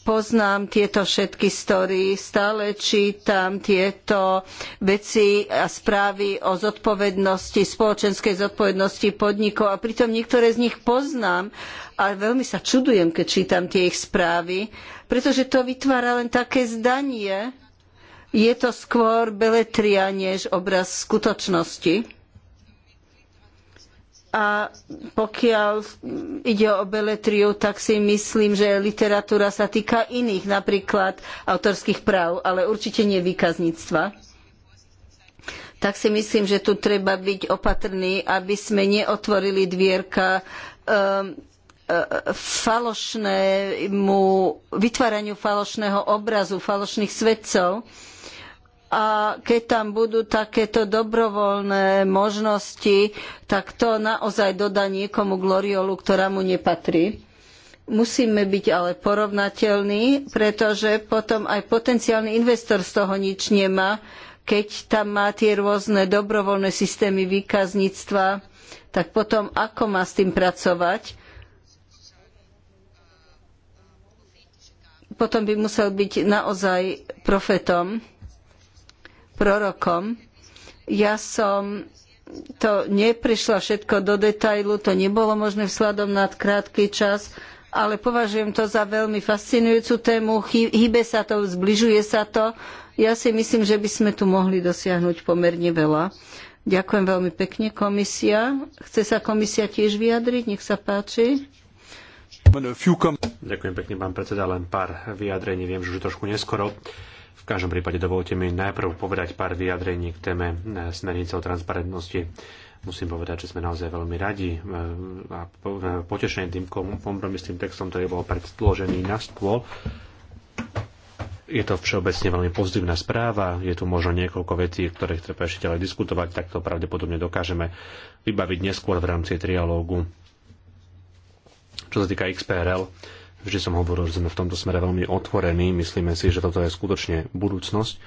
poznám tieto všetky story, stále čítam tieto veci a správy o zodpovednosti, spoločenskej zodpovednosti podnikov a pritom niektoré z nich poznám, ale veľmi sa čudujem, keď čítam tie ich správy, pretože to vytvára len také zdanie. Je to skôr beletria než obraz skutočnosti. A pokiaľ ide o beletriu, tak si myslím, že literatúra sa týka iných, napríklad autorských práv, ale určite nie výkazníctva. Tak si myslím, že tu treba byť opatrný, aby sme neotvorili dvierka um, falošnému, vytváraniu falošného obrazu, falošných svedcov a keď tam budú takéto dobrovoľné možnosti, tak to naozaj dodá niekomu gloriolu, ktorá mu nepatrí. Musíme byť ale porovnateľní, pretože potom aj potenciálny investor z toho nič nemá, keď tam má tie rôzne dobrovoľné systémy výkazníctva, tak potom ako má s tým pracovať? Potom by musel byť naozaj profetom prorokom. Ja som to neprišla všetko do detailu, to nebolo možné vzhľadom na krátky čas, ale považujem to za veľmi fascinujúcu tému. Hýbe sa to, zbližuje sa to. Ja si myslím, že by sme tu mohli dosiahnuť pomerne veľa. Ďakujem veľmi pekne, komisia. Chce sa komisia tiež vyjadriť? Nech sa páči. Ďakujem pekne, pán predseda, len pár vyjadrení. Viem, že už trošku neskoro. Uh, v každom prípade dovolte mi najprv povedať pár vyjadrení k téme e, smernice o transparentnosti. Musím povedať, že sme naozaj veľmi radi e, a e, potešení tým kompromisným textom, ktorý bol predložený na stôl. Je to všeobecne veľmi pozitívna správa, je tu možno niekoľko vecí, ktoré treba ešte ďalej diskutovať, tak to pravdepodobne dokážeme vybaviť neskôr v rámci trialógu. Čo sa týka XPRL, Vždy som hovoril, že sme v tomto smere veľmi otvorení. Myslíme si, že toto je skutočne budúcnosť.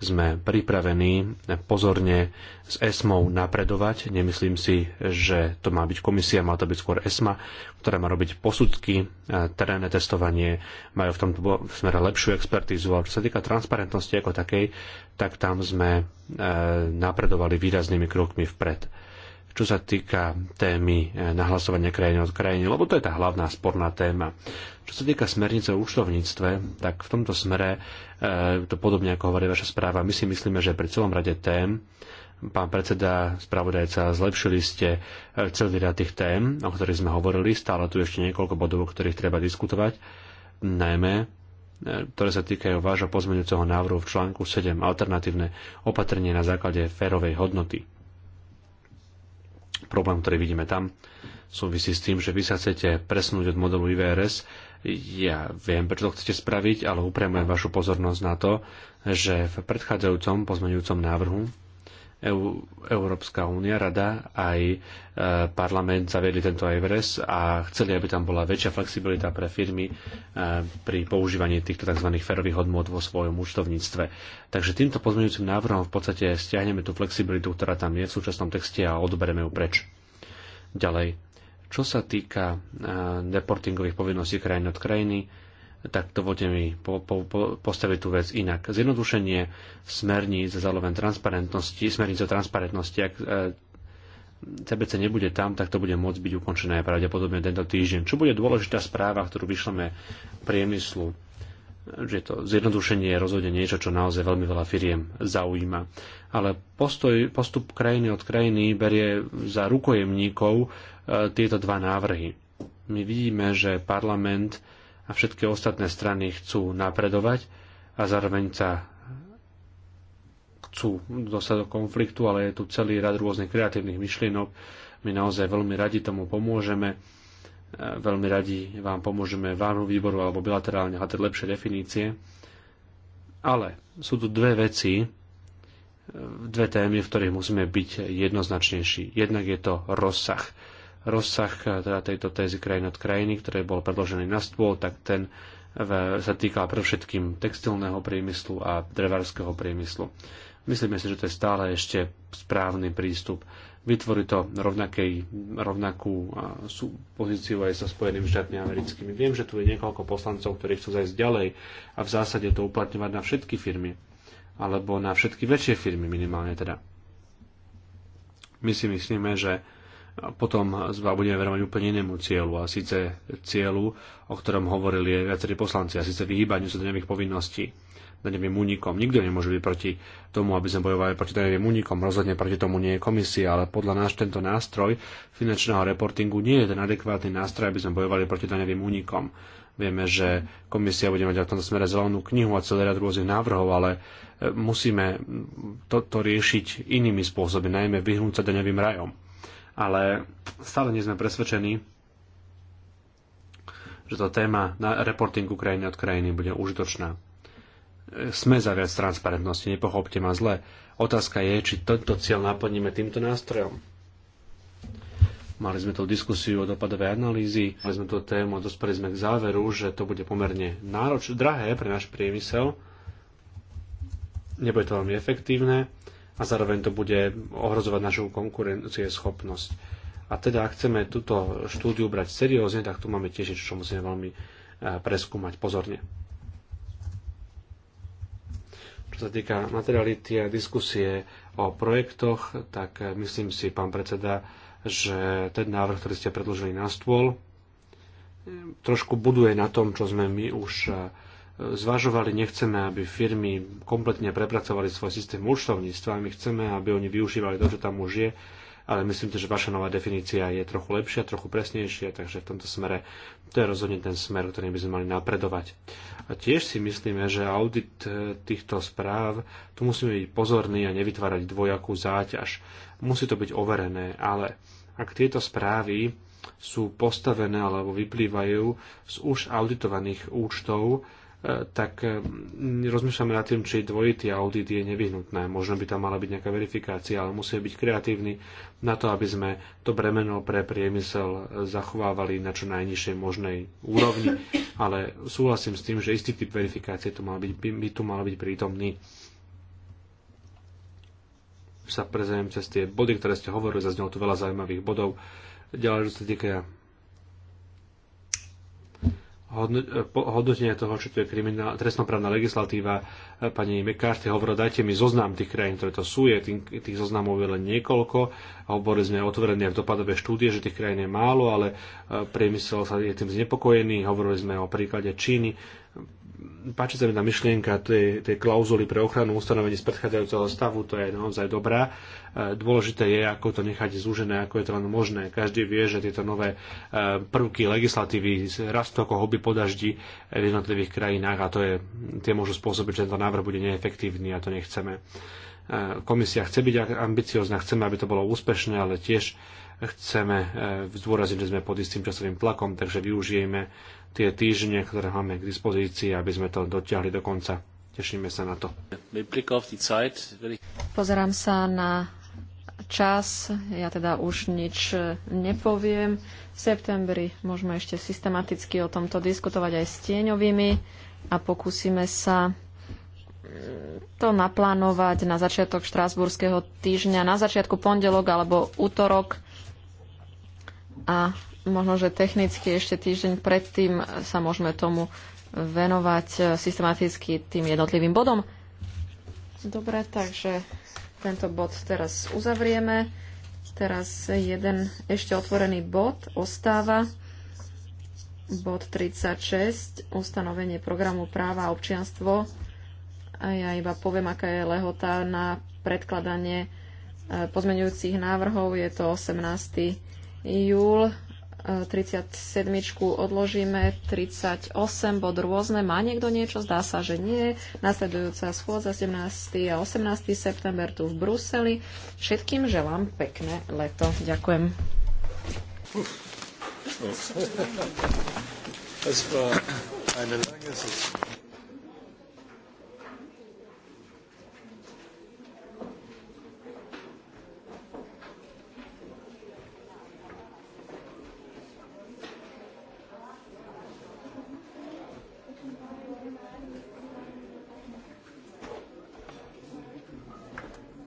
Sme pripravení pozorne s ESMou napredovať. Nemyslím si, že to má byť komisia, má to byť skôr ESMA, ktorá má robiť posudky, e, terénne testovanie, majú v tomto smere lepšiu expertízu. A čo sa týka transparentnosti ako takej, tak tam sme e, napredovali výraznými krokmi vpred čo sa týka témy eh, nahlasovania krajiny od krajiny, lebo to je tá hlavná sporná téma. Čo sa týka smernice o účtovníctve, tak v tomto smere, eh, to podobne ako hovorí vaša správa, my si myslíme, že pri celom rade tém, pán predseda, spravodajca, zlepšili ste eh, celý rad tých tém, o ktorých sme hovorili, stále tu ešte niekoľko bodov, o ktorých treba diskutovať, najmä ktoré sa týkajú vášho pozmeňujúceho návrhu v článku 7 alternatívne opatrenie na základe férovej hodnoty problém, ktorý vidíme tam, súvisí s tým, že vy sa chcete presunúť od modelu IVRS. Ja viem, prečo to chcete spraviť, ale upriamujem vašu pozornosť na to, že v predchádzajúcom pozmeňujúcom návrhu Európska únia, Rada aj e, parlament zaviedli tento Everest a chceli, aby tam bola väčšia flexibilita pre firmy e, pri používaní týchto tzv. ferových hodnot vo svojom účtovníctve. Takže týmto pozmeňujúcim návrhom v podstate stiahneme tú flexibilitu, ktorá tam je v súčasnom texte a odbereme ju preč. Ďalej, čo sa týka e, deportingových povinností krajín od krajiny, tak dovolte mi po, po, po, postaviť tú vec inak. Zjednodušenie smerníc za zároveň transparentnosti, smerníc o transparentnosti, ak e, CBC nebude tam, tak to bude môcť byť ukončené aj pravdepodobne tento týždeň. Čo bude dôležitá správa, ktorú vyšleme priemyslu, že to zjednodušenie je rozhodne niečo, čo naozaj veľmi veľa firiem zaujíma. Ale postoj, postup krajiny od krajiny berie za rukojemníkov e, tieto dva návrhy. My vidíme, že parlament a všetky ostatné strany chcú napredovať a zároveň sa chcú dostať do konfliktu, ale je tu celý rad rôznych kreatívnych myšlienok. My naozaj veľmi radi tomu pomôžeme. E, veľmi radi vám pomôžeme vášmu výboru alebo bilaterálne hľadať lepšie definície. Ale sú tu dve veci, e, dve témy, v ktorých musíme byť jednoznačnejší. Jednak je to rozsah rozsah e, teda tejto tézy krajín od krajiny, ktoré bol predložený na stôl, tak ten v, e, sa týkal predovšetkým textilného priemyslu a drevárskeho priemyslu. Myslíme si, že to je stále ešte správny prístup. Vytvorí to rovnakej, rovnakú e, pozíciu aj so Spojenými štátmi americkými. Viem, že tu je niekoľko poslancov, ktorí chcú zajsť ďalej a v zásade to uplatňovať na všetky firmy. Alebo na všetky väčšie firmy minimálne teda. My si myslíme, že potom budeme verovať úplne inému cieľu a síce cieľu, o ktorom hovorili viacerí poslanci a síce vyhýbaniu sa daňových povinností daňovým únikom. Nikto nemôže byť proti tomu, aby sme bojovali proti daňovým únikom. Rozhodne proti tomu nie je komisia, ale podľa nás tento nástroj finančného reportingu nie je ten adekvátny nástroj, aby sme bojovali proti daňovým únikom. Vieme, že komisia bude mať v tomto smere zelenú knihu a celý rad rôznych návrhov, ale e, musíme toto riešiť inými spôsobmi, najmä vyhnúť sa daňovým rajom ale stále nie sme presvedčení, že tá téma na reportingu krajiny od krajiny bude užitočná. Sme za viac transparentnosti, nepochopte ma zle. Otázka je, či tento cieľ naplníme týmto nástrojom. Mali sme tu diskusiu o dopadovej analýzy, mali sme tú tému a dospeli sme k záveru, že to bude pomerne náročné drahé pre náš priemysel, nebude to veľmi efektívne a zároveň to bude ohrozovať našu konkurencieschopnosť. A teda, ak chceme túto štúdiu brať seriózne, tak tu máme tiež niečo, čo musíme veľmi e, preskúmať pozorne. Čo sa týka materiality a diskusie o projektoch, tak e, myslím si, pán predseda, že ten návrh, ktorý ste predložili na stôl, e, trošku buduje na tom, čo sme my už zvažovali, nechceme, aby firmy kompletne prepracovali svoj systém účtovníctva, my chceme, aby oni využívali to, čo tam už je, ale myslím, že vaša nová definícia je trochu lepšia, trochu presnejšia, takže v tomto smere to je rozhodne ten smer, ktorý by sme mali napredovať. A tiež si myslíme, že audit e, týchto správ, tu musíme byť pozorní a nevytvárať dvojakú záťaž. Musí to byť overené, ale ak tieto správy sú postavené alebo vyplývajú z už auditovaných účtov, tak eh, rozmýšľame nad tým, či dvojitý audit je nevyhnutné. Možno by tam mala byť nejaká verifikácia, ale musíme byť kreatívni na to, aby sme to bremeno pre priemysel eh, zachovávali na čo najnižšej možnej úrovni. Ale súhlasím s tým, že istý typ verifikácie tu mal byť, by, by tu mal byť prítomný sa prezajem cez tie body, ktoré ste hovorili, zaznelo tu veľa zaujímavých bodov. Ďalej, čo sa týka Eh, hodnotenia toho, čo tu je kriminál, trestnoprávna legislatíva. Eh, pani McCarthy hovorila, dajte mi zoznam tých krajín, ktoré to sú. Je tých, tých zoznamov je len niekoľko. Hovorili sme otvorené v dopadovej štúdie, že tých krajín je málo, ale eh, priemysel sa je tým znepokojený. Hovorili sme o príklade Číny páči sa mi tá myšlienka tej, tej klauzuly pre ochranu ustanovení z predchádzajúceho stavu, to je naozaj dobrá. E, dôležité je, ako to nechať zúžené, ako je to len možné. Každý vie, že tieto nové e, prvky legislatívy rastú ako hobby podaždi v jednotlivých krajinách a to je, tie môžu spôsobiť, že tento návrh bude neefektívny a to nechceme. E, komisia chce byť ambiciozná, chceme, aby to bolo úspešné, ale tiež chceme zdôrazniť, že sme pod istým časovým tlakom, takže využijeme tie týždne, ktoré máme k dispozícii, aby sme to dotiahli do konca. Tešíme sa na to. Pozerám sa na čas, ja teda už nič nepoviem. V septembri môžeme ešte systematicky o tomto diskutovať aj s tieňovými a pokúsime sa mm, to naplánovať na začiatok štrásburského týždňa, na začiatku pondelok alebo útorok a možno, že technicky ešte týždeň predtým sa môžeme tomu venovať eh, systematicky tým jednotlivým bodom. Dobre, takže tento bod teraz uzavrieme. Teraz jeden ešte otvorený bod ostáva. Bod 36, ustanovenie programu práva a občianstvo. A ja iba poviem, aká je lehota na predkladanie eh, pozmeňujúcich návrhov. Je to 18. júl 37 odložíme, 38 bod rôzne. Má niekto niečo? Zdá sa, že nie. Nasledujúca schôdza 17. a 18. september tu v Bruseli. Všetkým želám pekné leto. Ďakujem. Uh. Oh.